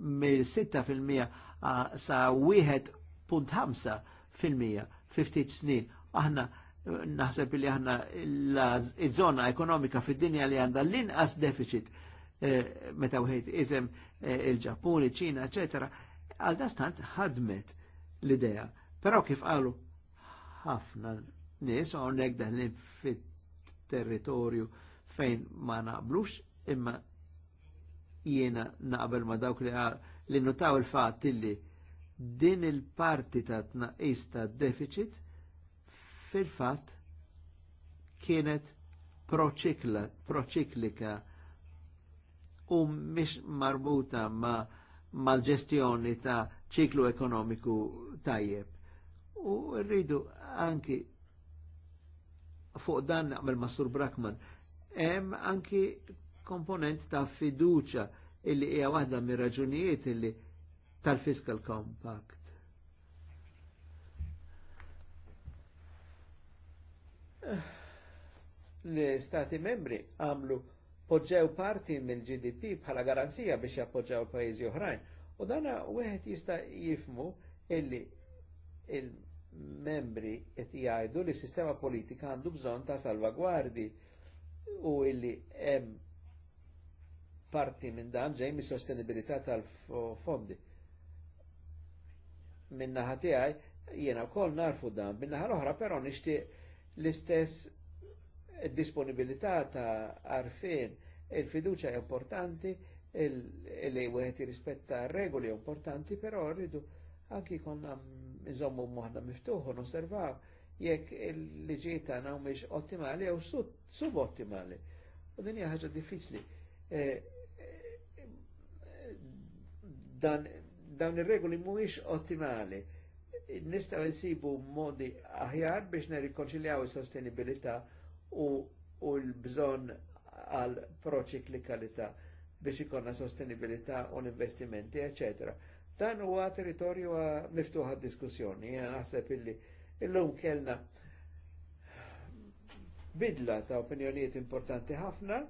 mill-6% sa 1.5 fil-mija, 50 snin. Aħna naħseb li aħna il zona ekonomika fid-dinja li għandha l-inqas deficit eh, meta wieħed iżem eh, il-Ġappun, ċina eċetera għal dastant ħadmet l-idea. Però kif għalu ħafna nies hawnhekk daħlin fit-territorju fejn ma naqblux imma jiena naqbel ma dawk li li notaw il-fatt illi din il-parti ta' tnaqqis ta' deficit fil-fatt kienet proċiklika u mish marbuta ma' mal-ġestjoni ta' ċiklu ekonomiku tajjeb. U rridu anki fuq dan għamil Mastur Brakman, hemm anki komponent ta' fiduċa illi hija waħda mir raġunijiet illi tal-Fiscal Compact. Eh, Le stati membri għamlu poġġew parti mill-GDP bħala garanzija biex jappoġġew pajjiżi oħrajn. U dana wieħed jista' jifmu illi il-membri qed jgħidu li s sistema politika għandu bżonn ta' salvagwardi u illi hemm parti minn dan ġej mis-sostenibilità tal-fondi. Minnaħa tiegħi jiena wkoll narfu dan, minnaħa l-oħra però nixtieq l-istess disponibilità ta' arfin, il-fiduċa è importanti, il-li wieħed rispetta regoli importanti, però rridu anki konna um, nżommu moħna miftuħ u nosservaw jekk il-liġi tagħna mhumiex ottimali jew subottimali. U din hija ħaġa diffiċli. Eh, dan dawn ir-regoli mhumiex ottimali. Nistgħu nsibu modi aħjar biex nirrikonċiljaw is-sostenibilità' u, u l-bżon għal proċiklikalità biex ikonna sostenibilità u l-investimenti, eccetera. Dan huwa territorju miftuħa diskussjoni. Jena naħseb illi illum kellna bidla ta' opinjonijiet importanti ħafna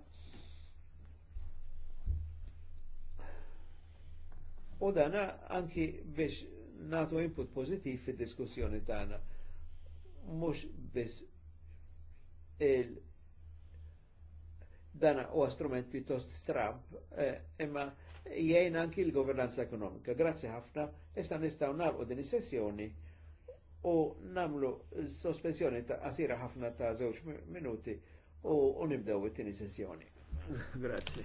u dana anki biex natu input pozitiv fid diskussjoni tagħna mhux biss il dan huwa strument pjuttost strab, eh, imma eh, anki l-governanza ekonomika. Grazie ħafna, issa nistaw nalqu din is-sessjoni u namlu sospensjoni ta' asira ħafna ta' żewġ minuti u nibdew it tini sessjoni. Grazie.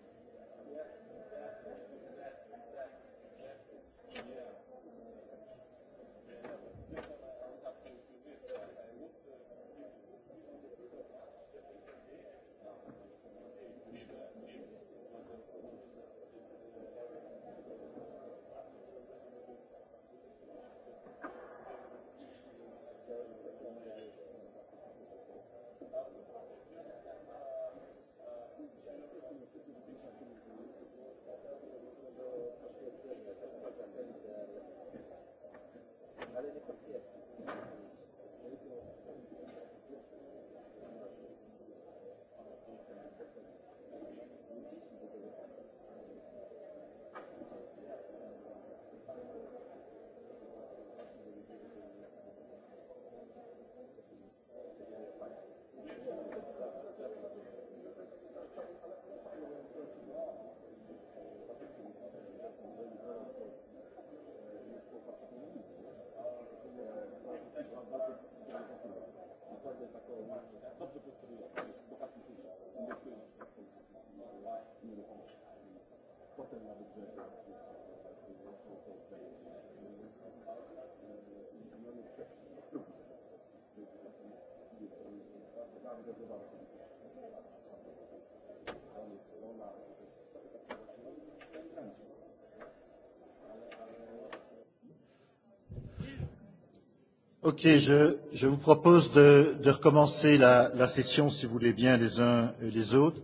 Ok, je, je vous propose de, de recommencer la, la session, si vous voulez bien, les uns et les autres.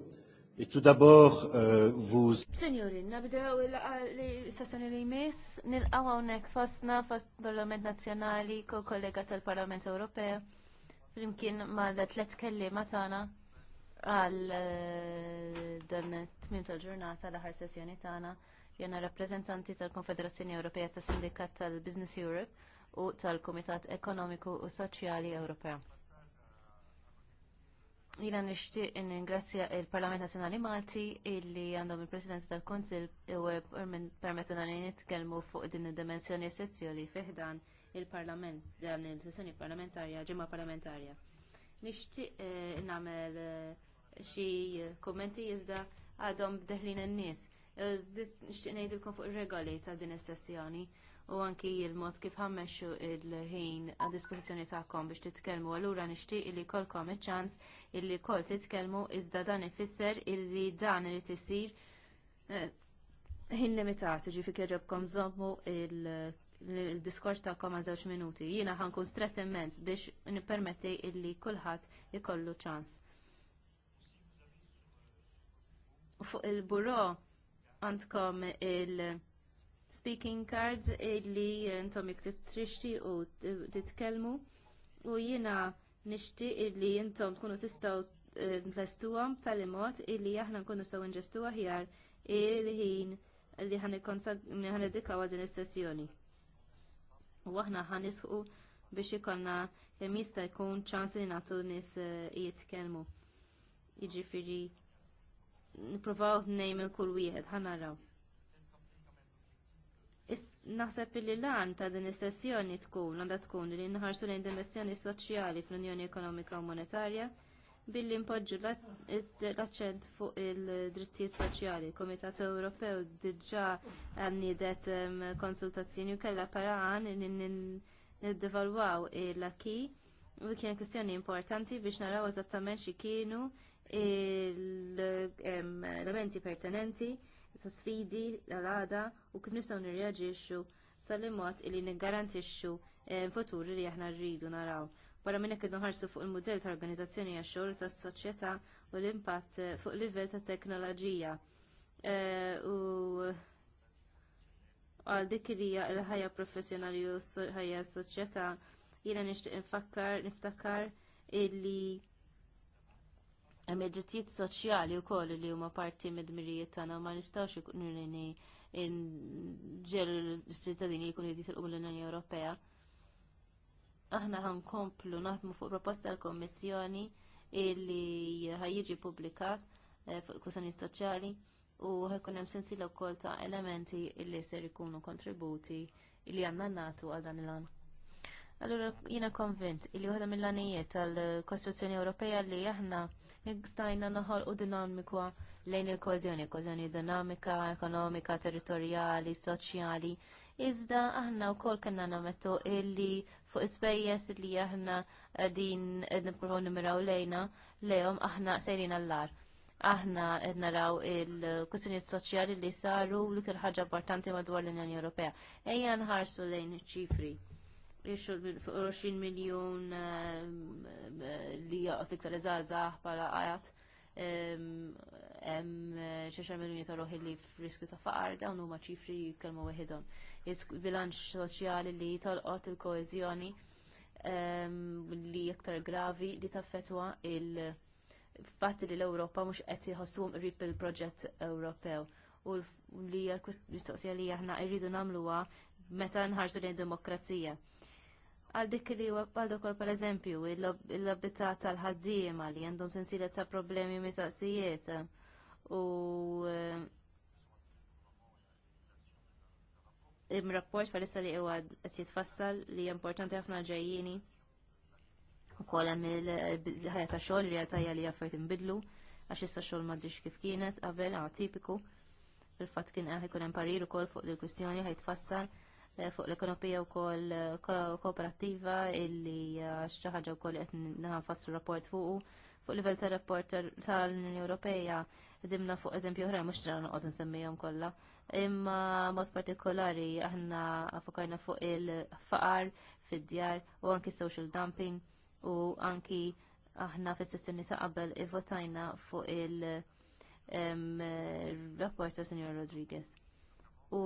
Et tout d'abord, euh, vous... Signori, nabdew il-sessjoni li jmiss, nil-qawa unnek fasna fast Parlament Nazjonali ko kollega tal-Parlament Ewropea, flimkien ma l-tlet kelli matana għal eh, dan tmim tal-ġurnata l-ħar sessjoni tana, jena rappresentanti tal-Konfederazzjoni Ewropea tal sindikat tal-Business Europe, u tal-Kumitat Ekonomiku u Soċjali Ewropew. Jina nixtieq ningrazzja l parlament Nazzjonali Malti illi għandhom il-Presidenza tal kunsill u permettuna li nitkellmu fuq din id-dimensjoni essenzjali fiħdan il-Parlament dan il-sessjoni parlamentarja, ġimgħa parlamentarja. Nixtieq eh, nagħmel eh, xi kummenti iżda għadhom bdeħlin in-nies. Eh, nixtieq ngħidilkom fuq ir-regoli ta' din is-sessjoni u anki il-mod kif ħammexxu il-ħin għad dispożizzjoni tagħkom biex titkellmu allura nixtieq li kolkom iċ-ċans illi kol titkellmu iżda dan ifisser illi dan irid isir eh, ħin limitat, ġifieri ġobkom żommu il-diskors tagħkom għal żewġ minuti. Jiena ħankun strett immens biex nippermetti illi kulħadd ikollu ċans. Fuq il-buro għandkom il-, speaking cards illi intom jiktib trixti u titkellmu u jiena nixtieq illi intom tkunu tistgħu eh, nlestuhom tal imot illi aħna nkunu nistgħu nġestu ħjar il-ħin li ħan dedikaw din is-sessjoni. U aħna ħan biex ikollna jemista jkun ċans li nagħtu nies eh, jitkellmu. Jiġifieri nippruvaw nejmen kull wieħed ħanaraw. Naħseb li lan ta' din is-sessjoni tkun għandha tkun li nħarsu lejn dimensjoni soċjali fl-Unjoni Ekonomika u Monetarja billi npoġġu l-aċċent fuq il-drittijiet soċjali. Komitat Ewropew diġà għannidet konsultazzjoni u kellha paraan niddevalwaw l-aki u kien kwistjoni importanti biex naraw eżattament xi kienu l-elementi pertinenti ta' sfidi l-għada u kif nistgħu nirreġixxu tal mod illi niggarantixxu eh, futur li aħna rridu naraw. Barra minn hekk nħarsu fuq il-mudell ta' organizzazzjoni għax-xogħol tas-soċjetà u l-impatt eh, fuq livell ta' teknoloġija. Eh, u għal dik li hija l-ħajja professjonali u ħajja soċjetà jiena nixtieq infakkar niftakar illi Hemm id soċjali wkoll li huma parti mid-dmirijiet tagħna ma nistgħux ikunu ġelu l-ċittadini li jkunu jdisilqu mill-Unjoni Ewropea. Aħna ħankomplu naħdmu fuq proposta tal-Kommissjoni illi ħajjiġi publikat eh, fuq kwistjoni soċjali u ħekun hemm sensiela wkoll ta' elementi illi ser ikunu kontributi illi għandna nagħtu għal dan il-għan. Allura jiena konvint illi waħda mill-għanijiet tal-Kostruzzjoni Ewropea li aħna jekk naħol u dinamiku lejn il-kozjoni, kozjoni dinamika, ekonomika, territorjali, soċjali. Iżda aħna wkoll kellna nametu illi fuq ispejjeż li aħna din nippruvaw nimiraw lejna lejom aħna sejrin għall-lar aħna qed naraw il-kustinijiet soċjali li saru l-iktar ħaġa importanti madwar l-Unjoni Ewropea. Ejja nħarsu lejn iċ-ċifri. 20 miljon ehm, ehm, li jaqf iktar iżgħażagħ bħala qajat hemm ehm, xi xar miljoni ta' roħi li f'riskju ta' faqar dawn huma ċifri jitkellmu weħidhom. Bilanċ soċjali li tolqot il-koeżjoni li iktar gravi li taffetwa il- fatt li l-Ewropa mhux qed jħossuhom qrib il-proġett Ewropew u li mistoqsija li aħna rridu nagħmluha meta nħarsu lejn demokrazija għal dik li għal dokol per eżempju il-labita tal-ħaddiema li għandhom sensilet ta' problemi misaqsijiet u eh, im-rapport palissa li huwa għad jitfassal li importanti ħafna ġejjini u kolem hemm il-ħajja ta' xogħol li hija li affarijiet inbidlu għax issa xogħol m'għaddix kif kienet qabel għatipiku il-fatt kien qed ikun hemm parir ukoll fuq il-kwistjoni ħajtfassal Eh, fuq l-ekonomija wkoll eh, kooperattiva illi eh, xaħġa ħaġa wkoll qed fassu rapport fuq. fuq livell tar rapport tal-Unjoni Ewropeja dimna fuq eżempju oħra mhux tra noqgħod nsemmihom kollha. Imma mod partikolari aħna fokarna fuq il-faqar fid-djar u anki social dumping u anki aħna fis-sessjoni ta' qabel ivvotajna fuq il-rapport ta' Sinjor Rodriguez. U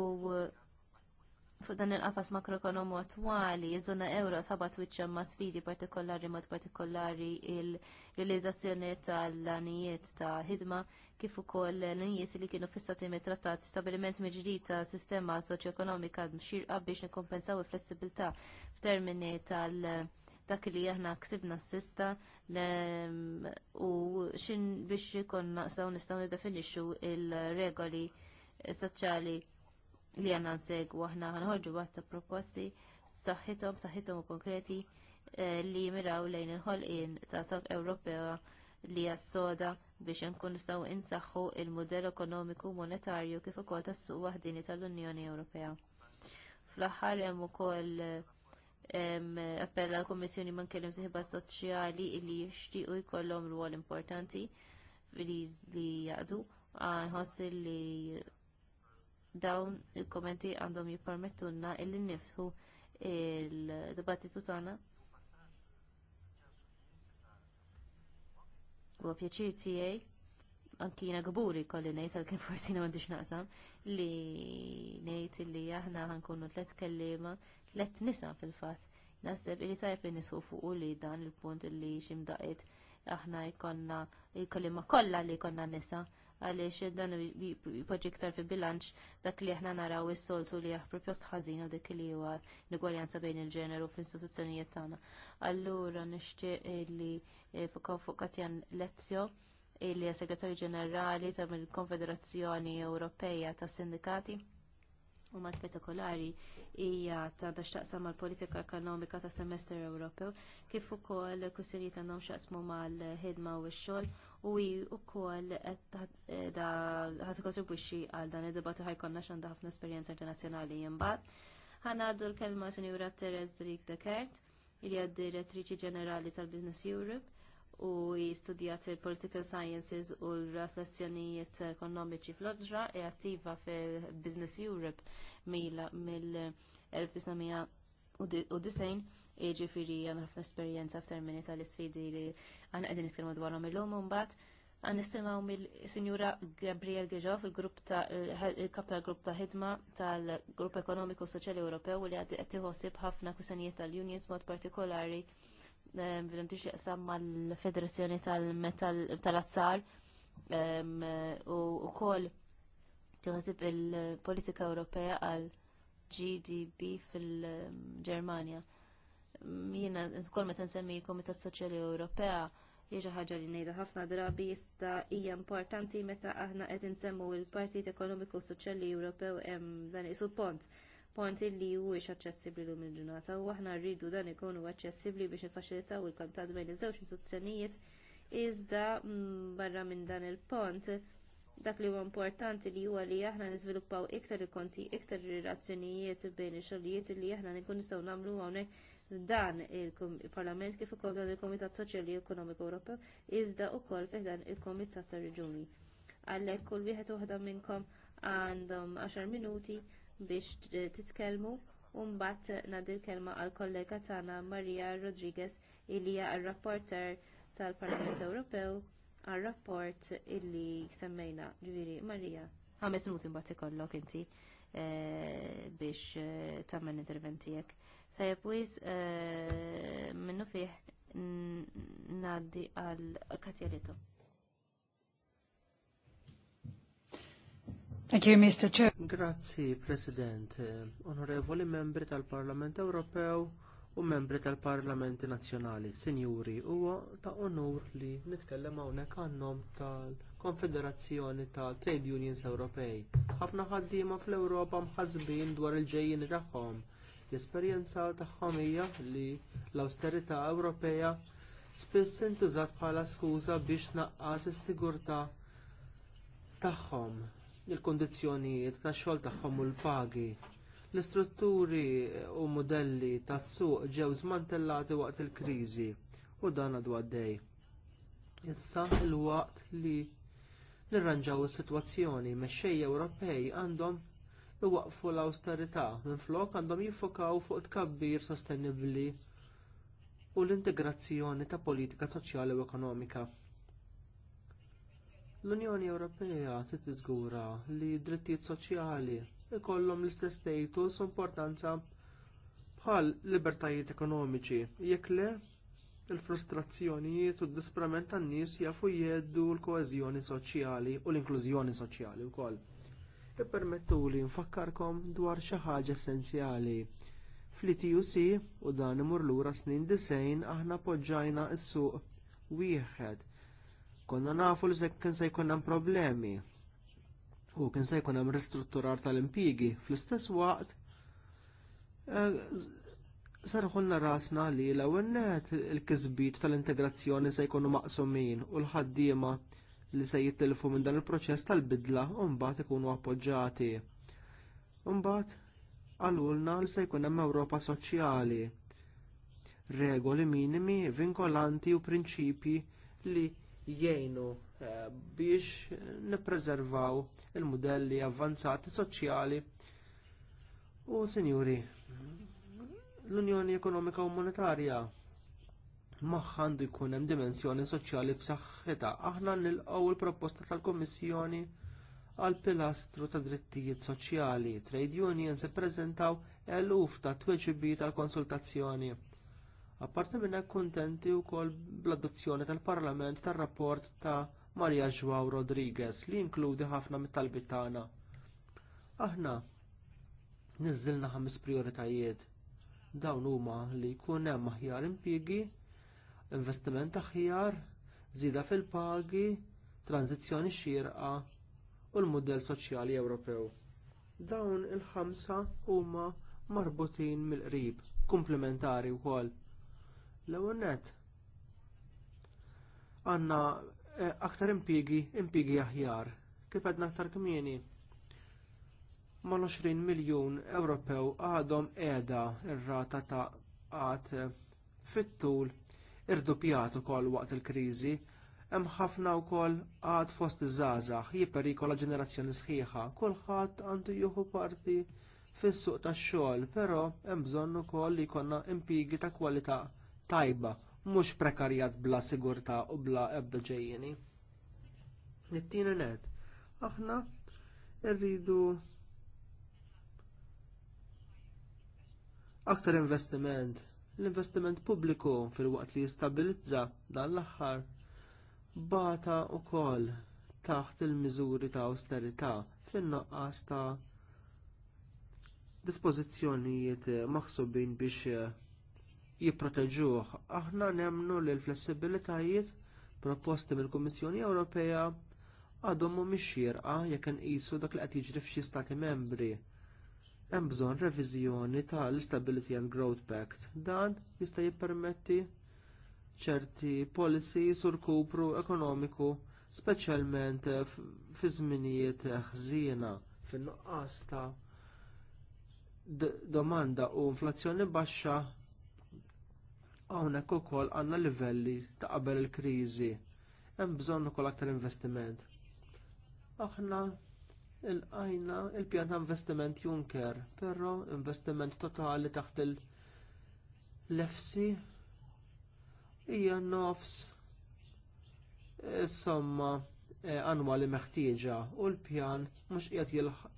fuq dan il-qafas makroekonomu attwali, iż-żona euro tabat wiċċa ma' sfidi partikolari mod partikolari il-realizzazzjoni tal-anijiet ta' ħidma kif ukoll l-anijiet li kienu fissati me trattat stabiliment ġdid ta' sistema soċjoekonomika mxirqa biex nikkompensaw il-flessibilità f'termini tal- dak li aħna ksibna s-sista u xin biex ikun saw nistaw nidefinixxu il-regoli soċjali li għanna nsegħu għahna għanħoġu għatta proposti saħħitom, saħħitom u konkreti eh, li miraw lejn il-ħolqien ta' South Ewropea li jassoda biex nkun staw insaħħu il-modell ekonomiku monetarju kif ukoll tas-suq waħdini tal-Unjoni Ewropea. Fl-aħħar hemm ukoll appella l kummissjoni ma nkellem siħba soċjali li jixtiequ jkollhom rwol importanti li jaqdu għanħoss li dawn il-kommenti għandhom jippermettunna illi niftħu il-dibattitu tagħna. Huwa pjaċir tiegħi anki gburi kolli ngħid għal kien forsi għandix naqsam li ngħid li aħna ħankunu tlet kelliema tlet nisa fil fatt Nasib li tajb nisu fuq li dan il-punt li ximdaqit aħna jkollna il kelliema kollha li konna nisa għaliex dan jipoġġi iktar fi bilanċ dak li aħna naraw is-soltu li aħ propjost ħażin u dik li huwa l-igwaljanza bejn il-ġeneru fl-istituzzjonijiet tagħna. Allura nixtieq li eh, fuq Katjan Lezzjo li segretarju ġenerali ta' konfederazzjoni Ewropeja tas Sindikati u mat partikolari hija ta' daxtaqsam mal politika ekonomika ta' semester Ewropew kif ukoll kwistjonijiet tagħhom xaqsmu mal-ħidma u x-xogħol u wkoll qed ħadd għal dan id-dibattu ħajkonna x'għandha ħafna esperjenza internazzjonali imbagħad. Ħanaddu l-kelma Sinjura Teres Drik de Kert, li għad direttriċi ġenerali tal-Business Europe u jistudjat il-Political Sciences u l relazzjonijiet ekonomiċi fl-odra e attiva fil-Business Europe mill-1990 Jiġifieri għandna ħafna esperjenza f'termini tal-isfidi li għandna qegħdin nitkellmu dwarhom illum u mbagħad għan nistimaw mill-Sinjura Gabriel Gijov, il-grupp ta' il-kap tal-grupp ta' ħidma tal-Grupp Ekonomiku Soċjali Ewropew li għad tiħossib ħafna kusanijiet tal-Unions mod partikolari bil-imtix ehm, jaqsam mal-Federazzjoni tal-Azzar ehm, u wkoll tiħossib il-politika Ewropea għal GDB fil-Germania. Ehm, jiena kol meta nsemmi Komitat Soċjali Ewropea jieġa ħaġa li ngħidha ħafna drabi jista' hija importanti meta aħna qed insemmu l-Partit Ekonomiku Soċjali Ewropew hemm dan isu pont pont li huwiex aċċessibbli lum il-ġurnata u aħna rridu dan ikunu aċċessibbli biex nifaċilitaw il kontat bejn iż-żewġ istituzzjonijiet iżda mm, barra minn dan il-pont dak li huwa importanti li huwa li aħna niżviluppaw iktar il-konti, iktar ir-relazzjonijiet bejn ix-xogħlijiet li aħna nkun nistgħu nagħmlu hawnhekk dan il-Parlament kif ukoll dan il-Komitat Soċjali Ekonomiku Ewropew iżda wkoll fih dan il-Komitat tar Reġuni. Għalhekk kull wieħed waħda minnkom għandhom 10 minuti biex titkellmu u mbagħad ngħaddi l-kelma għall kollega tagħna Maria Rodriguez illi hija r-rapporter tal-Parlament Ewropew għar rapport illi semmejna ġviri Marija. Ħames minuti mbagħad ikollok inti eh, biex eh, tagħmel interventijek tajab eh, minnu fiħ naddi għal Katjalito. Thank you, Mr. Chair. Grazzi, President. Onorevoli membri tal-Parlament Ewropew u membri tal-Parlamenti Nazzjonali, Sinjuri, huwa ta' onur li nitkellem hawnhekk għannom tal-Konfederazzjoni ta' Trade Unions Ewropej. Ħafna ħaddiema fl-Ewropa mħazbin dwar il-ġejjin tagħhom L-esperjenza tagħhom hija li l-austerità Ewropea spiss intużat bħala skuża biex tnaqqas is-sigurtà tagħhom, il-kundizzjonijiet tax-xogħol tagħhom u l-pagi. L-istrutturi u mudelli tas-suq ġew smantellati waqt il-kriżi u dan għadu għaddej. Issa il-waqt li nirranġaw is-sitwazzjoni m-xej Ewropej għandhom iwaqfu l-austerità minflok għandhom jiffokaw fuq tkabbir sostenibbli u l-integrazzjoni ta' politika soċjali u ekonomika. L-Unjoni Ewropea trid tiżgura li d drittijiet soċjali ikollhom l-istess status u importanza bħal libertajiet ekonomiċi. Jekk le, il-frustrazzjonijiet u d-disprament tan-nies jafu jgħeddu l-koeżjoni soċjali u l-inklużjoni soċjali wkoll. Ippermettuli nfakkarkom dwar xi ħaġa essenzjali. Fl-ITUC u dan imur lura snin disejn aħna poġġajna s-suq wieħed. Konna nafu li kien se jkun hemm problemi u kien se jkun hemm ristrutturar tal-impjigi fl-istess waqt eh, sarħunna rasna li l-ewwel net il-kisbit tal-integrazzjoni se jkunu maqsumin u l-ħaddiema li se jittilfu minn dan il-proċess tal-bidla u mbagħad ikunu appoġġjati. Mbagħad għalulna li se jkun hemm Ewropa soċjali. Regoli minimi, vinkolanti u prinċipji li jgħinu eh, biex nippreservaw il-modelli avvanzati soċjali u sinjuri l-Unjoni Ekonomika u Monetarja għandu jkun hemm dimensjoni soċjali b'saħħitha. Aħna nilqgħu il-proposta tal-Kummissjoni għal pilastru ta' drittijiet soċjali. Trade unions ippreżentaw eluf ta' tweġibi tal-konsultazzjoni. Apparti minn hekk kuntenti wkoll bl-adozzjoni tal-Parlament tar-rapport ta' Maria Joao Rodriguez li jinkludi ħafna mit-talbit tagħna. Aħna niżilna ħames prijoritajiet. Dawn huma li jkun hemm aħjar impjiegi investiment aħjar, żieda fil-pagi, tranzizzjoni xierqa u l mudell soċjali Ewropew. Dawn il-ħamsa huma marbutin mill-qrib, komplementari wkoll. L-ewwel nett għandna eh, aktar impjiegi impjiegi aħjar, kif għedna aktar kmieni. Ma 20 miljun Ewropew għadhom qiegħda r-rata ta' għad fit-tul irdupjat ukoll waqt il-kriżi, hemm ħafna wkoll għad fost iż-żgħażagħ jipperikola ġenerazzjoni sħiħa, kulħadd għandu jieħu parti fis-suq tax-xogħol, però hemm bżonn ukoll li jkollna impjiegi ta' kwalità tajba, mhux prekarjat bla sigurtà u bla ebda ġejjini. Nittini net, aħna rridu aktar investiment L-investiment pubbliku fil-waqt li jistabilizza dan l-aħħar bata wkoll taħt il-miżuri ta' austerità fin-naqqas ta' dispożizzjonijiet maħsubin biex jipproteġuh. Aħna nemnu li l-flessibilitajiet proposti mill-Kummissjoni Ewropea għadhom mhumiex xierqa jekk inqisu dak li qed jiġri f'xi stati membri hemm bżonn reviżjoni tal-Stability and Growth Pact. Dan jista' jippermetti ċerti policies u rkupru ekonomiku speċjalment eh, fi żminijiet ħżiena fin-nuqqas ta' domanda u inflazzjoni baxxa hawnhekk ukoll għandna livelli ta' qabel il-kriżi. Hemm bżonn ukoll aktar investiment. Aħna il-għajna il-pjan ta' investiment Juncker, però investiment totali taħt il-lefsi hija nofs eh, somma eh, annwali meħtieġa u l-pjan mhux qiegħed jilqa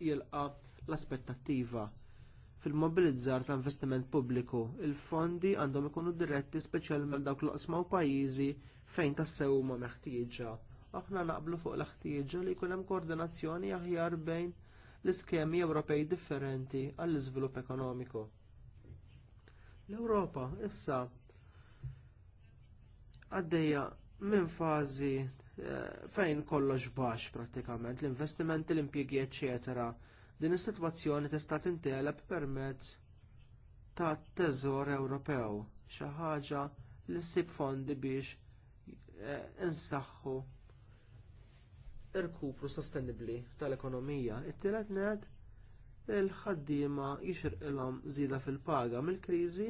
l-aspettattiva fil-mobilizzar ta' investiment pubbliku. Il-fondi għandhom ikunu diretti speċjalment dawk l-oqsma u pajjiżi fejn tassew huma meħtieġa aħna naqblu fuq l-ħtieġa li jkun hemm koordinazzjoni aħjar bejn l-iskemi Ewropej differenti għall-iżvilupp ekonomiku. L-Ewropa issa għaddejja minn fażi eh, fejn kollox baxx prattikament l-investimenti, l-impjegi, eċetera. Din is-sitwazzjoni tista' tinteleb permezz ta' teżor Ewropew xi ħaġa li ssib fondi biex eh, insaħħu irkupru sostenibbli tal-ekonomija. It-tielet net il-ħaddiema ilhom żieda fil-paga mill-kriżi,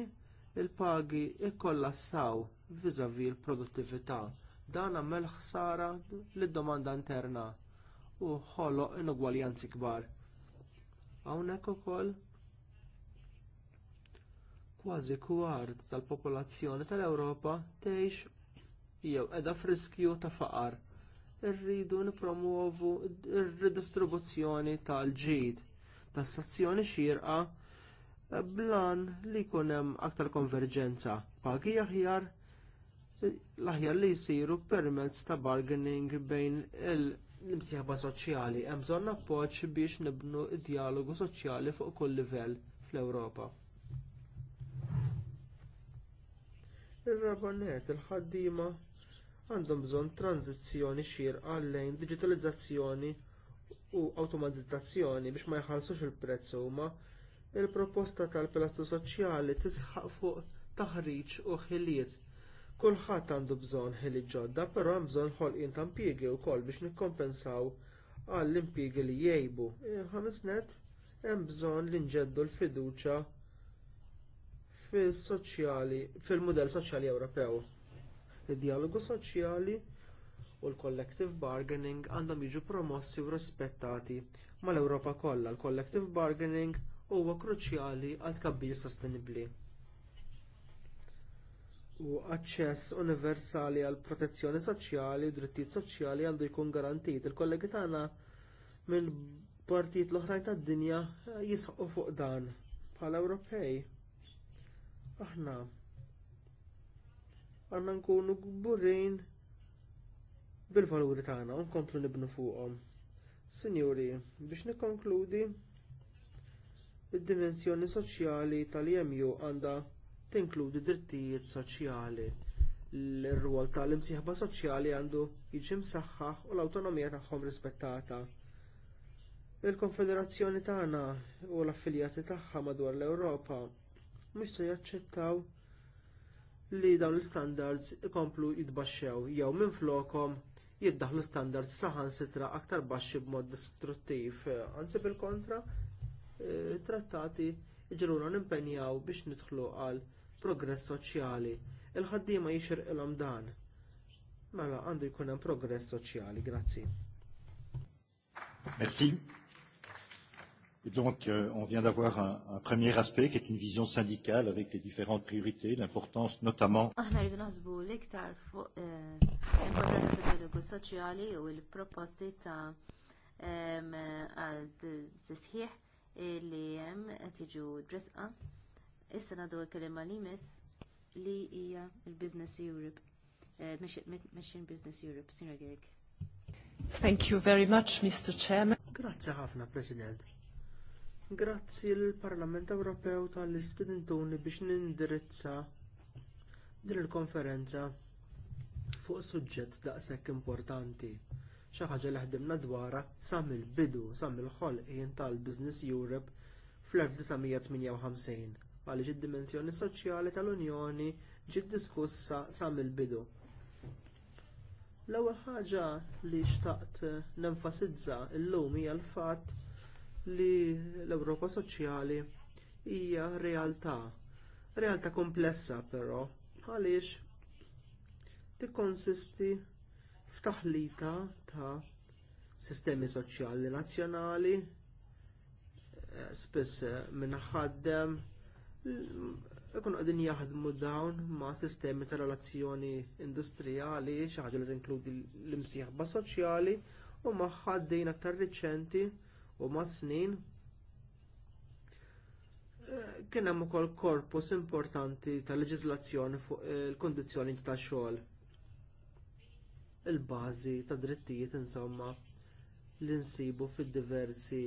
il-pagi ikkollassaw viżavi l-produttività. Dan għamel ħsara lid-domanda interna u ħoloq inugwaljanzi kbar. Hawnhekk ukoll kważi kward tal-popolazzjoni tal-Ewropa tgħix jew qiegħda f'riskju ta' faqar rridu nipromuovu r-redistribuzzjoni tal-ġid, tas-sazzjoni xirqa blan li jkun hemm aktar konverġenza pagi aħjar l-aħjar li jsiru permezz ta' bargaining bejn l-imsieħba soċjali hemm bżonn appoġġ biex nibnu d dialogu soċjali fuq kull livell fl-Ewropa. Ir-rabonet il-ħaddiema għandhom bżonn tranzizzjoni xierqa lejn digitalizzazzjoni u awtomatizzazzjoni biex ma jħallsux il-prezz huma il-proposta tal-pilastru soċjali tisħaq fuq taħriġ u ħiliet. Kulħadd għandu bżonn ħili ġodda, però hemm bżonn ħolqien ta' impjiegi wkoll biex nikkompensaw għall impjiegi li jgħibu. Ħames net hemm bżonn li nġeddu l-fiduċja fis-soċjali fil-mudell soċjali Ewropew. Id-dialogu soċjali u l-collective bargaining għandhom jiġu promossi u rispettati mal-Ewropa kollha. L-collective bargaining huwa kruċjali għal tkabbir sostenibbli. U aċċess universali għal protezzjoni soċjali, u drittijiet soċjali għandu jkun garantit. Il-kollegi tagħna minn partijiet l-oħrajn tad-dinja jisħu fuq dan bħala Ewropej. Aħna għandna nkunu gburin bil-valuri tagħna u nkomplu nibnu fuqhom. Sinjuri, biex nikkonkludi, id-dimensjoni soċjali tal jemju għandha tinkludi drittijiet soċjali. L-rwol tal-imsieħba soċjali għandu jiġi msaħħaħ u l-awtonomija tagħhom rispettata. Il-Konfederazzjoni tagħna u l-affiljati tagħha madwar l-Ewropa mhux se jaċċettaw li dawn l-standards ikomplu jitbaxxew jew minflokhom jiddaħħlu standards saħan sitra aktar baxxi b'mod distruttiv. Anzi bil-kontra, eh, trattati ġruna nimpenjaw biex nidħlu għal progress soċjali. Il-ħaddiema jixirqilhom dan. Mela għandu jkun hemm progress soċjali. Grazzi. Merci. Et donc, euh, on vient d'avoir un, un premier aspect qui est une vision syndicale avec les différentes priorités, l'importance notamment. Eh, Issa li li hija eh, business Europe, Business Europe, Thank you very much, Mr. Chairman. Grazie ħafna, President Grazzi l-Parlament Ewropew tal-istudentuni biex nindirizza din il-konferenza fuq suġġett daqshekk importanti. Xi ħaġa li ħdimna dwarha sa mill-bidu sa mill-ħolqien tal-Business Europe fl-1958 għaliex id-dimensjoni soċjali tal-Unjoni ġiet diskussa sa mill-bidu. L-ewwel ħaġa li xtaqt nenfasizza llum hija l-fatt li l-Ewropa Soċjali hija realtà, realtà komplessa però, għaliex tikkonsisti f'taħlita ta' sistemi soċjali nazzjonali, eh, spiss eh, minn ħaddem, ikun għadin jaħdmu dawn ma' sistemi ta' relazzjoni industrijali, xi ħaġa li tinkludi l-imsieħba soċjali u ma' ħaddin aktar riċenti u ma' snin eh, kien hemm ukoll korpus importanti ta' leġiżlazzjoni fuq il-kondizzjoni eh, ta' xogħol. Il-bażi ta' drittijiet insomma li nsibu fid-diversi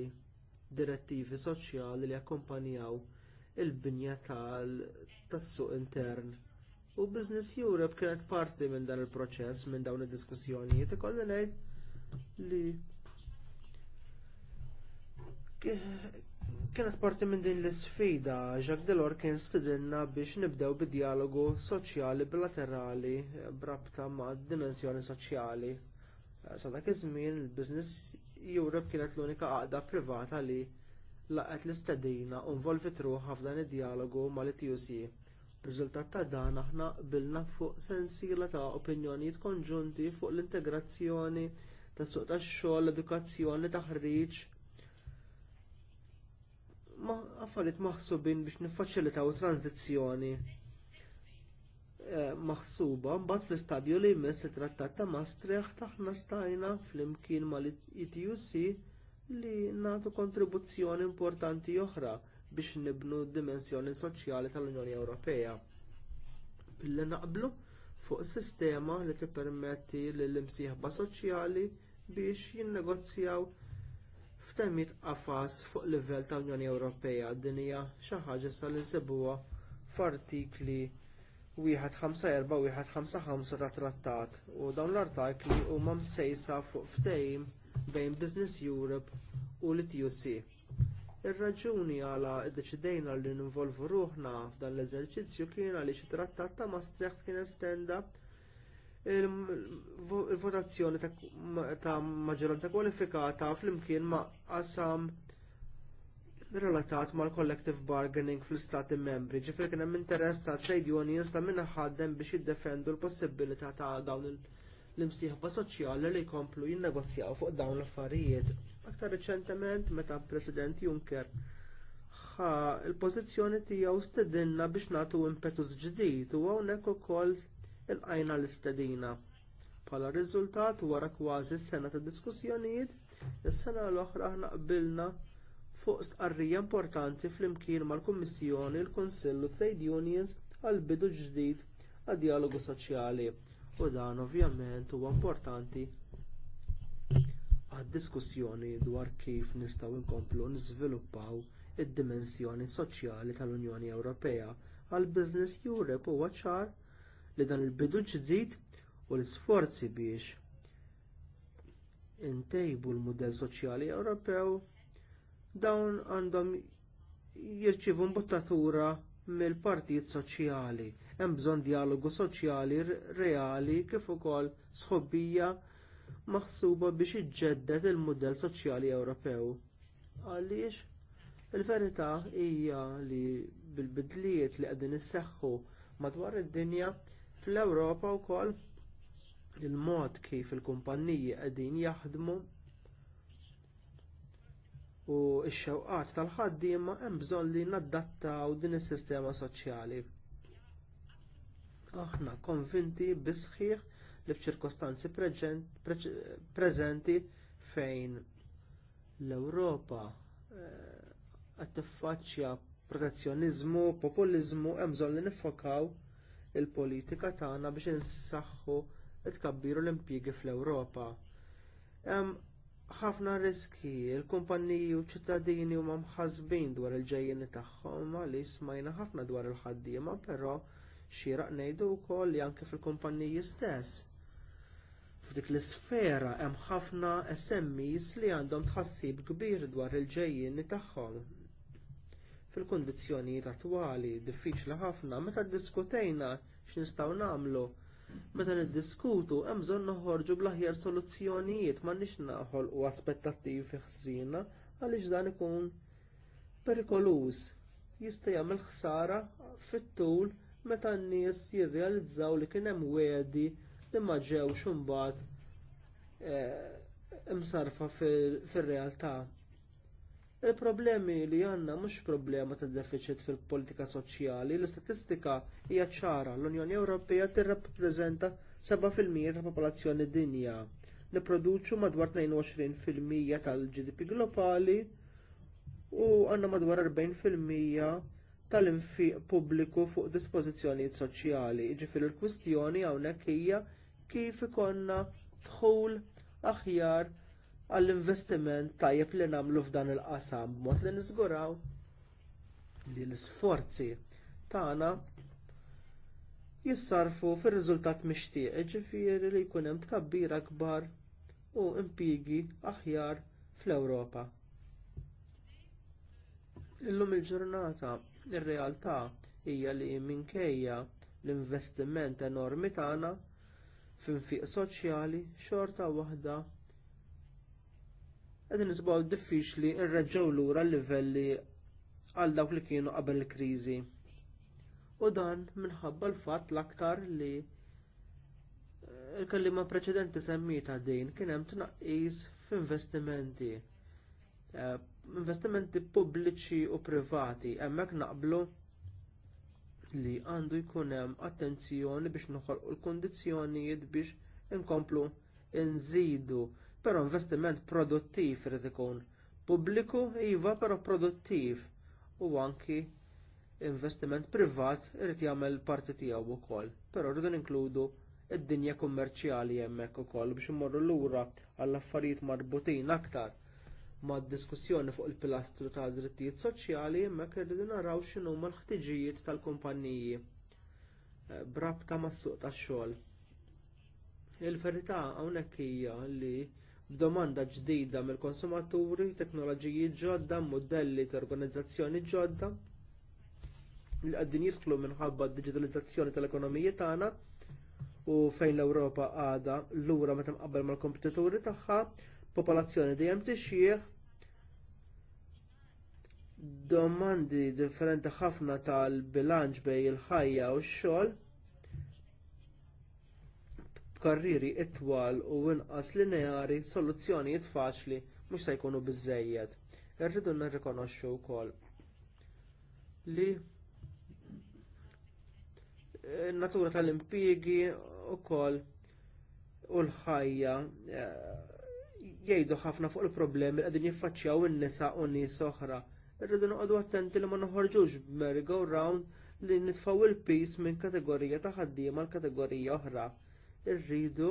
direttivi soċjali li akkompanjaw il-binja tas-suq intern. U Business Europe kienet parti minn dan il-proċess, minn dawn id-diskussjonijiet, ikolli ngħid li kienet parti minn din l isfida Jacques Delors kien stidinna biex nibdew bid-dialogu soċjali bilaterali brabta ma' dimensjoni soċjali. Sa dak iż-żmien il-Business Europe kienet l-unika għaqda privata li laqgħet l-istedina u involvit ruħha f'dan id-dialogu mal-TUC. Riżultat ta' dan aħna qbilna fuq sensiela ta' opinjonijiet konġunti fuq l-integrazzjoni tas suq tax-xogħol, l-edukazzjoni, taħriġ, affarijiet maħsubin biex niffaċilitaw tranzizzjoni eh, maħsuba mbagħad fl-istadju li jmiss it-trattat ta' Maastricht aħna stajna flimkien mal ituc li nagħtu kontribuzzjoni importanti oħra biex nibnu d-dimensjoni soċjali tal-Unjoni Ewropea. Billi naqblu fuq sistema li tippermetti lill imsieħba soċjali biex jinnegozjaw ftemmit qafas fuq livell ta' Unjoni Ewropea din hija xi ħaġa sa li nsibuha f'artikli 154 u 155 ta' trattat u dawn l-artikli huma msejsa fuq ftehim bejn Business Europe u l-TUC. Ir-raġuni għala ddeċidejna li ninvolvu ruħna f'dan l-eżerċizzju kien għaliex it-trattat ta' Maastricht kien estenda il-votazzjoni ta' maġġoranza kwalifikata flimkien ma' qasam relatat mal-collective bargaining fl-istati membri, ġifir kien hemm interess ta' trade unions ta' minna ħaddem biex jiddefendu l-possibilità ta' dawn l-imsieħba soċjali li jkomplu jinnegozjaw fuq dawn l-affarijiet. Aktar riċentement meta President Juncker ħa il-pożizzjoni tiegħu stedinna biex nagħtu impetus ġdid u hawnhekk ukoll il-qajna l-istedina. Bħala riżultat wara kważi s-sena ta' diskussjonijiet, is-sena l-oħra aħna qbilna fuq stqarrija importanti flimkien mal-Kummissjoni l-Kunsillu Trade Unions għal bidu ġdid għad dialogu soċjali u dan ovvjament huwa importanti għad diskussjoni dwar kif nistgħu nkomplu niżviluppaw id-dimensjoni soċjali tal-Unjoni Ewropea għal Business Europe huwa ċar li dan il-bidu ġdid u l-isforzi biex intejbu l mudell soċjali Ewropew dawn għandhom jirċivu mbuttatura mill-partijiet soċjali. Hemm bżonn dijalogu soċjali reali kif ukoll sħobbija maħsuba biex iġġedded il mudell soċjali Ewropew. Għaliex? Il-verità hija li bil-bidliet li qegħdin isseħħu madwar id-dinja Fl-Ewropa wkoll il-mod kif il-kumpanniji qegħdin jaħdmu u x-xewqat tal-ħaddiema hemm bżonn li nadattaw din is-sistema soċjali. Aħna konvinti bisħiħ li f'ċirkostanzi preżenti fejn l-Ewropa eh, qed tiffaċċja protezzjoniżmu, populiżmu hemm bżonn li niffokaw il-politika tagħna biex insaħħu tkabbiru l-impjiegi fl-Ewropa. Hemm ħafna riski, il-kumpanniji u ċittadini huma mħassbin dwar il-ġejjeni tagħhom li smajna ħafna dwar il-ħaddiema, però xieraq ngħidu wkoll li anke fil-kumpanniji stess. F'dik l-isfera hemm ħafna SMEs li għandhom tħassib kbir dwar il-ġejjeni tagħhom fil kundizzjonijiet attwali diffiċli ħafna meta ddiskutejna x'nistgħu nagħmlu. Meta niddiskutu hemm bżonn noħorġu bl-aħjar soluzzjonijiet m'għandniex naħolqu aspettattivi ħżiena għaliex dan ikun perikoluż. Jista' jagħmel ħsara fit-tul meta n-nies jirrealizzaw li kien hemm wiegħdi li ma ġewx imbagħad eh, imsarfa fir-realtà. Il-problemi li għandna mhux problema ta' deficit fil-politika soċjali, l-istatistika hija ċara l-Unjoni Ewropea tirrappreżenta 7% tal-popolazzjoni dinja. Nipproduċu madwar 22% tal-GDP globali u għandna madwar 40% tal-infiq pubbliku fuq dispożizzjonijiet soċjali. Jiġifieri l-kwistjoni hawnhekk hija kif ikollna dħul aħjar għall-investiment tajjeb li nagħmlu f'dan il-qasam b'mod li niżguraw li l-isforzi tagħna jissarfu fir-riżultat mixtieq, ġifieri li jkun hemm tkabbir akbar u impjiegi aħjar fl-Ewropa. Illum il-ġurnata ir-realtà hija li minkejja l-investiment enormi tagħna f'infiq soċjali xorta waħda Għad nisbaw diffiċli li lura l-livelli għal dawk li kienu qabel il-kriżi. U dan minħabba l-fatt l-aktar li il kallima preċedenti semmita din kien hemm tnaqqis f'investimenti. Eh, investimenti pubbliċi u privati hemmhekk naqblu li għandu jkun hemm attenzjoni biex noħolqu l kundizzjonijiet biex inkomplu nżidu in però investiment produttiv irid ikun pubbliku iva però produttiv u anki investiment privat irid jagħmel parti tiegħu wkoll, però rridu inkludu id-dinja kummerċjali hemmhekk ukoll biex immorru lura għall affarijiet marbutin aktar mad diskussjoni fuq il-pilastru ta' drittijiet soċjali hemmhekk irridu naraw x'inhuma l-ħtiġijiet tal-kumpaniji eh, brabta mas-suq tax-xogħol. Il-verità hawnhekk hija li b'domanda ġdida mill-konsumaturi, teknoloġiji ġodda, mudelli ta' organizzazzjoni ġodda li għaddin jidħlu minħabba d-digitalizzazzjoni tal-ekonomija tagħna u fejn l-Ewropa għadha lura meta mqabbel mal-kompetituri tagħha, popolazzjoni dejjem tixjih, domandi differenti ħafna tal-bilanċ bejn il-ħajja u x-xogħol, b'karriri itwal u inqas lineari soluzzjonijiet faċli mhux se jkunu biżżejjed. Irridu nirrikonoxxu wkoll li natura tal-impjiegi wkoll u l-ħajja eh, jgħidu ħafna fuq il-problemi li qegħdin jiffaċċjaw in-nisa u nies oħra. Irridu noqogħdu attenti li ma noħorġux b'merry go round li nitfaw il-pis minn kategorija ta' ħaddiema l-kategorija oħra Irridu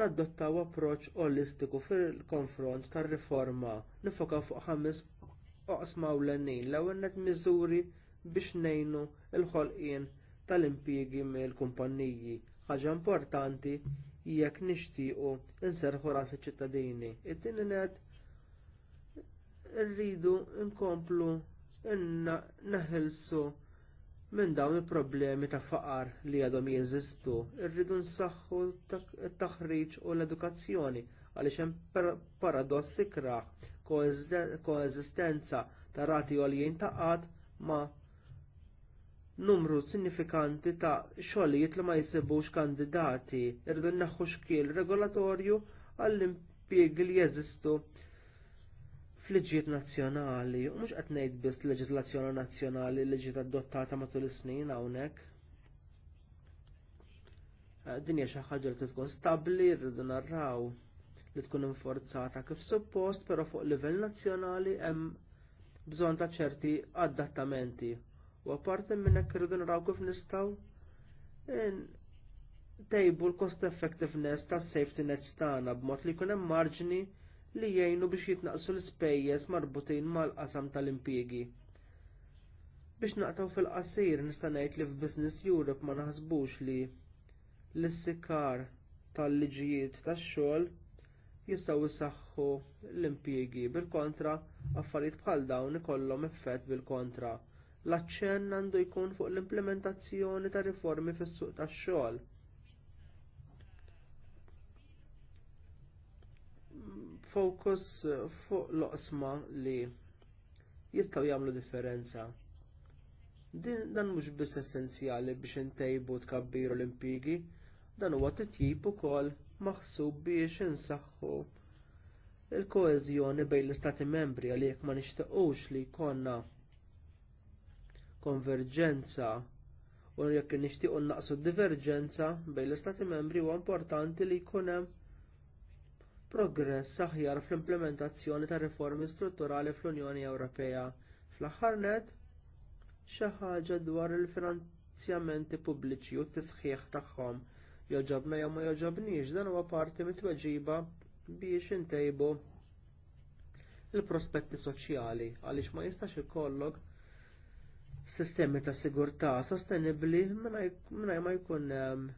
nadottaw approċċ olistiku fil-konfront tar-riforma nifoka fuq ħames oqsma u l-għannin l-ewwel miżuri biex ngħinu l-ħolqien tal-impjiegi mill-kumpanniji. Ħaġa importanti jekk nixtiequ inserħu ras iċ-ċittadini. It-tieni irridu nkomplu inna neħilsu minn dawn il-problemi ta' faqar li għadhom jeżistu, irridu nsaħħu t-taħriġ u l-edukazzjoni għaliex hemm paradoss kraħ koeżistenza ta' rati għoljien ta' qatt ma' numru sinifikanti ta' xogħlijiet li ma jsibux kandidati irridu naħħu xkiel regolatorju għall impjiegi li jeżistu fl-liġijiet nazzjonali, u mhux qed ngħid biss leġiżlazzjoni nazzjonali li ġiet adottata matul is-snin hawnhekk. Eh, din hija xi ħaġa li tkun stabbli, rridu narraw li tkun inforzata kif suppost, però fuq livell nazzjonali hemm bżonn ta' ċerti adattamenti. U apparti minn hekk irridu naraw kif nistgħu tejbu l-cost effectiveness tas safety nets tagħna b'mod li jkun hemm marġni li jgħinu biex jitnaqsu l ispejjeż marbutin mal-qasam tal-impjiegi. Biex naqtaw fil-qasir nista' ngħid li f'Business Europe ma naħsbux li l-issikar tal-liġijiet tax-xogħol jistgħu jsaħħu l-impjiegi bil-kontra affarijiet bħal dawn ikollhom effett bil-kontra. L-aċċenn għandu jkun fuq l-implementazzjoni ta' riformi fis-suq tax-xogħol fokus fuq loqsma li jistgħu jagħmlu differenza. Din dan mhux biss essenzjali biex intejbu tkabbiru l-impigi, dan huwa titjib ukoll maħsub biex insaħħu il-koeżjoni bejn l-istati membri jekk ma nixtiequx li jkollna konverġenza u jekk nixtiequ naqsu d diverġenza bejn l-istati membri huwa importanti li jkun hemm progress aħjar fl-implementazzjoni ta' riformi strutturali fl-Unjoni Ewropea. Fl-aħħar net, xi ħaġa dwar il-finanzjamenti pubbliċi u t-tisħiħ tagħhom. Joġobna jew ma joġobniex dan huwa parti mit-tweġiba biex intejbu il-prospetti soċjali għaliex ma jistax ikollok sistemi ta' sigurtà sostenibbli mingħajr ma jkun ehm,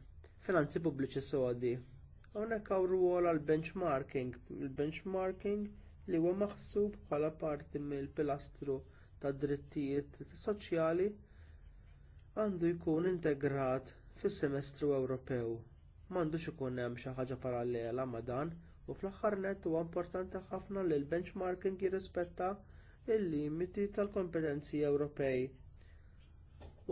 finanzi pubbliċi sodi. Hawnhekk hawn rwol għall benchmarking, il-benchmarking li huwa maħsub bħala parti mill-pilastru tad drittijiet soċjali għandu jkun integrat fis-semestru Ewropew. M'għandux ikun hemm xi ħaġa parallela ma' dan u fl-aħħar nett huwa importanti ħafna li l-benchmarking jirrispetta l limiti tal-kompetenzi Ewropej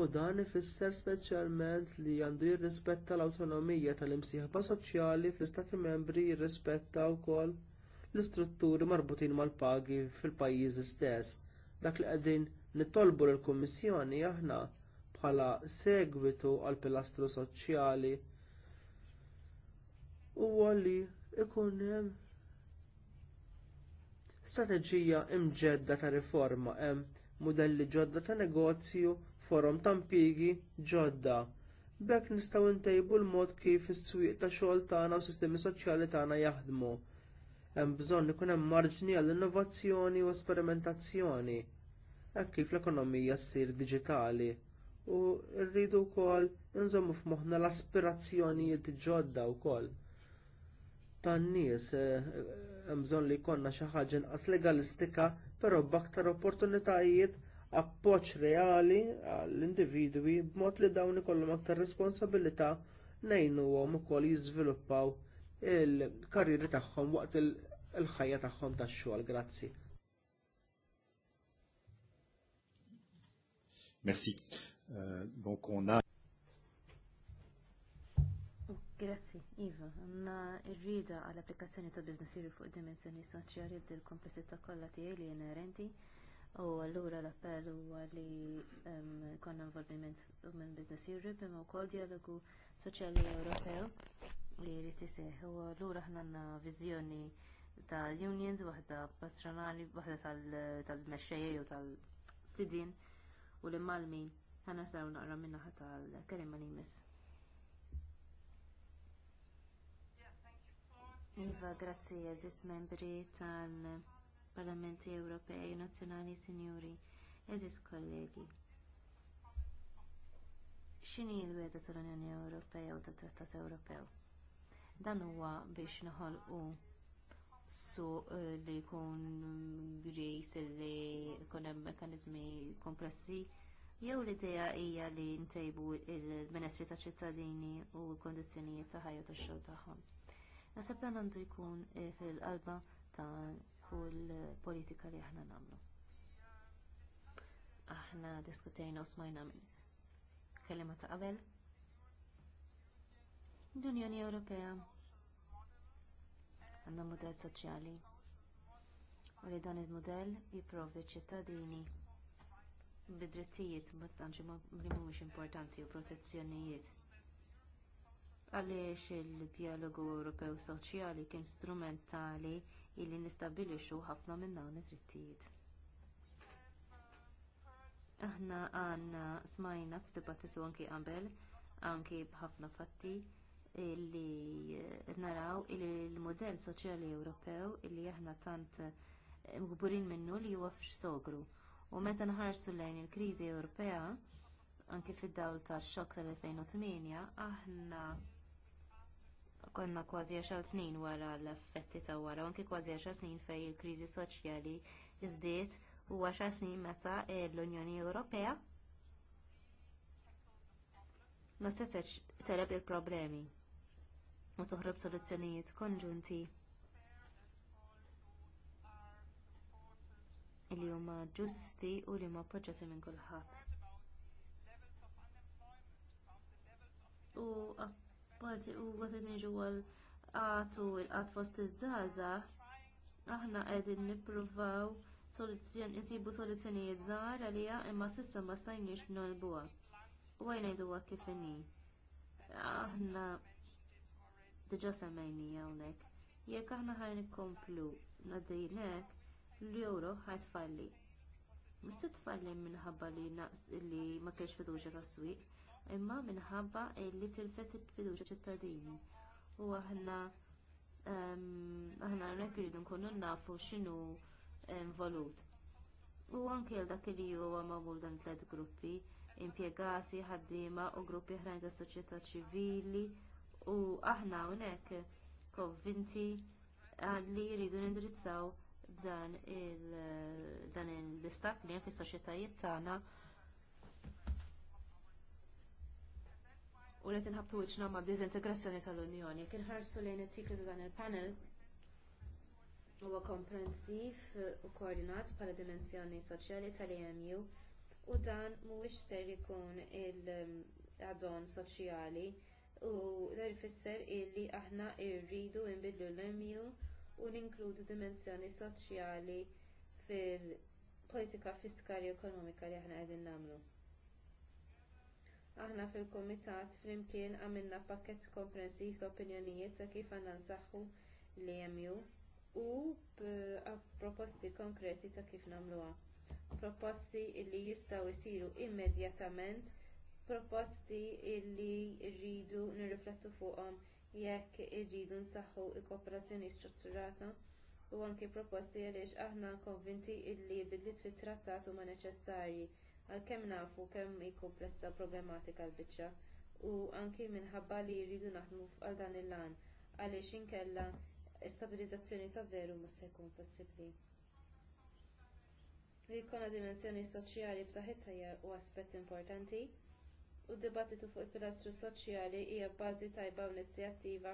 u dan ifisser speċjalment li għandu jirrispetta l-awtonomija tal-imsieħba soċjali fl-istati membri jirrispetta wkoll l-istrutturi marbutin mal-pagi fil-pajjiżi stess. Dak li qegħdin nittolbu lill kummissjoni aħna bħala segwitu għall pilastru soċjali huwa li ikun hemm strateġija imġedda ta' riforma hemm mudelli ġodda ta' negozju, forum ta' impjiegi ġodda. B'hekk nistgħu ntejbu l-mod kif is-swieq ta' xogħol tagħna u sistemi soċjali tagħna jaħdmu. Hemm bżonn ikun hemm marġni għall-innovazzjoni u sperimentazzjoni. Hekk kif l-ekonomija ssir diġitali u rridu wkoll inżommu f'moħħna l-aspirazzjonijiet ġodda wkoll. Tan nies eh, hemm bżonn li jkollna xi ħaġa inqas legalistika però b'aktar opportunitajiet appoġġ reali għall-individwi b'mod li dawn ikollhom aktar responsabilità ngħinuhom ukoll jiżviluppaw il-karriri tagħhom waqt il-ħajja tagħhom tax-xogħol. Grazzi. Merci. Euh, donc on a Grazzi, Iva, għanna rrida għall-applikazzjoni ta' Business Europe fuq dimensjoni soċjali b'dil komplessità kollha tiegħi li inerenti u allura l-appell huwa li ehm, konna involviment minn Business Europe imma wkoll dialogu soċjali Ewropew li jrid iseħħ u allura aħna għandna viżjoni tal unions waħda patronali, waħda tal-mexxejja u tal-sidin u l-immalmi ħana saw naqra minna ħata l-kelima li jmiss. Iva, grazzi, eżis membri tal-Parlamenti Ewropej Nazzjonali Sinjuri, eżis kollegi. X'inhi l-weda tal-Unjoni Ewropea u tat-Trattat Ewropew? Dan huwa biex naħolqu suq eh, li jkun grejs li jkun hemm mekkaniżmi kompressi jew l-idea hija li ntejbu l-benessri taċ ċittadini u l-kondizzjonijiet ta' ħajja tax-xogħol tagħhom. Nasab dan għandu jkun eh, fil-qalba ta' kull politika li aħna nagħmlu. Aħna diskutejna u smajna minn kelima ta' qabel. L-Unjoni Ewropea għandha mudell soċjali u li dan il-modell jipprovdi ċittadini bidrittijiet battanċi li mhumiex importanti u protezzjonijiet għaliex il-dialogu Ewropew Soċjali kien strumentali illi nistabilixu ħafna minn dawn it-trittijiet. Aħna għandna smajna f'dibattitu anki qabel, anki bħafna fatti illi naraw illi l-modell soċjali Ewropew illi aħna tant eh, mgburin minnu li huwa f'sogru. U meta nħarsu lejn il-kriżi Ewropea, anke fid-dawl tax-xokk tal-2008, aħna konna kważi 10 snin wara l-effetti ta' wara, anki kważi 10 snin fejn il-kriżi soċjali iżdiet u 10 snin meta l-Unjoni Ewropea ma setgħetx teleb il-problemi u toħrob soluzzjonijiet konġunti li huma ġusti u li huma appoġġjati minn kulħadd. U parti u għatet nġu għal għatu il-għat fost iż-żaza, aħna għedin nipruvaw soluzzjon, insibu soluzzjonijiet zaħar għalija imma sissa ma stajniex nolbuwa. U għajna kif għak kifini. Aħna diġa semmejni għawnek. Jek aħna ħajn komplu naddejlek, l-euro ħajt falli. Mux titfalli minħabba li naqs li ma kienx fiduċa tas-swieq imma minħabba li tilfet il-fiduċa ċittadini. U aħna aħna hawnhekk iridu nkunu nafu x'inhu involut. U anke għal dak li huwa magħmul dan tlet gruppi, impjegati, ħaddiema u gruppi ħrajn tas soċjetà ċivili u aħna hawnhekk konvinti ah, li jridu nindirizzaw dan il-distak li hemm fis-soċjetajiet tagħna u li tinħabtu wiċna ma' dizintegrazzjoni tal-Unjoni. Kien ħarsu lejn it-tikli dan il-panel huwa komprensiv u koordinat bħala dimensjoni soċjali tal-EMU u dan mhuwiex ser jkun il-addon soċjali u dan ifisser illi aħna rridu nbidlu l-EMU u ninkludu dimensjoni soċjali fil-politika fiskali u ekonomika li aħna qegħdin nagħmlu. Aħna fil-Kumitat flimkien għamilna pakkett komprensiv ta' opinjonijiet ta' kif għandna nsaħħu l-EMU u proposti konkreti ta' kif nagħmluha. Proposti li jistgħu jsiru immedjatament, proposti li rridu nirriflettu fuqhom jekk irridu nsaħħu l-kooperazzjoni strutturata u anki proposti għaliex aħna konvinti li bidliet fit-trattat huma neċessarji għalkemm nafu kemm komplessa problematika l-biċċa u anki minħabba li jridu naħdmu għal dan il-lan għaliex inkella stabilizzazzjoni ta' veru ma se jkun possibbli. Li jkollna dimensjoni soċjali b'saħħitha huwa u aspett importanti u d-dibattitu fuq il-pilastru soċjali hija bażi tajba u inizjattiva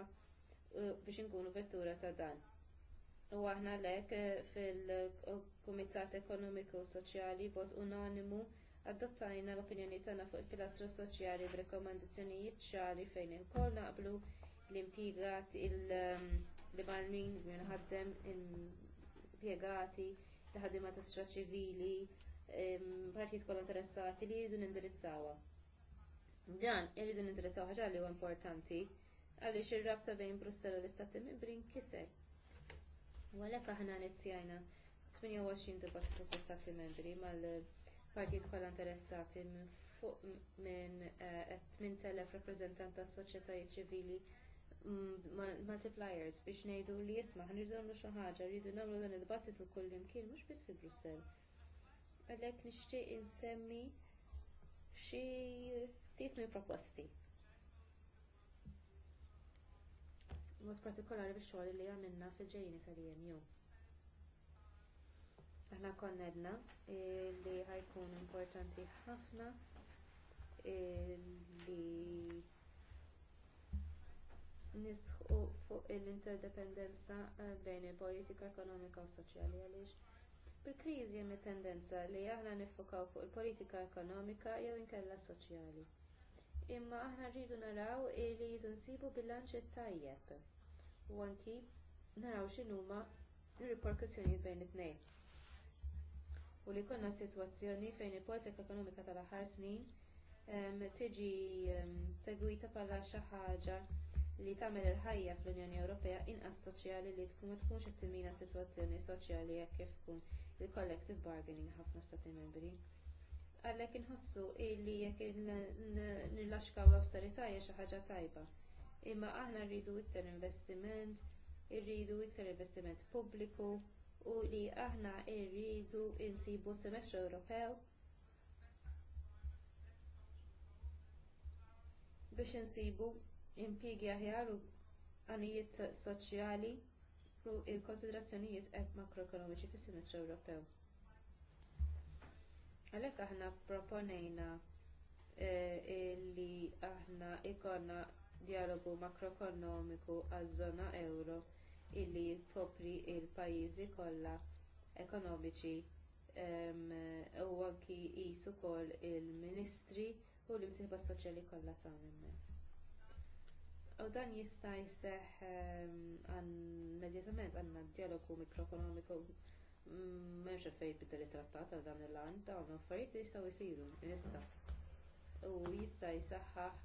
biex inkunu vettura ta' dan. U aħna lek eh, fil-Kumitat Ekonomiku Soċjali bot unanimu adottajna l-opinjoni tagħna fuq il-pilastru soċjali b'rekomandazzjonijiet ċari fejn ukoll naqblu l-impjegat il-libanin um, minħaddem impjegati taħdima ta' soċja ċivili um, partijiet kollha interessati li jridu nindirizzawha. Dan irridu nindirizzaw ħaġa li huwa importanti għaliex ir-rabta bejn Brussell u l-Istati Membri U Walek aħna nizzjajna 28 dibattitu fl-Istati Membri mal- il-partijiet kollha interessati minn fuq minn 8,000 eh, rappreżentant tas soċjetajiet ċivili mm, multipliers biex ngħidu li jisma' ħnirdu nagħmlu xi ħaġa, rridu nagħmlu dan id-dibattitu kullimkien mhux biss fi Brussell. Għalhekk nixtieq insemmi xi ftit minn proposti. Mod partikolari biex xogħol li għamilna fil-ġejjini tal-EMU. Aħna konnedna li ħajkun importanti ħafna li nisħu fuq l-interdependenza eh, bejn il-politika ekonomika u soċjali għaliex bil-kriżi hemm tendenza li aħna niffokaw fuq il-politika ekonomika jew inkella soċjali. Imma aħna rridu naraw li nsibu bilanċ tajjeb u anki naraw x'inhuma r riperkussjonijiet bejn it-tnejn u li konna sitwazzjoni fejn il politik ekonomika tal-aħħar snin tiġi segwita bħala xi ħaġa li tagħmel il-ħajja fl-Unjoni Ewropea inqas soċjali li tkun ma tkunx ittimina sitwazzjoni soċjali jekk kif tkun il-collective bargaining ħafna stati membri għallek inħossu illi jekk nillaxkaw l-austerità hija xi ħaġa tajba. Imma aħna rridu iktar investiment, irridu iktar investiment pubbliku, u li aħna rridu insibu semestru Ewropew biex insibu impjiegi aħjar u għanijiet soċjali u il konsiderazzjonijiet makroekonomiċi fis semestru Ewropew. Għalhekk aħna proponejna eh, li aħna ikonna dialogu makroekonomiku għaż-żona euro illi jitkopri il-pajjiżi kollha ekonomiċi u anki jisu ukoll il-ministri u l-imsiħba soċjali kollha tagħna hemmhekk. U dan jista' jseħħ immedjatament għandna dialogu mikroekonomiku mm, m'hemmx fejn bidel trattat għal dan il-lan dawn affarijiet jistgħu jsiru issa. U jista' jsaħħaħ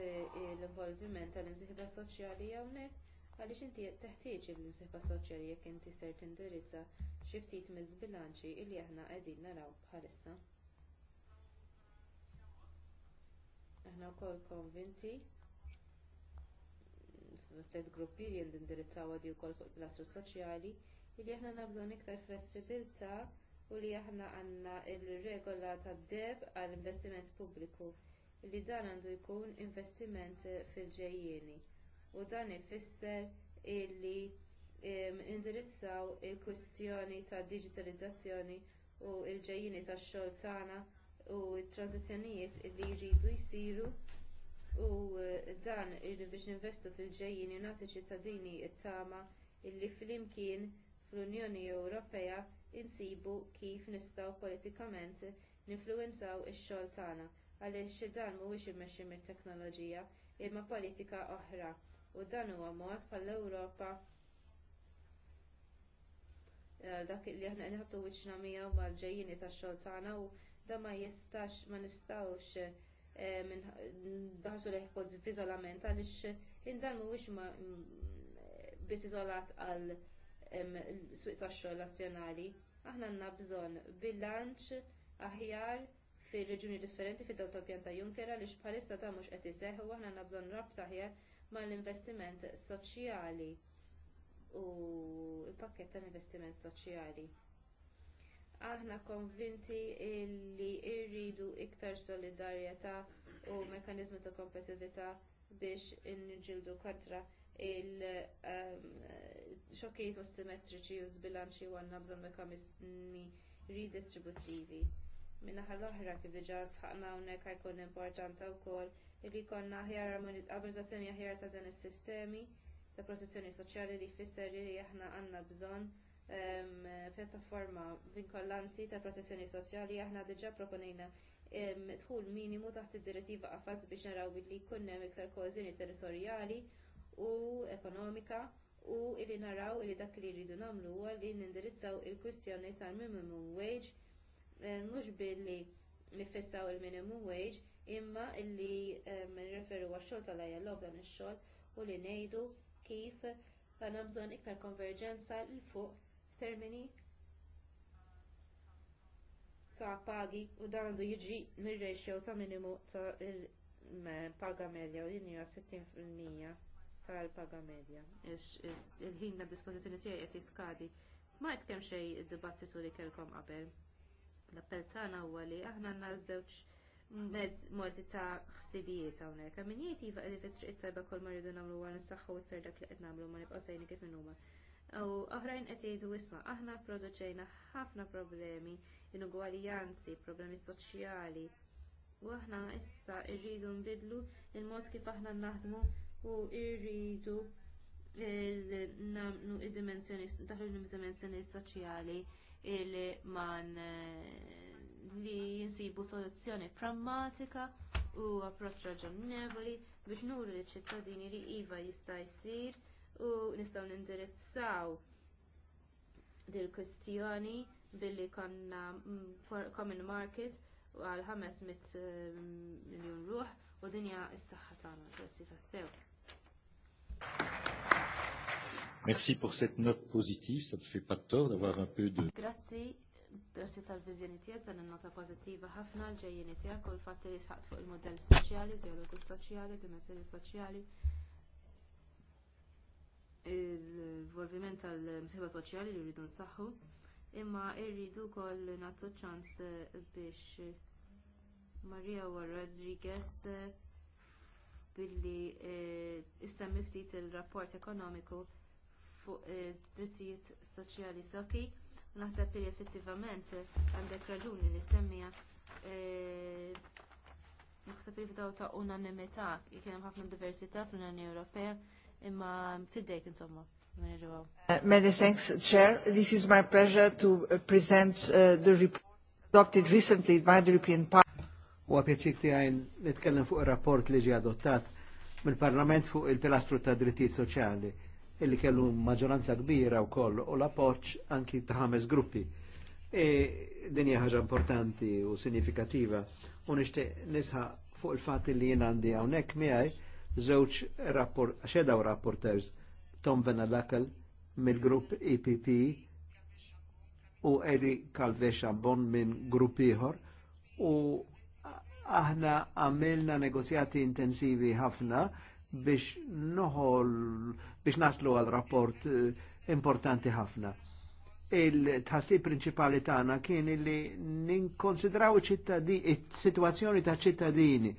eh, l-involviment tal-imsieħba soċjali hawnhekk għaliex inti qed teħtieġ il-msiħba soċjali jekk inti ser tindirizza xi ftit miż-bilanċi li aħna qegħdin naraw bħalissa. Aħna wkoll konvinti f'tliet gruppi li jindirizzaw għadi wkoll fuq il-plastru soċjali li aħna nabżon iktar flessibilità u li aħna għandna r regola tad-deb għall-investiment pubbliku li dan għandu jkun investiment fil-ġejjieni u dan ifisser illi indirizzaw il-kwistjoni tad digitalizzazzjoni u l ġejjini tax-xogħol tagħna u t-tranzizzjonijiet li jridu jsiru u eh, dan biex ninvestu fil-ġejjini nagħti ċittadini t tama illi flimkien fl-Unjoni Ewropea insibu kif nistgħu politikament ninfluwenzaw ix-xogħol tagħna għaliex dan mhuwiex immexxi mit-teknoloġija imma politika oħra u dan huwa mod bħall-Ewropa eh, dak li aħna nħabtu wiċċna miegħu mal-ġejjini tax-xogħol tagħna u da ma jistax ma nistgħux eh, minn daħsu leħ pozitiv izolament għalix indan mhuwiex ma mm, biss iżolat għal suq tax-xogħol nazzjonali. Aħna għandna bżonn bilanċ aħjar fir reġuni differenti fid dawl tal-pjanta junkera għaliex bħalissa ta' mhux qed iseħħu aħna għandna bżonn rabta aħjar mal-investiment soċjali u l-pakket tal-investiment soċjali. Aħna konvinti li rridu iktar solidarjetà u mekanizmu ta' kompetitività biex inġildu kontra il-xokkijiet ehm, um, simmetriċi u zbilanċi u għanna bżon mekanizmi ridistributivi. Minna ħal-oħra kif diġa sħaqna hawnhekk ħajkun importanti wkoll illi konna ħjar armonizzazzjoni ħjar ta' dan is-sistemi ta' protezzjoni soċjali li jfisser li aħna għandna bżonn ehm, pjattaforma vinkollanti ta' protezzjoni soċjali aħna diġà proponejna ehm, dħul minimu taħt id-direttiva qafas biex naraw billi jkun hemm iktar koeżjoni territorjali u ekonomika u illi naraw illi dak li jridu nagħmlu huwa li nindirizzaw il-kwistjoni tal-minimum wage eh, mhux billi nifissaw il-minimum wage imma illi eh, nirreferu għax-xogħol tal l dan ix-xogħol u li ngħidu kif għandna bżonn iktar konverġenza l fuq termini ta' pagi u dan għandu jiġi mir-ratio ta' minimu ta' il-paga eh, medja u din hija 60% tal-paga medja. Il-ħin na' dispożizzjoni tiegħi qed jiskadi. Smajt kemm xejn id-dibattitu li kellkom qabel. L-appell tagħna huwa li aħna għandna żewġ mezz modi ta' ħsibijiet hawnhekk. Hemm min jgħid iva qed it-tajba kol ma rridu nagħmlu wara nissaħħu iktar dak li qed nagħmlu ma nibqa' sejni kif huma. U oħrajn qed jgħidu isma' aħna produċejna ħafna problemi, inugwaljanzi, problemi soċjali. U aħna issa rridu nbidlu il-mod kif aħna naħdmu u rridu namnu id-dimensjoni, daħruġ dimensjoni soċjali il-man eh, li jinsibu soluzzjoni prammatika u approċċ raġonevoli biex nuru liċ ċittadini li iva jista' jsir u nistgħu nindirizzaw dil kwistjoni billi konna mm, common market għal 500 mm, miljon ruħ u dinja s-saxħa tagħna grazzi tassew. Merci pour cette note positive, ça fait pas de tort d'avoir un peu de... Grazie drassi tal-vizjoni tiegħek dan il-nota pożittiva ħafna l-ġejjini tiegħek u l-fatt li sħaqt fuq il-modell soċjali, dialogu soċjali, dimensjoni soċjali. Il-volviment tal-msiba soċjali li rridu nsaħħu, imma jridu wkoll nagħtu ċans eh, biex Maria u Rodriguez eh, billi eh, issemmi ftit il-rapport ekonomiku fuq drittijiet soċjali soki Naħseb li effettivament għandek raġuni li semmija e, naħseb li f'daw ta' unanimità kien hemm ħafna diversità fl-Unjoni Ewropea imma fidejk insomma. Uh, many thanks, Chair. This is my pleasure to uh, present uh, the report adopted recently by the European Parliament. fuq il-rapport li ġi adottat mill-Parlament fuq il-pilastru ta' drittijiet soċjali illi kellu maġoranza kbira u koll u l-appoċ anki ta' ħames gruppi. E din hija ħaġa importanti u sinifikativa u nixtieq nisħa fuq il-fatt li jien għandi hawnhekk miegħi żewġ xedaw rapporters Tom Venalakel mill-grupp EPP u Eri Calve Bon minn grupp ieħor u aħna għamilna negozjati intensivi ħafna biex noħol biex naslu għal rapport eh, importanti ħafna. Il-tħassib prinċipali tagħna kien li ninkonsidraw ċittadini it-sitwazzjoni ta' ċittadini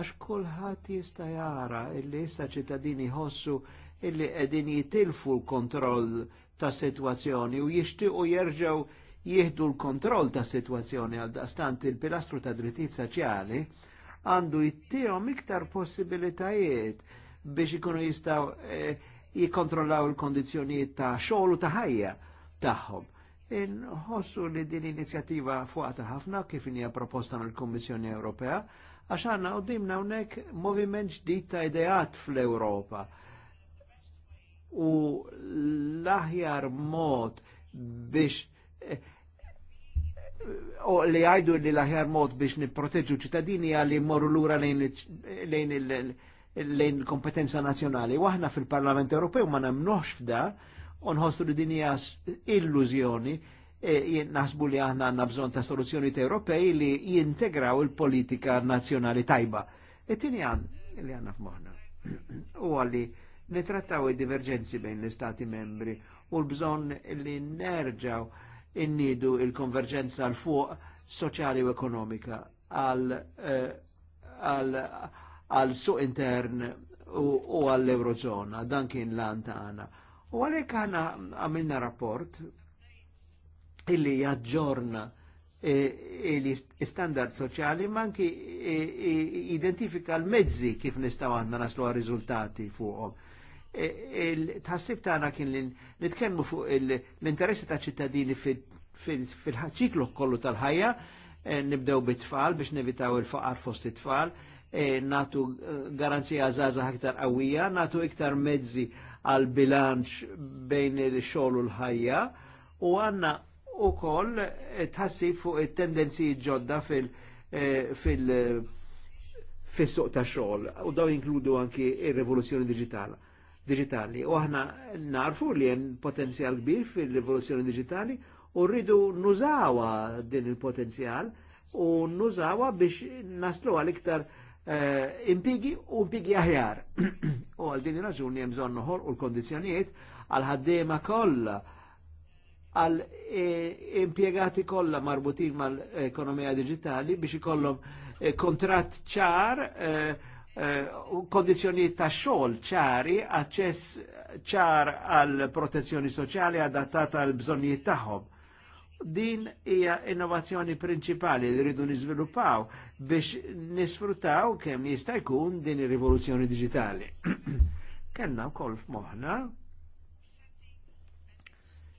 għax kulħadd jista' jara illi issa ċittadini jħossu illi qegħdin jitilfu l-kontroll ta' sitwazzjoni u jixtiequ jerġgħu jieħdu l-kontroll ta' sitwazzjoni għal daqstant il-pilastru ta' drittijiet soċjali għandu jittijom iktar possibilitajiet biex ikunu jistaw e, jikontrollaw il kondizjoniet ta' xogħol ta' ħajja tagħhom. Inħossu li din inizjattiva fuqata ħafna kif hija proposta mill-Kummissjoni Ewropea għax għandna dimna hawnhekk moviment ġdid ta' ideat fl-Ewropa. U l-aħjar mod biex e, u li għajdu li laħjar mod biex niproteġu ċittadini għalli morru l-ura lejn il-kompetenza nazjonali. Waħna fil-Parlament Ewropew ma nemnuħx f'da, unħostu li dinja illużjoni, e, naħsbu li aħna għanna bżon ta' soluzzjoni Ewropej li jintegraw il-politika nazjonali tajba. E tini għan li għanna f'moħna. U għalli nitrattaw il-divergenzi bejn l-Stati membri u l-bżon li nerġaw innidu il-konverġenza l fuq soċjali u ekonomika għal eh, suq intern u għall eurozona dan kien lan għana. U għalhekk għana għamilna rapport illi jaġġorna eh, il-standard soċjali manki eh, identifika l-mezzi kif nistaw għanna naslu għal-rizultati fuqhom il-tħassib tagħna kien li nitkellmu fuq l-interessi ta' ċittadini fil-ċiklu kollu tal-ħajja, eh, nibdew bit-tfal biex nevitaw il-faqar fost it-tfal, eh, natu eh, garanzija zaza aktar qawwija, natu iktar mezzi għal bilanċ bejn il-xogħol u l-ħajja u għanna u koll tħassib fuq it-tendenzi ġodda fil- fil- suq ta' xogħol u daw jinkludu anki il rivoluzzjoni Digitala digitali. U aħna narfu li jen potenzjal kbir fil-rivoluzzjoni digitali u rridu nużawa din il-potenzjal u nużawa biex naslu għal iktar uh, impigi u impigi aħjar. u għal din il-raġun raġuni hemm bżonn u l kondizjoniet għal ħaddema kolla għal eh, impiegati kolla marbutin mal-ekonomija digitali biex ikollhom eh, kontrat ċar uh, Eh, kondizjoni ta' xol ċari, aċċess ċar għal protezzjoni soċjali adattata għal bżonnijiet tagħhom. Din hija innovazzjoni prinċipali li rridu niżviluppaw biex nisfruttaw kemm jista' jkun din ir-rivoluzzjoni diġitali. Kellna wkoll f'moħħna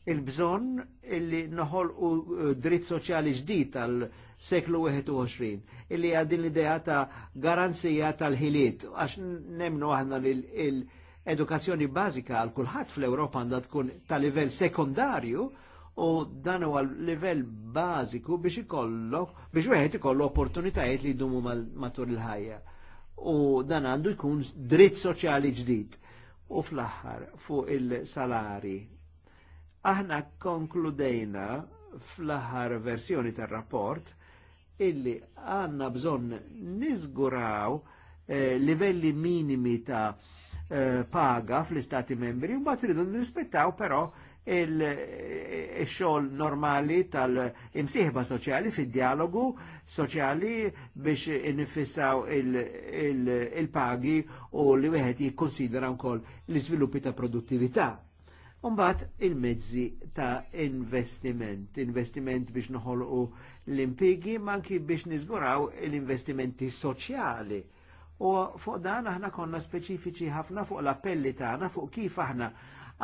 il-bżon illi noħol u eh, dritt soċjali ġdid tal-seklu 21, illi din l-idea ta' garanzija tal-ħiliet, għax nemnu għahna l-edukazzjoni bazika għal kulħadd fl-Europa għandha tkun ta' livell sekundarju u dan huwa livell bażiku biex ikollok biex wieħed ikollu opportunitajiet li jdumu matul il-ħajja. U dan għandu jkun dritt soċjali ġdid. U fl-aħħar fuq il-salari Aħna konkludejna fl-aħħar versjoni tar-rapport illi għanna bżonn nizguraw eh, livelli minimi ta' eh, paga fl-istati membri, u bat ridu nirrispettaw però il-xol eh, normali tal-imsieħba soċjali fil-dialogu soċjali biex nifissaw il-pagi u li wieħed jikkonsidera wkoll l-iżviluppi ta' produttività Umbat il-mezzi ta' investiment, investiment biex nħolqu l-impigi, manki biex nizguraw l-investimenti soċjali. U fuq dan aħna konna speċifiċi ħafna fuq l-appelli tagħna fuq kif aħna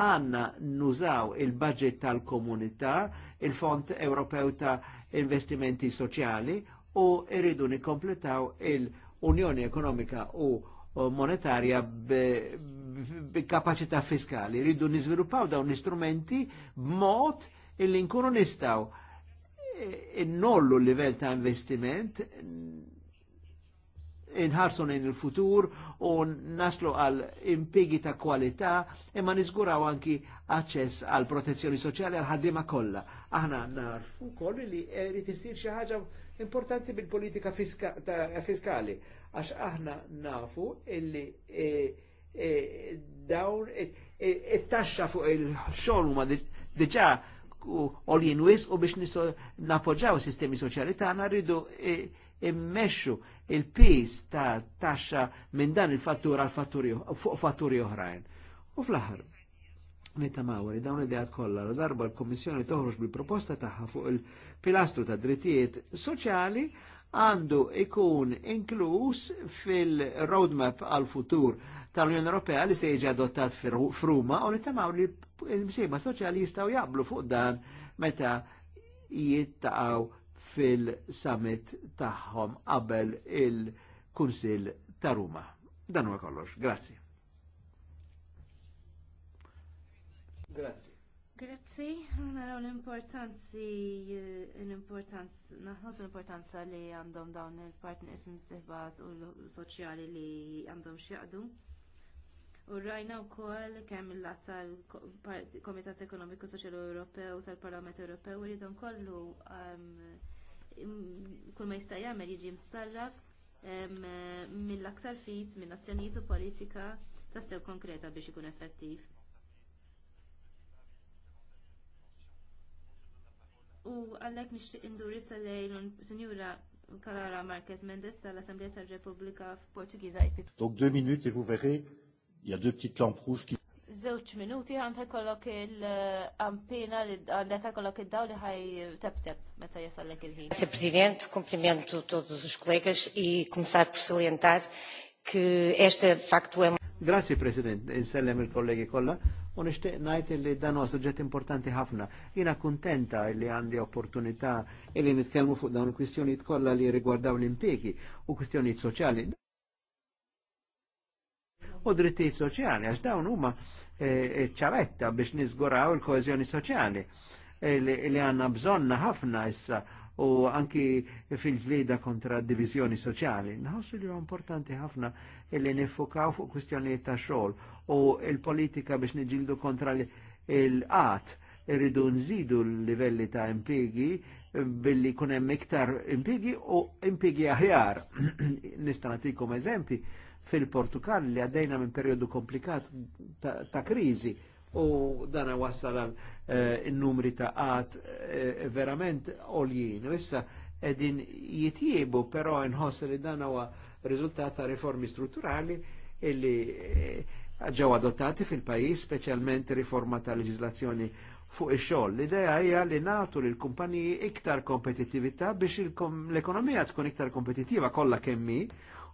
għanna nużaw il-budget tal-komunità, il-Fond Ewropew ta' Investimenti Soċjali u irridu nikkompletaw il-Unjoni Ekonomika u monetarja kapacità fiskali, rridu nizviluppaw dawn l-istrumenti b'mod illi nkunu nistaw eh, innollu l-livell ta' investiment inħarsu in il-futur u naslu għal impigi ta' kwalità imma nizguraw anki aċċess għal protezzjoni soċjali għal ħaddima kollha. Aħna narfu koll li irid isir xi ħaġa importanti bil-politika fiskali għax aħna nafu illi eh, E, dawn it-taxxa e, e, fuq il-xogħol huma diġà olin wis u biex napoġġaw is-sistemi soċjali tagħna rridu immexxu il-pis ta' taxxa minn dan il-fattura fuq fatturi oħrajn. U fl-aħħar, meta mawri dawn id-dejat kollha l darba l-Kommissjoni toħroġ bil-proposta tagħha fuq il-pilastru ta' drittijiet soċjali għandu ikun inkluż fil-roadmap għal futur tal-Unjoni Ewropea li se jiġi adottat fruma u nittamaw li l-msiba soċjali jistgħu jablu fuq dan meta jittaqgħu fil-summit tagħhom qabel il-Kunsill ta' Ruma. Dan huwa kollox. Grazzi. Grazzi. Grazzi, naraw l-importanzi, l-importanza, naħos l-importanza li għandhom dawn il-partnerism s u l-soċjali li għandhom xieqdu. U rajna wkoll kemm il-lat tal-Komitat Ekonomiku Soċjali Ewropew tal-Parlament Ewropew iridhom kollu um, kull ma jista' jagħmel jiġi msarraf um, mill-aktar fis minn azzjonijiet u politika tassew konkreta biex ikun effettiv. U għallek nixtieq indur issa lejn Sinjura Carrara Marquez Mendes tal-Assemblea tal-Repubblika Portugiża. Donc 2 minuti vous verrez il y lampes rouges qui Zewċ minuti għandha kollok il-ampina li kollok daw li ħaj meta jasallek il-ħin. President, komplimento todos os colegas e começar por salientar que esta facto é Grazie President, insellem il-kollegi kolla, u najt li danu huwa importanti ħafna. Jina kuntenta li għandi opportunità li nitkelmu fuq dawn kwistjoni kwistjonijiet li rigwardaw l-impjegi u kwistjoni soċjali u dritti soċjali, għax dawn huma eh, eh, ċavetta biex nizguraw il-koezjoni soċjali eh, li għanna bżonna ħafna issa u anki fil-ġlida kontra divizjoni soċjali. Nħossu li importanti ħafna li nifukaw fuq kwistjonijiet ta' xogħol u il-politika biex niġildu kontra l qat irridu nżidu l-livelli ta' impigi billi kun hemm iktar impigi u impigi aħjar. Nista' nagħtikom eżempi fil-Portugal li għaddejna minn periodu komplikat ta', krizi u dana wassal għal eh, numri ta' għat eh, verament oljien. U issa edin jitjibu, però nħoss li dan huwa riżultat ta' riformi strutturali illi eh, ġew adottati fil-pajis, speċjalment riforma ta' leġislazzjoni fuq ix-xogħol. L-idea hija li nagħtu lil kumpaniji iktar kompetittività biex l-ekonomija tkun iktar kompetittiva kollha kemm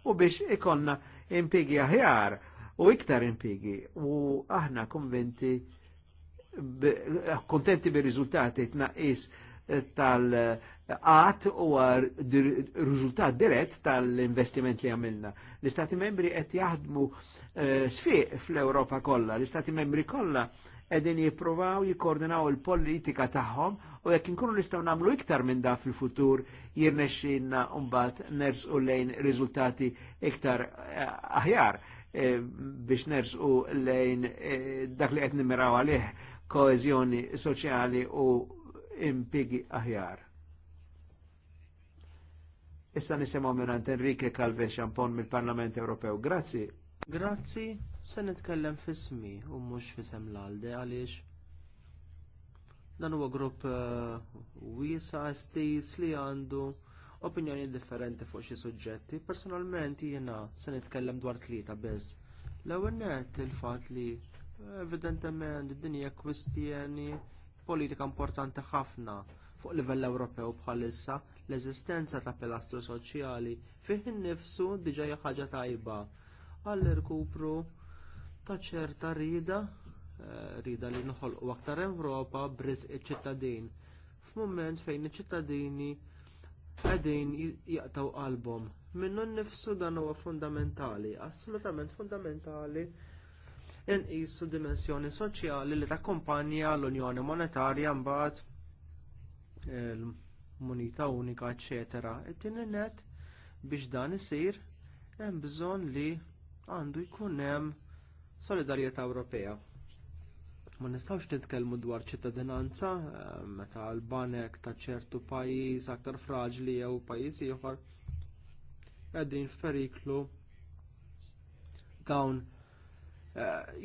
u biex ikonna impigi aħjar u iktar impigi u aħna konventi kontenti bi rizultati tnaqis tal-għat u rizultat dirett tal-investiment li għamilna. L-Istati membri qed jaħdmu eh, sfiq fl-Europa kollha, l-Istati membri kollha għedin jiprovaw jikkoordinaw il-politika tagħhom u jekk inkunu nistgħu nagħmlu iktar minn dan fil-futur jirnexxinna mbagħad u lejn riżultati iktar eh, aħjar eh, biex nersqu lejn eh, dak li qed nimmiraw għalih koeżjoni soċjali u impigi aħjar. Issa nisimaw minnant Enrique Calve Champon mill-Parlament Ewropew. Grazzi. Grazzi, se nitkellem fis-smi u mhux fisem l għalde għaliex Dan huwa grupp eh, wiesa stis li għandu opinjoni differenti fuq xi suġġetti. Personalment jiena se nitkellem dwar tlieta biss. L-ewwel nett il-fatt li evidentement din hija kwistjeni politika importanti ħafna fuq livell Ewropew bħalissa l-eżistenza ta' pilastru soċjali fih innifsu diġà hija ħaġa tajba għall irkupru ta' ċerta rida rida li noħolqu aktar Ewropa briz iċ-ċittadin. F'mument fejn iċ-ċittadini qegħdin jaqtaw qalbhom. Minnu nnifsu dan huwa fundamentali, assolutament fundamentali inqisu dimensjoni soċjali li takkumpanja l-Unjoni Monetarja mbagħad il-Munita Unika, eċetera. It-tieni net biex dan isir hemm bżonn li għandu jkun hemm solidarjetà Ewropea ma nistgħux nitkellmu dwar ċittadinanza eh, meta l-banek ta' ċertu pajjiż aktar fraġli jew pajjiż ieħor qegħdin f'periklu dawn eh,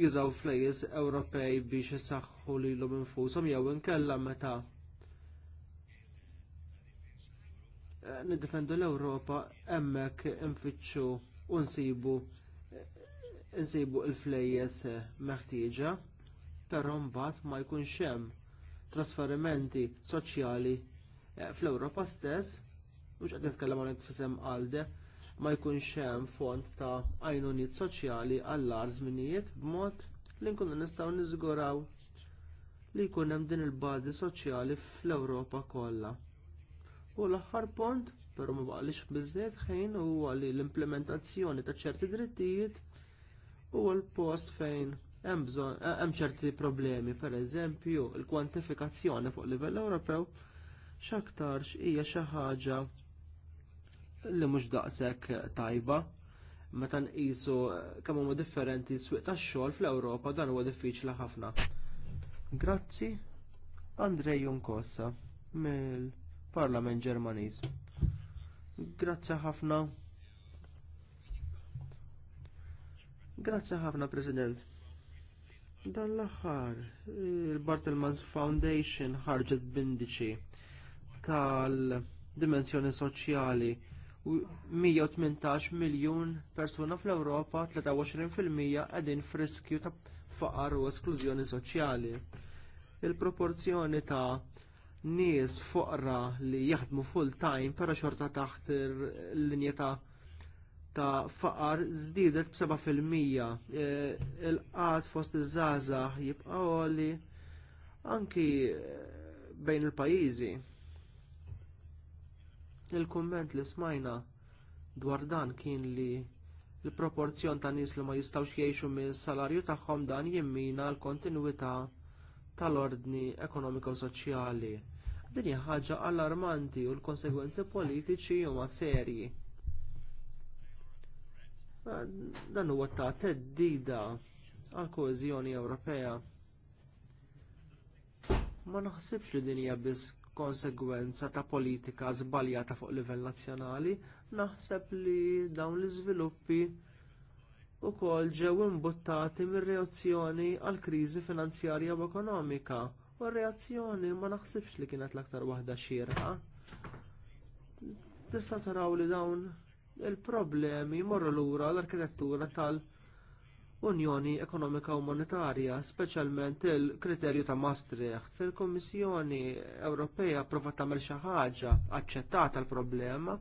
jużaw flejjes Ewropej biex isaħħu lilhom infushom jew inkella meta eh, niddefendu l-Ewropa hemmhekk infittxu u nsibu insibu l flejjes meħtieġa però mbagħad ma jkunx hemm trasferimenti soċjali eh, fl-Ewropa stess, mhux qed nitkellem għal fisem għalde, ma jkunx hemm fond ta' għajnuniet soċjali għall-ar żminijiet b'mod li nkunu nistgħu niżguraw li jkun hemm din il-bażi soċjali fl-Ewropa kollha. U l-aħħar punt, però ma baqalix biżżejjed ħin huwa li l-implementazzjoni ta' ċerti drittijiet huwa l-post fejn hemm bżonn eh, ċerti problemi, pereżempju l kwantifikazzjoni fuq livell Ewropew x'aktarx hija xi ħaġa li mhux daqshekk tajba meta nqisu eh, kemm huma differenti s-swieq tax-xogħol fl-Ewropa dan huwa diffiċli ħafna. Grazzi Andrej Junkossa mill-Parlament Ġermaniż. Grazzi ħafna. Grazzi ħafna President. Dan l-aħħar, il-Bartelmans Foundation ħarġet bindiċi tal-dimensjoni soċjali 118 miljun persuna fl-Ewropa 23% qegħdin friskju ta' faqar u esklużjoni soċjali. Il-proporzjoni ta' nies foqra li jaħdmu full-time pera xorta taħt il-linja ta' ta' faqar żdiedet b'7%. E, Il-qad fost iż-żgħażagħ jibqa' għoli anki e, bejn il-pajjiżi. Il-kumment li smajna dwar dan kien li il-proporzjon ta' nies li ma jistgħux jgħixu mis salarju tagħhom dan jimmina l-kontinwità tal-ordni ekonomiko soċjali. Din hija ħaġa allarmanti u l-konsegwenzi politiċi huma serji dan huwa ta' teddida għal koeżjoni Ewropea. Ma naħsibx li din hija biss konsegwenza ta' politika żbaljata fuq livell nazzjonali, naħseb li dawn l-iżviluppi wkoll ġew imbuttati mir-reazzjoni għall kriżi finanzjarja u ekonomika u r-reazzjoni ma naħsibx li kienet l-aktar waħda xierqa. Tista' taraw li dawn il-problemi morru lura l-arkitettura tal-Unjoni Ekonomika u Monetarja, speċjalment il-kriterju ta' Maastricht. il kummissjoni Ewropea provat tagħmel xi ħaġa aċċettata l-problema.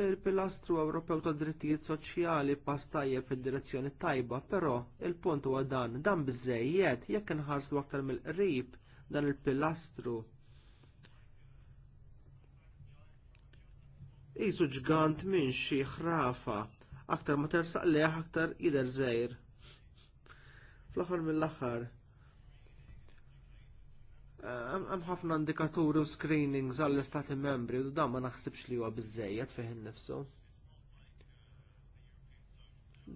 Il-pilastru Ewropew tad drittijiet soċjali pass tajjeb fid-direzzjoni tajba, però il-punt huwa dan dan biżżejjed jekk inħarsu aktar mill-qrib dan il-pilastru jizu ġgant minn xi ħrafa, aktar ma tersaq leħ aktar jider zejr. Fl-aħħar mill-aħħar, hemm ħafna indikaturi u screenings għall-istati membri u dan ma naħsibx li huwa biżejjed fih innifsu.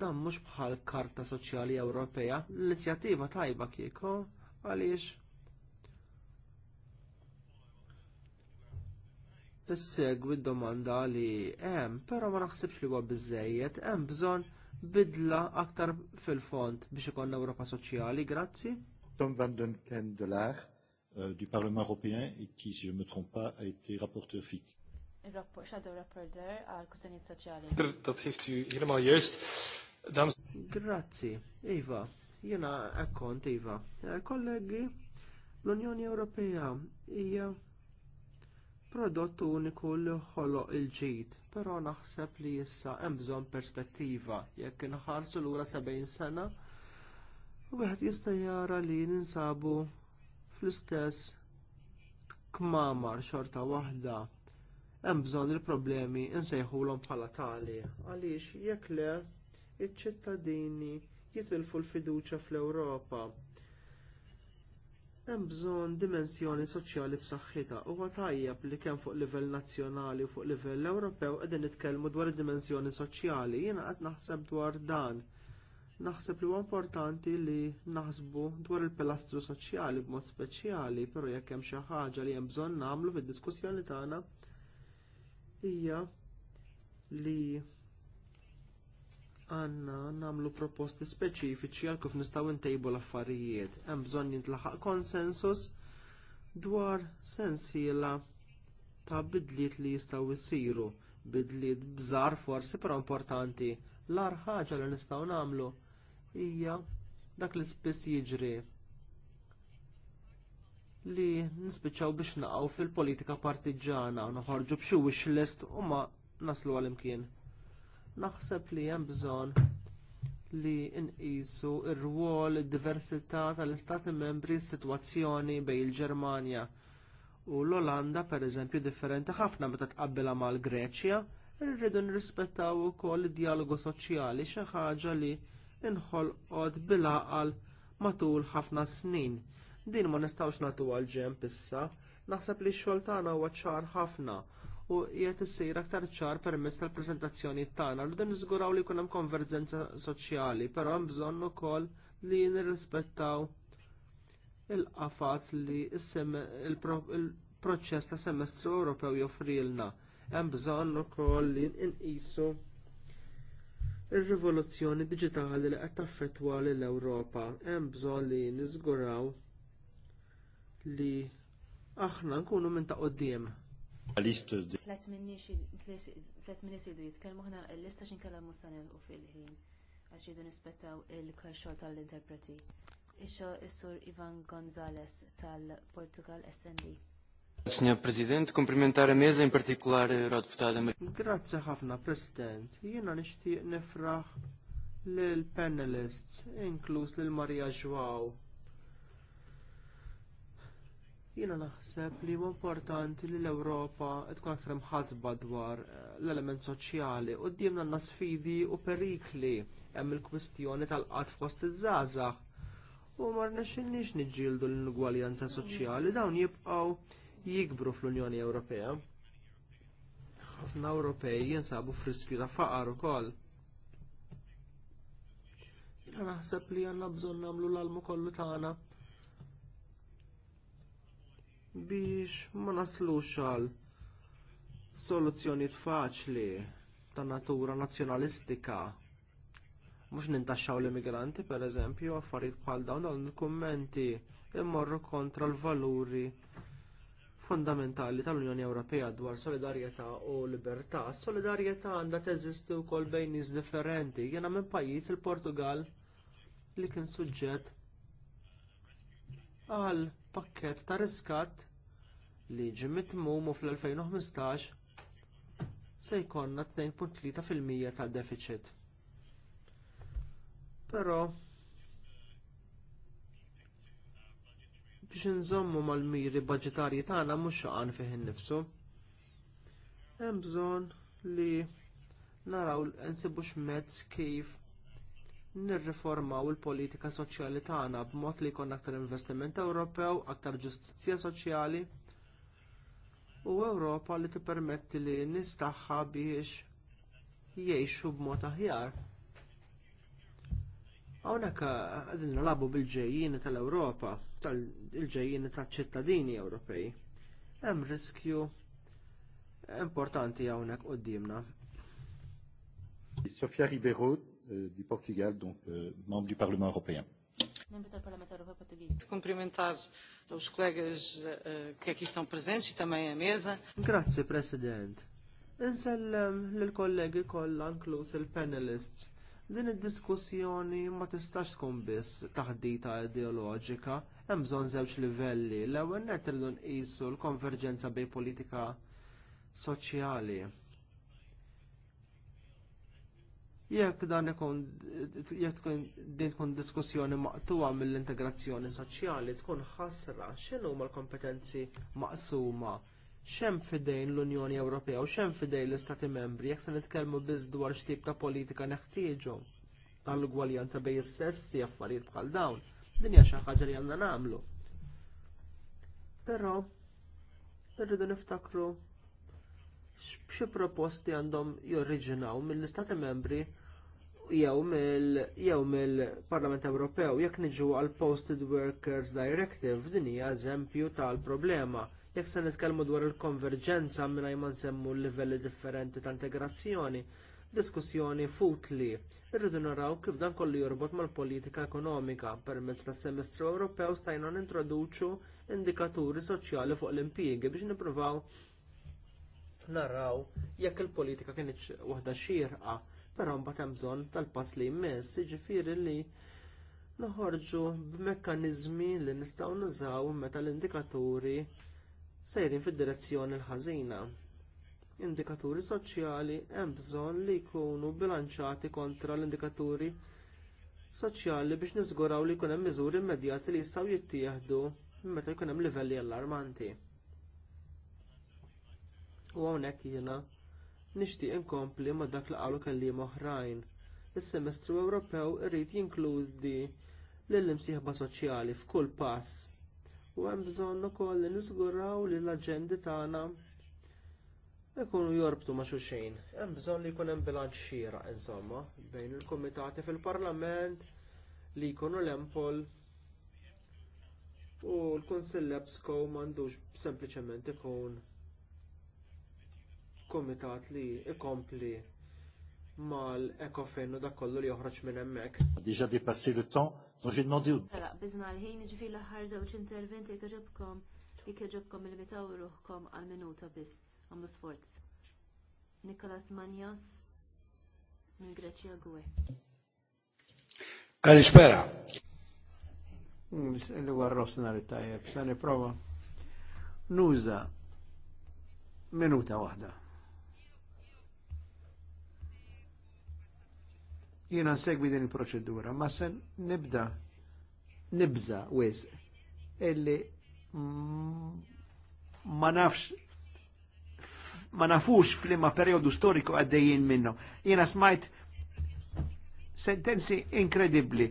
Dan mhux bħal Karta Soċjali Ewropea, l inizjativa tajba kieku għaliex tissegwi d-domanda li hemm, però ma naħsibx li huwa biżżejjed, hemm bżonn bidla aktar fil-fond biex ikun Ewropa Soċjali, grazzi. Tom van den Kendelaar euh, du Parlement européen qui, si je ne me trompe pas, a été rapporteur FIC. Grazzi, Iva. Jena ekkont, Iva. Eh, kollegi, l-Unjoni Ewropea hija prodott uniku li ħoloq il-ġid, però naħseb li issa hemm bżonn perspettiva jekk inħarsu lura 70 sena wieħed jista' jara li ninsabu fl-istess kmamar xorta waħda hemm bżonn il-problemi nsejħulhom bħala tali għaliex jekk le iċ-ċittadini jitilfu l-fiduċja fl-Ewropa Hemm bżonn dimensjoni soċjali b'saħħitha huwa tajjeb li kemm fuq livell nazzjonali u fuq livell Ewropew qegħdin nitkellmu dwar id-dimensjoni soċjali. Jiena qed naħseb dwar dan. Naħseb li huwa importanti li naħsbu dwar il-pilastru soċjali b'mod speċjali, però jekk hemm xi ħaġa li hemm bżonn nagħmlu fid-diskussjoni tagħna hija li għanna namlu proposti speċifiċi għal kif nistaw intejbu l-affarijiet. Hemm bżonn jintlaħaq konsensus dwar sensiela ta' bidliet li jistgħu jsiru, bidliet bżar forsi però importanti. L-ar ħaġa li nistgħu nagħmlu hija dak li spiss jiġri li nispiċċaw biex naqgħu fil-politika partiġana u noħorġu b'xi wish list u ma naslu għal imkien. Naħseb li hemm bżonn li nqisu r rwol id-diversità tal-istati membri s-sitwazzjoni bejn il-Ġermanja u l-Olanda pereżempju differenti ħafna meta tqabbilha mal-Greċja, irridu nirrispettaw ukoll id-dialogu soċjali xi ħaġa li inħolqod bil-għaqal matul ħafna snin. Din ma nistgħux nagħtuha għal ġenb issa, naħseb li x-xogħol tagħna huwa ċar ħafna u qiegħed issir aktar ċar permezz tal-preżentazzjoni tagħna li dan niżguraw li jkun hemm konverġenza soċjali, però hemm bżonn ukoll li nirrispettaw il-qafas li il-proċess ta' semestru Ewropew joffrilna. Hemm bżonn ukoll li nqisu ir-rivoluzzjoni diġitali li qed taffettwa lil Ewropa. Hemm bżonn li niżguraw li aħna nkunu minn ta' qudiem Tlet minnix jridu jitkellmu ħna l-lista x'inkellem mustanel u fil-ħin għax jridu nispettaw il-karxol tal-interpreti. Ixo is-sur Ivan Gonzalez tal-Portugal SND. Signor President, komplimentare meza in partikolare rad deputata. Grazie ħafna President. Jiena nixtieq nifraħ lill panelists inkluż lil Marija Joao Jiena naħseb li huwa importanti li l-Ewropa tkun aktar mħasba dwar eh, l-element soċjali u d għandna sfidi u perikli hemm il-kwistjoni tal-qatt fost iż-żgħażagħ. U ma rnexxinniex niġġieldu l-ingwaljanza soċjali dawn jibqgħu jikbru fl-Unjoni Ewropea. Ħafna Ewropej jinsabu friskju ta' faqar ukoll. Jiena naħseb li għandna bżonn nagħmlu l-almu kollu tagħna biex ma naslux għal soluzzjonijiet faċli ta' natura nazzjonalistika. Mhux nintaxxaw l-immigranti, pereżempju, affarijiet bħal dawn dawn il-kummenti immorru kontra l-valuri fondamentali tal-Unjoni Ewropea dwar solidarjetà u libertà. Solidarjetà għandha teżisti wkoll bejn nies differenti. Jiena minn pajjiż il-Portugal li kien suġġett għal pakket ta' riskat li ġie mitmum fl-2015 se jkollna 2.3% tal-deficit. Però biex inżommu mal-miri budgetarji tagħna mhux xaqan fih innifsu. Hemm bżonn li naraw nsibu mezz kif nirriformaw il-politika soċjali tagħna b'mod li jkollna aktar investiment Ewropew, aktar ġustizzja soċjali u Ewropa li tippermetti li n-nies tagħha biex jgħixu b'mod aħjar. Hawnhekk qegħdin nilagħbu bil-ġejjini tal-Ewropa, tal-ġejjini taċ-ċittadini Ewropej. Hemm riskju importanti hawnhekk qudiemna. Sofia Ribeiro Di euh, du Portugal, donc euh, membre du Parlement européen. Cumprimentar os colegas uh, que aqui estão presentes e também a mesa. Grazie, President. Insellem l-kollegi kollha inkluż il-panelist. Din id-diskussjoni ma tistax tkun biss taħdita ideoloġika, hemm bżonn żewġ livelli. L-ewwel nett irridu nqisu l-konverġenza bejn politika soċjali jekk dan ikun jekk din tkun diskussjoni maqtuwa mill-integrazzjoni soċjali tkun ħasra x'inhu l-kompetenzi maqsuma x'hemm fidejn l-Unjoni Ewropea u x'hemm fidejn l-Istati Membri jekk se nitkellmu biss dwar x'tip ta' politika neħtieġu għall-ugwaljanza bejn is-sessi affarijiet bħal dawn. Din hija xi ħaġa li għandna nagħmlu. Però irridu niftakru xi proposti għandhom jorriġinaw mill-Istati Membri jew mill-Parlament Ewropew jekk niġu għal Posted Workers Directive din hija eżempju tal-problema. Jekk se nitkellmu dwar il-konverġenza mingħajr ma nsemmu livelli differenti ta' integrazzjoni, diskussjoni futli. Irridu naraw kif dan kollu jorbot mal-politika ekonomika permezz tas semestru Ewropew stajna nintroduċu indikaturi soċjali fuq l-impjiegi biex nippruvaw naraw jekk il-politika kienet waħda xierqa però mbagħad hemm bżonn tal-pass li jmiss, jiġifieri li noħorġu b'mekkaniżmi li nistgħu nużaw meta l-indikaturi sejrin fid-direzzjoni l-ħażina. Indikaturi soċjali hemm bżonn li jkunu bilanċati kontra l-indikaturi soċjali biex niżguraw li jkun hemm miżuri immedjati li jistgħu jittieħdu meta jkun hemm livelli allarmanti. U hawnhekk jiena Nixtieq inkompli ma dak li qalu kelliem oħrajn. Is-semestru Ewropew irid jinkludi lill-imsieħba soċjali f'kull pass u hemm bżonn ukoll li niżguraw li l-aġendi tagħna ikunu jorbtu ma' xulxin. Hemm bżonn li jkun hemm bilanċ xieraq insomma bejn il-kumitati fil-Parlament li jkunu l-empol u l-Kunsill Epsco m'għandux sempliċement ikun kumitat li ikompli mal-ekofin u dak kollu li joħroġ minn hemmhekk. Diġà passi l-temps, non j'ai demandé. Ara, mela, bizna l-ħin ġifi l-aħħar żewġ interventi li ġobkom jekk ġobkom il-mitaw ruħkom għal minuta biss għamlu sforz. Nikolas Manjos minn Greċja Gwe. Kalispera. Mm, li warrof snar it-tajjeb, sa' niprofa. Nuża minuta waħda. Jina nsegwi din il-proċedura, ma se nibda nibza wis illi ma nafx ma nafux flimma periodu storiku għaddejjin minnu. Jiena smajt sentenzi inkredibbli.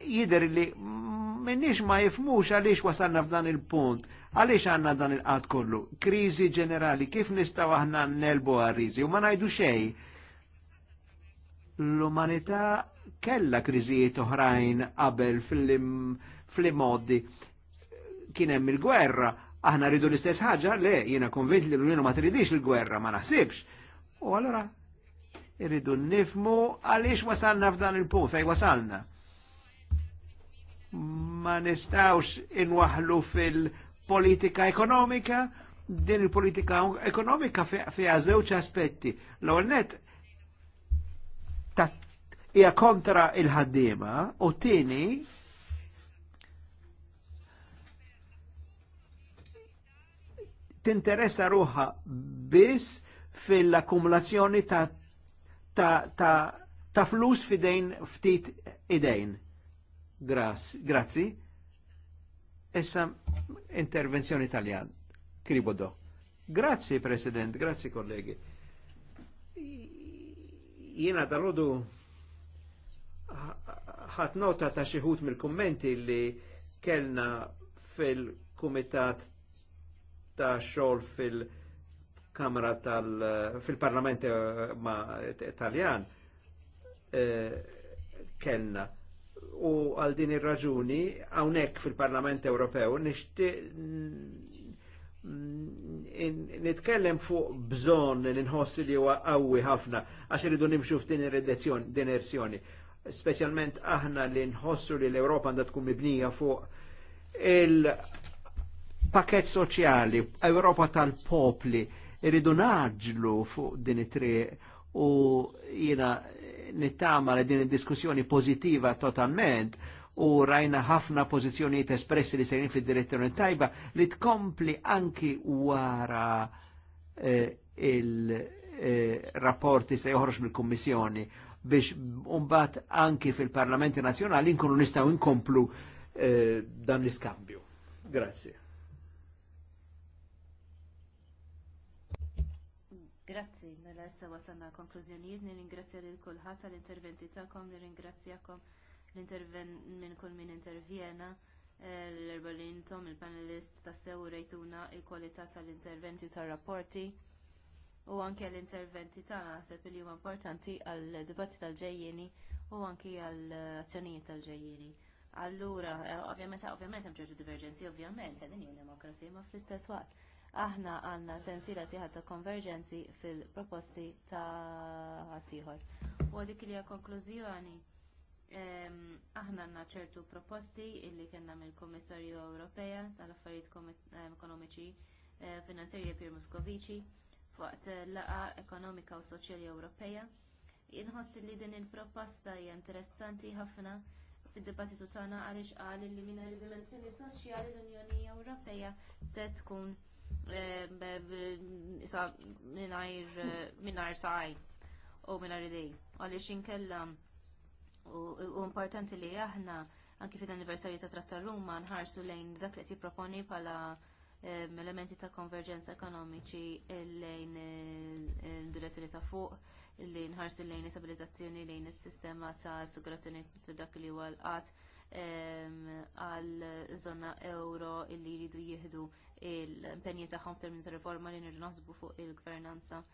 Jider li minnix ma jifmux għaliex wasalna f'dan il-punt, għaliex għanna dan il qat kollu. Krizi ġenerali, kif nistaw aħna nelbu għarrizi, u ma najdu xej l-umanità kella kriżijiet oħrajn qabel fl-modi kien hemm il-gwerra, aħna rridu l-istess ħaġa, le, jiena konvint li l-Unjoni ma tridix il-gwerra, ma naħsibx. U allora irridu nifmu għaliex wasalna f'dan il-punt, fej wasalna. Ma nistawx inwaħlu fil-politika ekonomika, din il-politika ekonomika fiha żewġ aspetti. L-ewwel hija kontra il-ħaddiema u tieni tinteressa ruħa biss fil-akkumulazzjoni ta, ta, ta, ta' flus fidejn ftit idejn. Grazzi. Essa intervenzjoni italjan. Kribodo. Grazzi, President, grazzi, kollegi Jiena dalodu ħat nota ta' xieħut mill-kummenti li kellna fil-kumitat ta' xol fil-Kamra tal-Parlament eh, Italjan eh, kellna. U għal din ir-raġuni hawnhekk fil-Parlament Ewropew nixtieq Mm, nitkellem fuq bżon li nħossi li huwa qawwi ħafna għax iridu nimxu f'din direzzjoni. Speċjalment aħna li nħossu li l-Ewropa għandha tkun mibnija fuq il-pakett soċjali, Ewropa tal-popli, iridu naġlu fuq din it-triq u jiena nittama li din id-diskussjoni pożittiva totalment u rajna ħafna pożizzjonijiet espressi li sejrin fi direzzjoni tajba li tkompli anki wara eh, il-rapporti eh, se joħroġ mill-Kummissjoni biex umbat anki fil-Parlamenti Nazjonali inkunu nistaw inkomplu eh, dan l-iskambju. Grazie. Grazzi, mela issa wasanna konklużjonijiet, nirringrazzja lil kulħadd l interventi tagħkom, nirringrazzjakom l-interven minn kull min intervjena eh, l-erba li jintom il-panelist ta' sew rejtuna il-kwalità tal-interventi u tar-rapporti u anke l-interventi ta' naħseb li huma importanti għal dibatti tal-ġejjieni u anke għal azzjonijiet tal-ġejjieni. Allura, eh, ovvjament, eh, ovvjament hemm ċertu divergenzi, ovvjament, għedin hija demokrazija ma fl-istess waqt. Aħna għandna sensira sieħat ta' konverġenzi fil-proposti ta' ħaddieħor. U dik li hija konklużjoni aħna għandna ċertu proposti illi kellna mill-Kummissarju Ewropea tal-Affarijiet Ekonomiċi eh, Finanzjarji Pier Muskovici fuqt laqa ekonomika u soċjali Ewropea. Inħoss li din il-proposta hija interessanti ħafna fid-dibattitu tagħna għaliex qal li minn il-dimensjoni soċjali l-Unjoni Ewropea se tkun mingħajr sajt u mingħajr idej għaliex inkella U importanti li aħna anki fid anniversarju ta' Tratta Ruma nħarsu lejn dak li proponi pala elementi ta' konverġenza ekonomiċi lejn il-direzzjoni ta' fuq li nħarsu lejn stabilizzazzjoni lejn is-sistema ta' assigurazzjoni f'dak li huwa l-qatt għal zona euro li jridu jieħdu l impenji tagħhom f'termin ta' riforma li nirnaħsbu naħsbu fuq il-gvernanza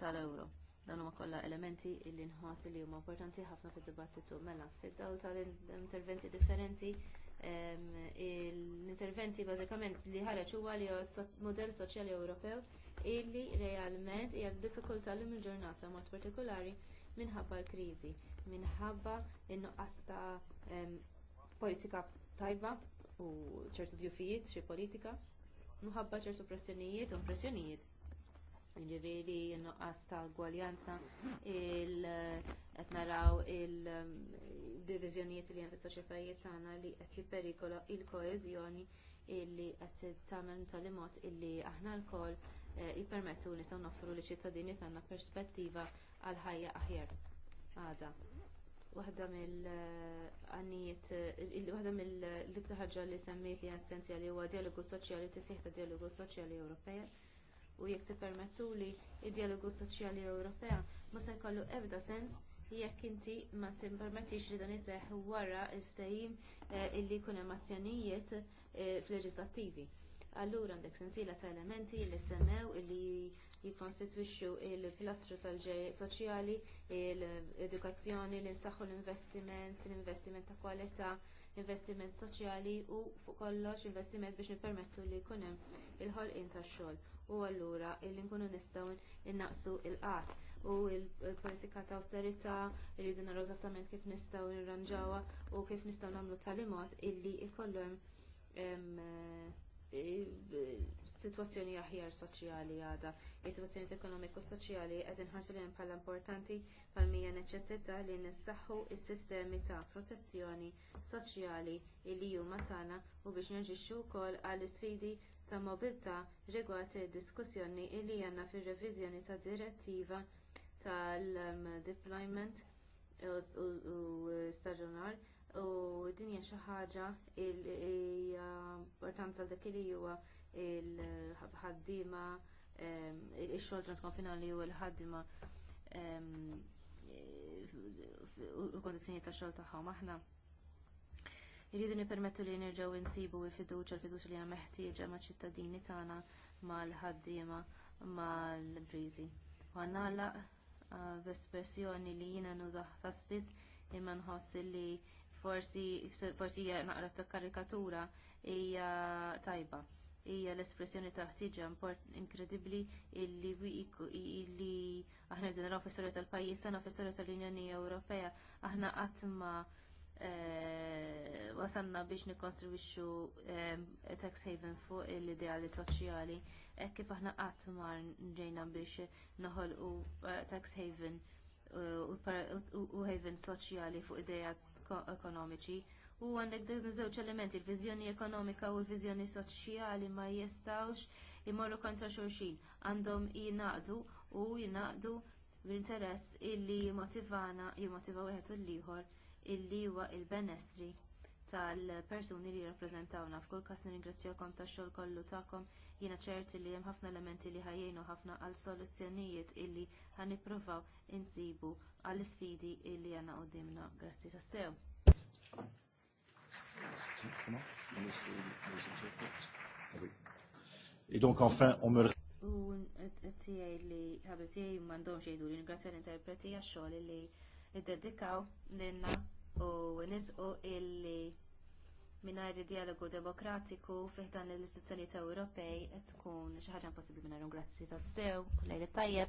tal-euro. Dan huma kollha elementi li nħoss li huma importanti ħafna fid-dibattitu mela fid-dawl tal-interventi differenti l-interventi bażikament li ħareġ huwa li modell soċjali Ewropew illi realment hija diffikultà li mill-ġurnata mod partikolari minħabba l-kriżi, minħabba in-nuqqas ta' politika tajba u ċertu djufijiet xi politika, minħabba ċertu pressjonijiet u pressjonijiet ġiviri nuqqas ta' gwaljanza il qed naraw il-diviżjonijiet li hemm fis-soċjetajiet tagħna li qed jipperikola il-koeżjoni illi qed tagħmel tal mod illi aħna lkoll eh, jippermettu li nistgħu noffru li ċittadini tagħna perspettiva għal ħajja aħjar għada. Waħda mill-għannijiet, eh, eh, waħda mill-iktar ħaġa li semmejt li essenzjali huwa dialogu soċjali, tisjeħ ta' dialogu soċjali Ewropej u jekk tippermettuli d dialogu soċjali Ewropea ma se jkollu ebda sens jekk inti ma tippermettix li dan iseħħ wara l-ftehim eh, illi jkun hemm azzjonijiet eh, fil-leġislattivi. Allura għandek sensiela ta' elementi li semmew illi jikkonstitwixxu l pilastru tal-ġej soċjali, l-edukazzjoni, l-insaħħu l-investiment, l-investiment ta' kwalità, investiment soċjali u fuq kollox investiment biex nippermettu li jkun hemm il-ħolqien tax-xogħol u allura illi nkunu nistgħu innaqsu il-qat u l politika ta' austerita jridu naraw eżattament kif nistgħu nirranġawha u kif nistgħu nagħmlu tal-imot illi ikollhom situazzjoni aħjar soċjali għadha. Is-sitwazzjoni ekonomiku soċjali qed inħarsu lejn bħala importanti bħal mija neċessità li nissaħħu s-sistemi ta' protezzjoni soċjali li huma tagħna u biex naġixxu wkoll għall isfidi ta' mobilità rigward id-diskussjoni li għandna fir-reviżjoni tad direttiva tal-deployment u staġunar u dinja xi ħaġa importanza dak li huwa il-ħaddima, il-xol transkonfinali u l-ħaddima u kondizjoni ta' xol taħħom. Aħna jridu nipermettu li nerġaw insibu il-fiduċa, l fiduċa li għameħtieġa ma' ċittadini tagħna mal-ħaddima mal-brizi. Għanna la' eh, b'espressjoni li jina nuzaħ ta' spiss imma nħoss li forsi forsi naqra ta' karikatura hija tajba hija l-espressjoni ta' ħtiġa inkredibbli illi aħna bdejna naraw fis tal-pajjiż tagħna fis tal-Unjoni Ewropea aħna qatt ma eh, wasanna biex nikkonstruixxu eh, tax haven fuq l-ideali soċjali hekk kif aħna qatt ma ġejna biex noħolqu eh, tax haven u haven soċjali fuq ideat ekonomiċi u għandek dawn żewġ elementi, il-viżjoni ekonomika u l-viżjoni soċjali ma jistawx imorru kontra xulxin, għandhom jinaqdu u jinaqdu l-interess illi jimotivana jimotiva wieħed u l-ieħor illi huwa il-benessri tal-persuni li jirrappreżentawna. F'kull każ nirringrazzjakom tax-xogħol kollu tagħkom jiena ċerti li hemm ħafna elementi li ħajjinu ħafna għal soluzzjonijiet illi nippruvaw insibu għall isfidi illi għandna qudiemna. Grazzi tassew. Ah et donc enfin, on me tijaj li ħabib tijaj mandom xejdu li ningrazzja l-interpreti għaxxol li id-dedikaw l u nisqu illi minnajr dialogu demokratiku fiħdan l-istituzzjoniet Ewropej tkun xaħġa impossibli minnajr grazzi tassew u lejli tajjeb.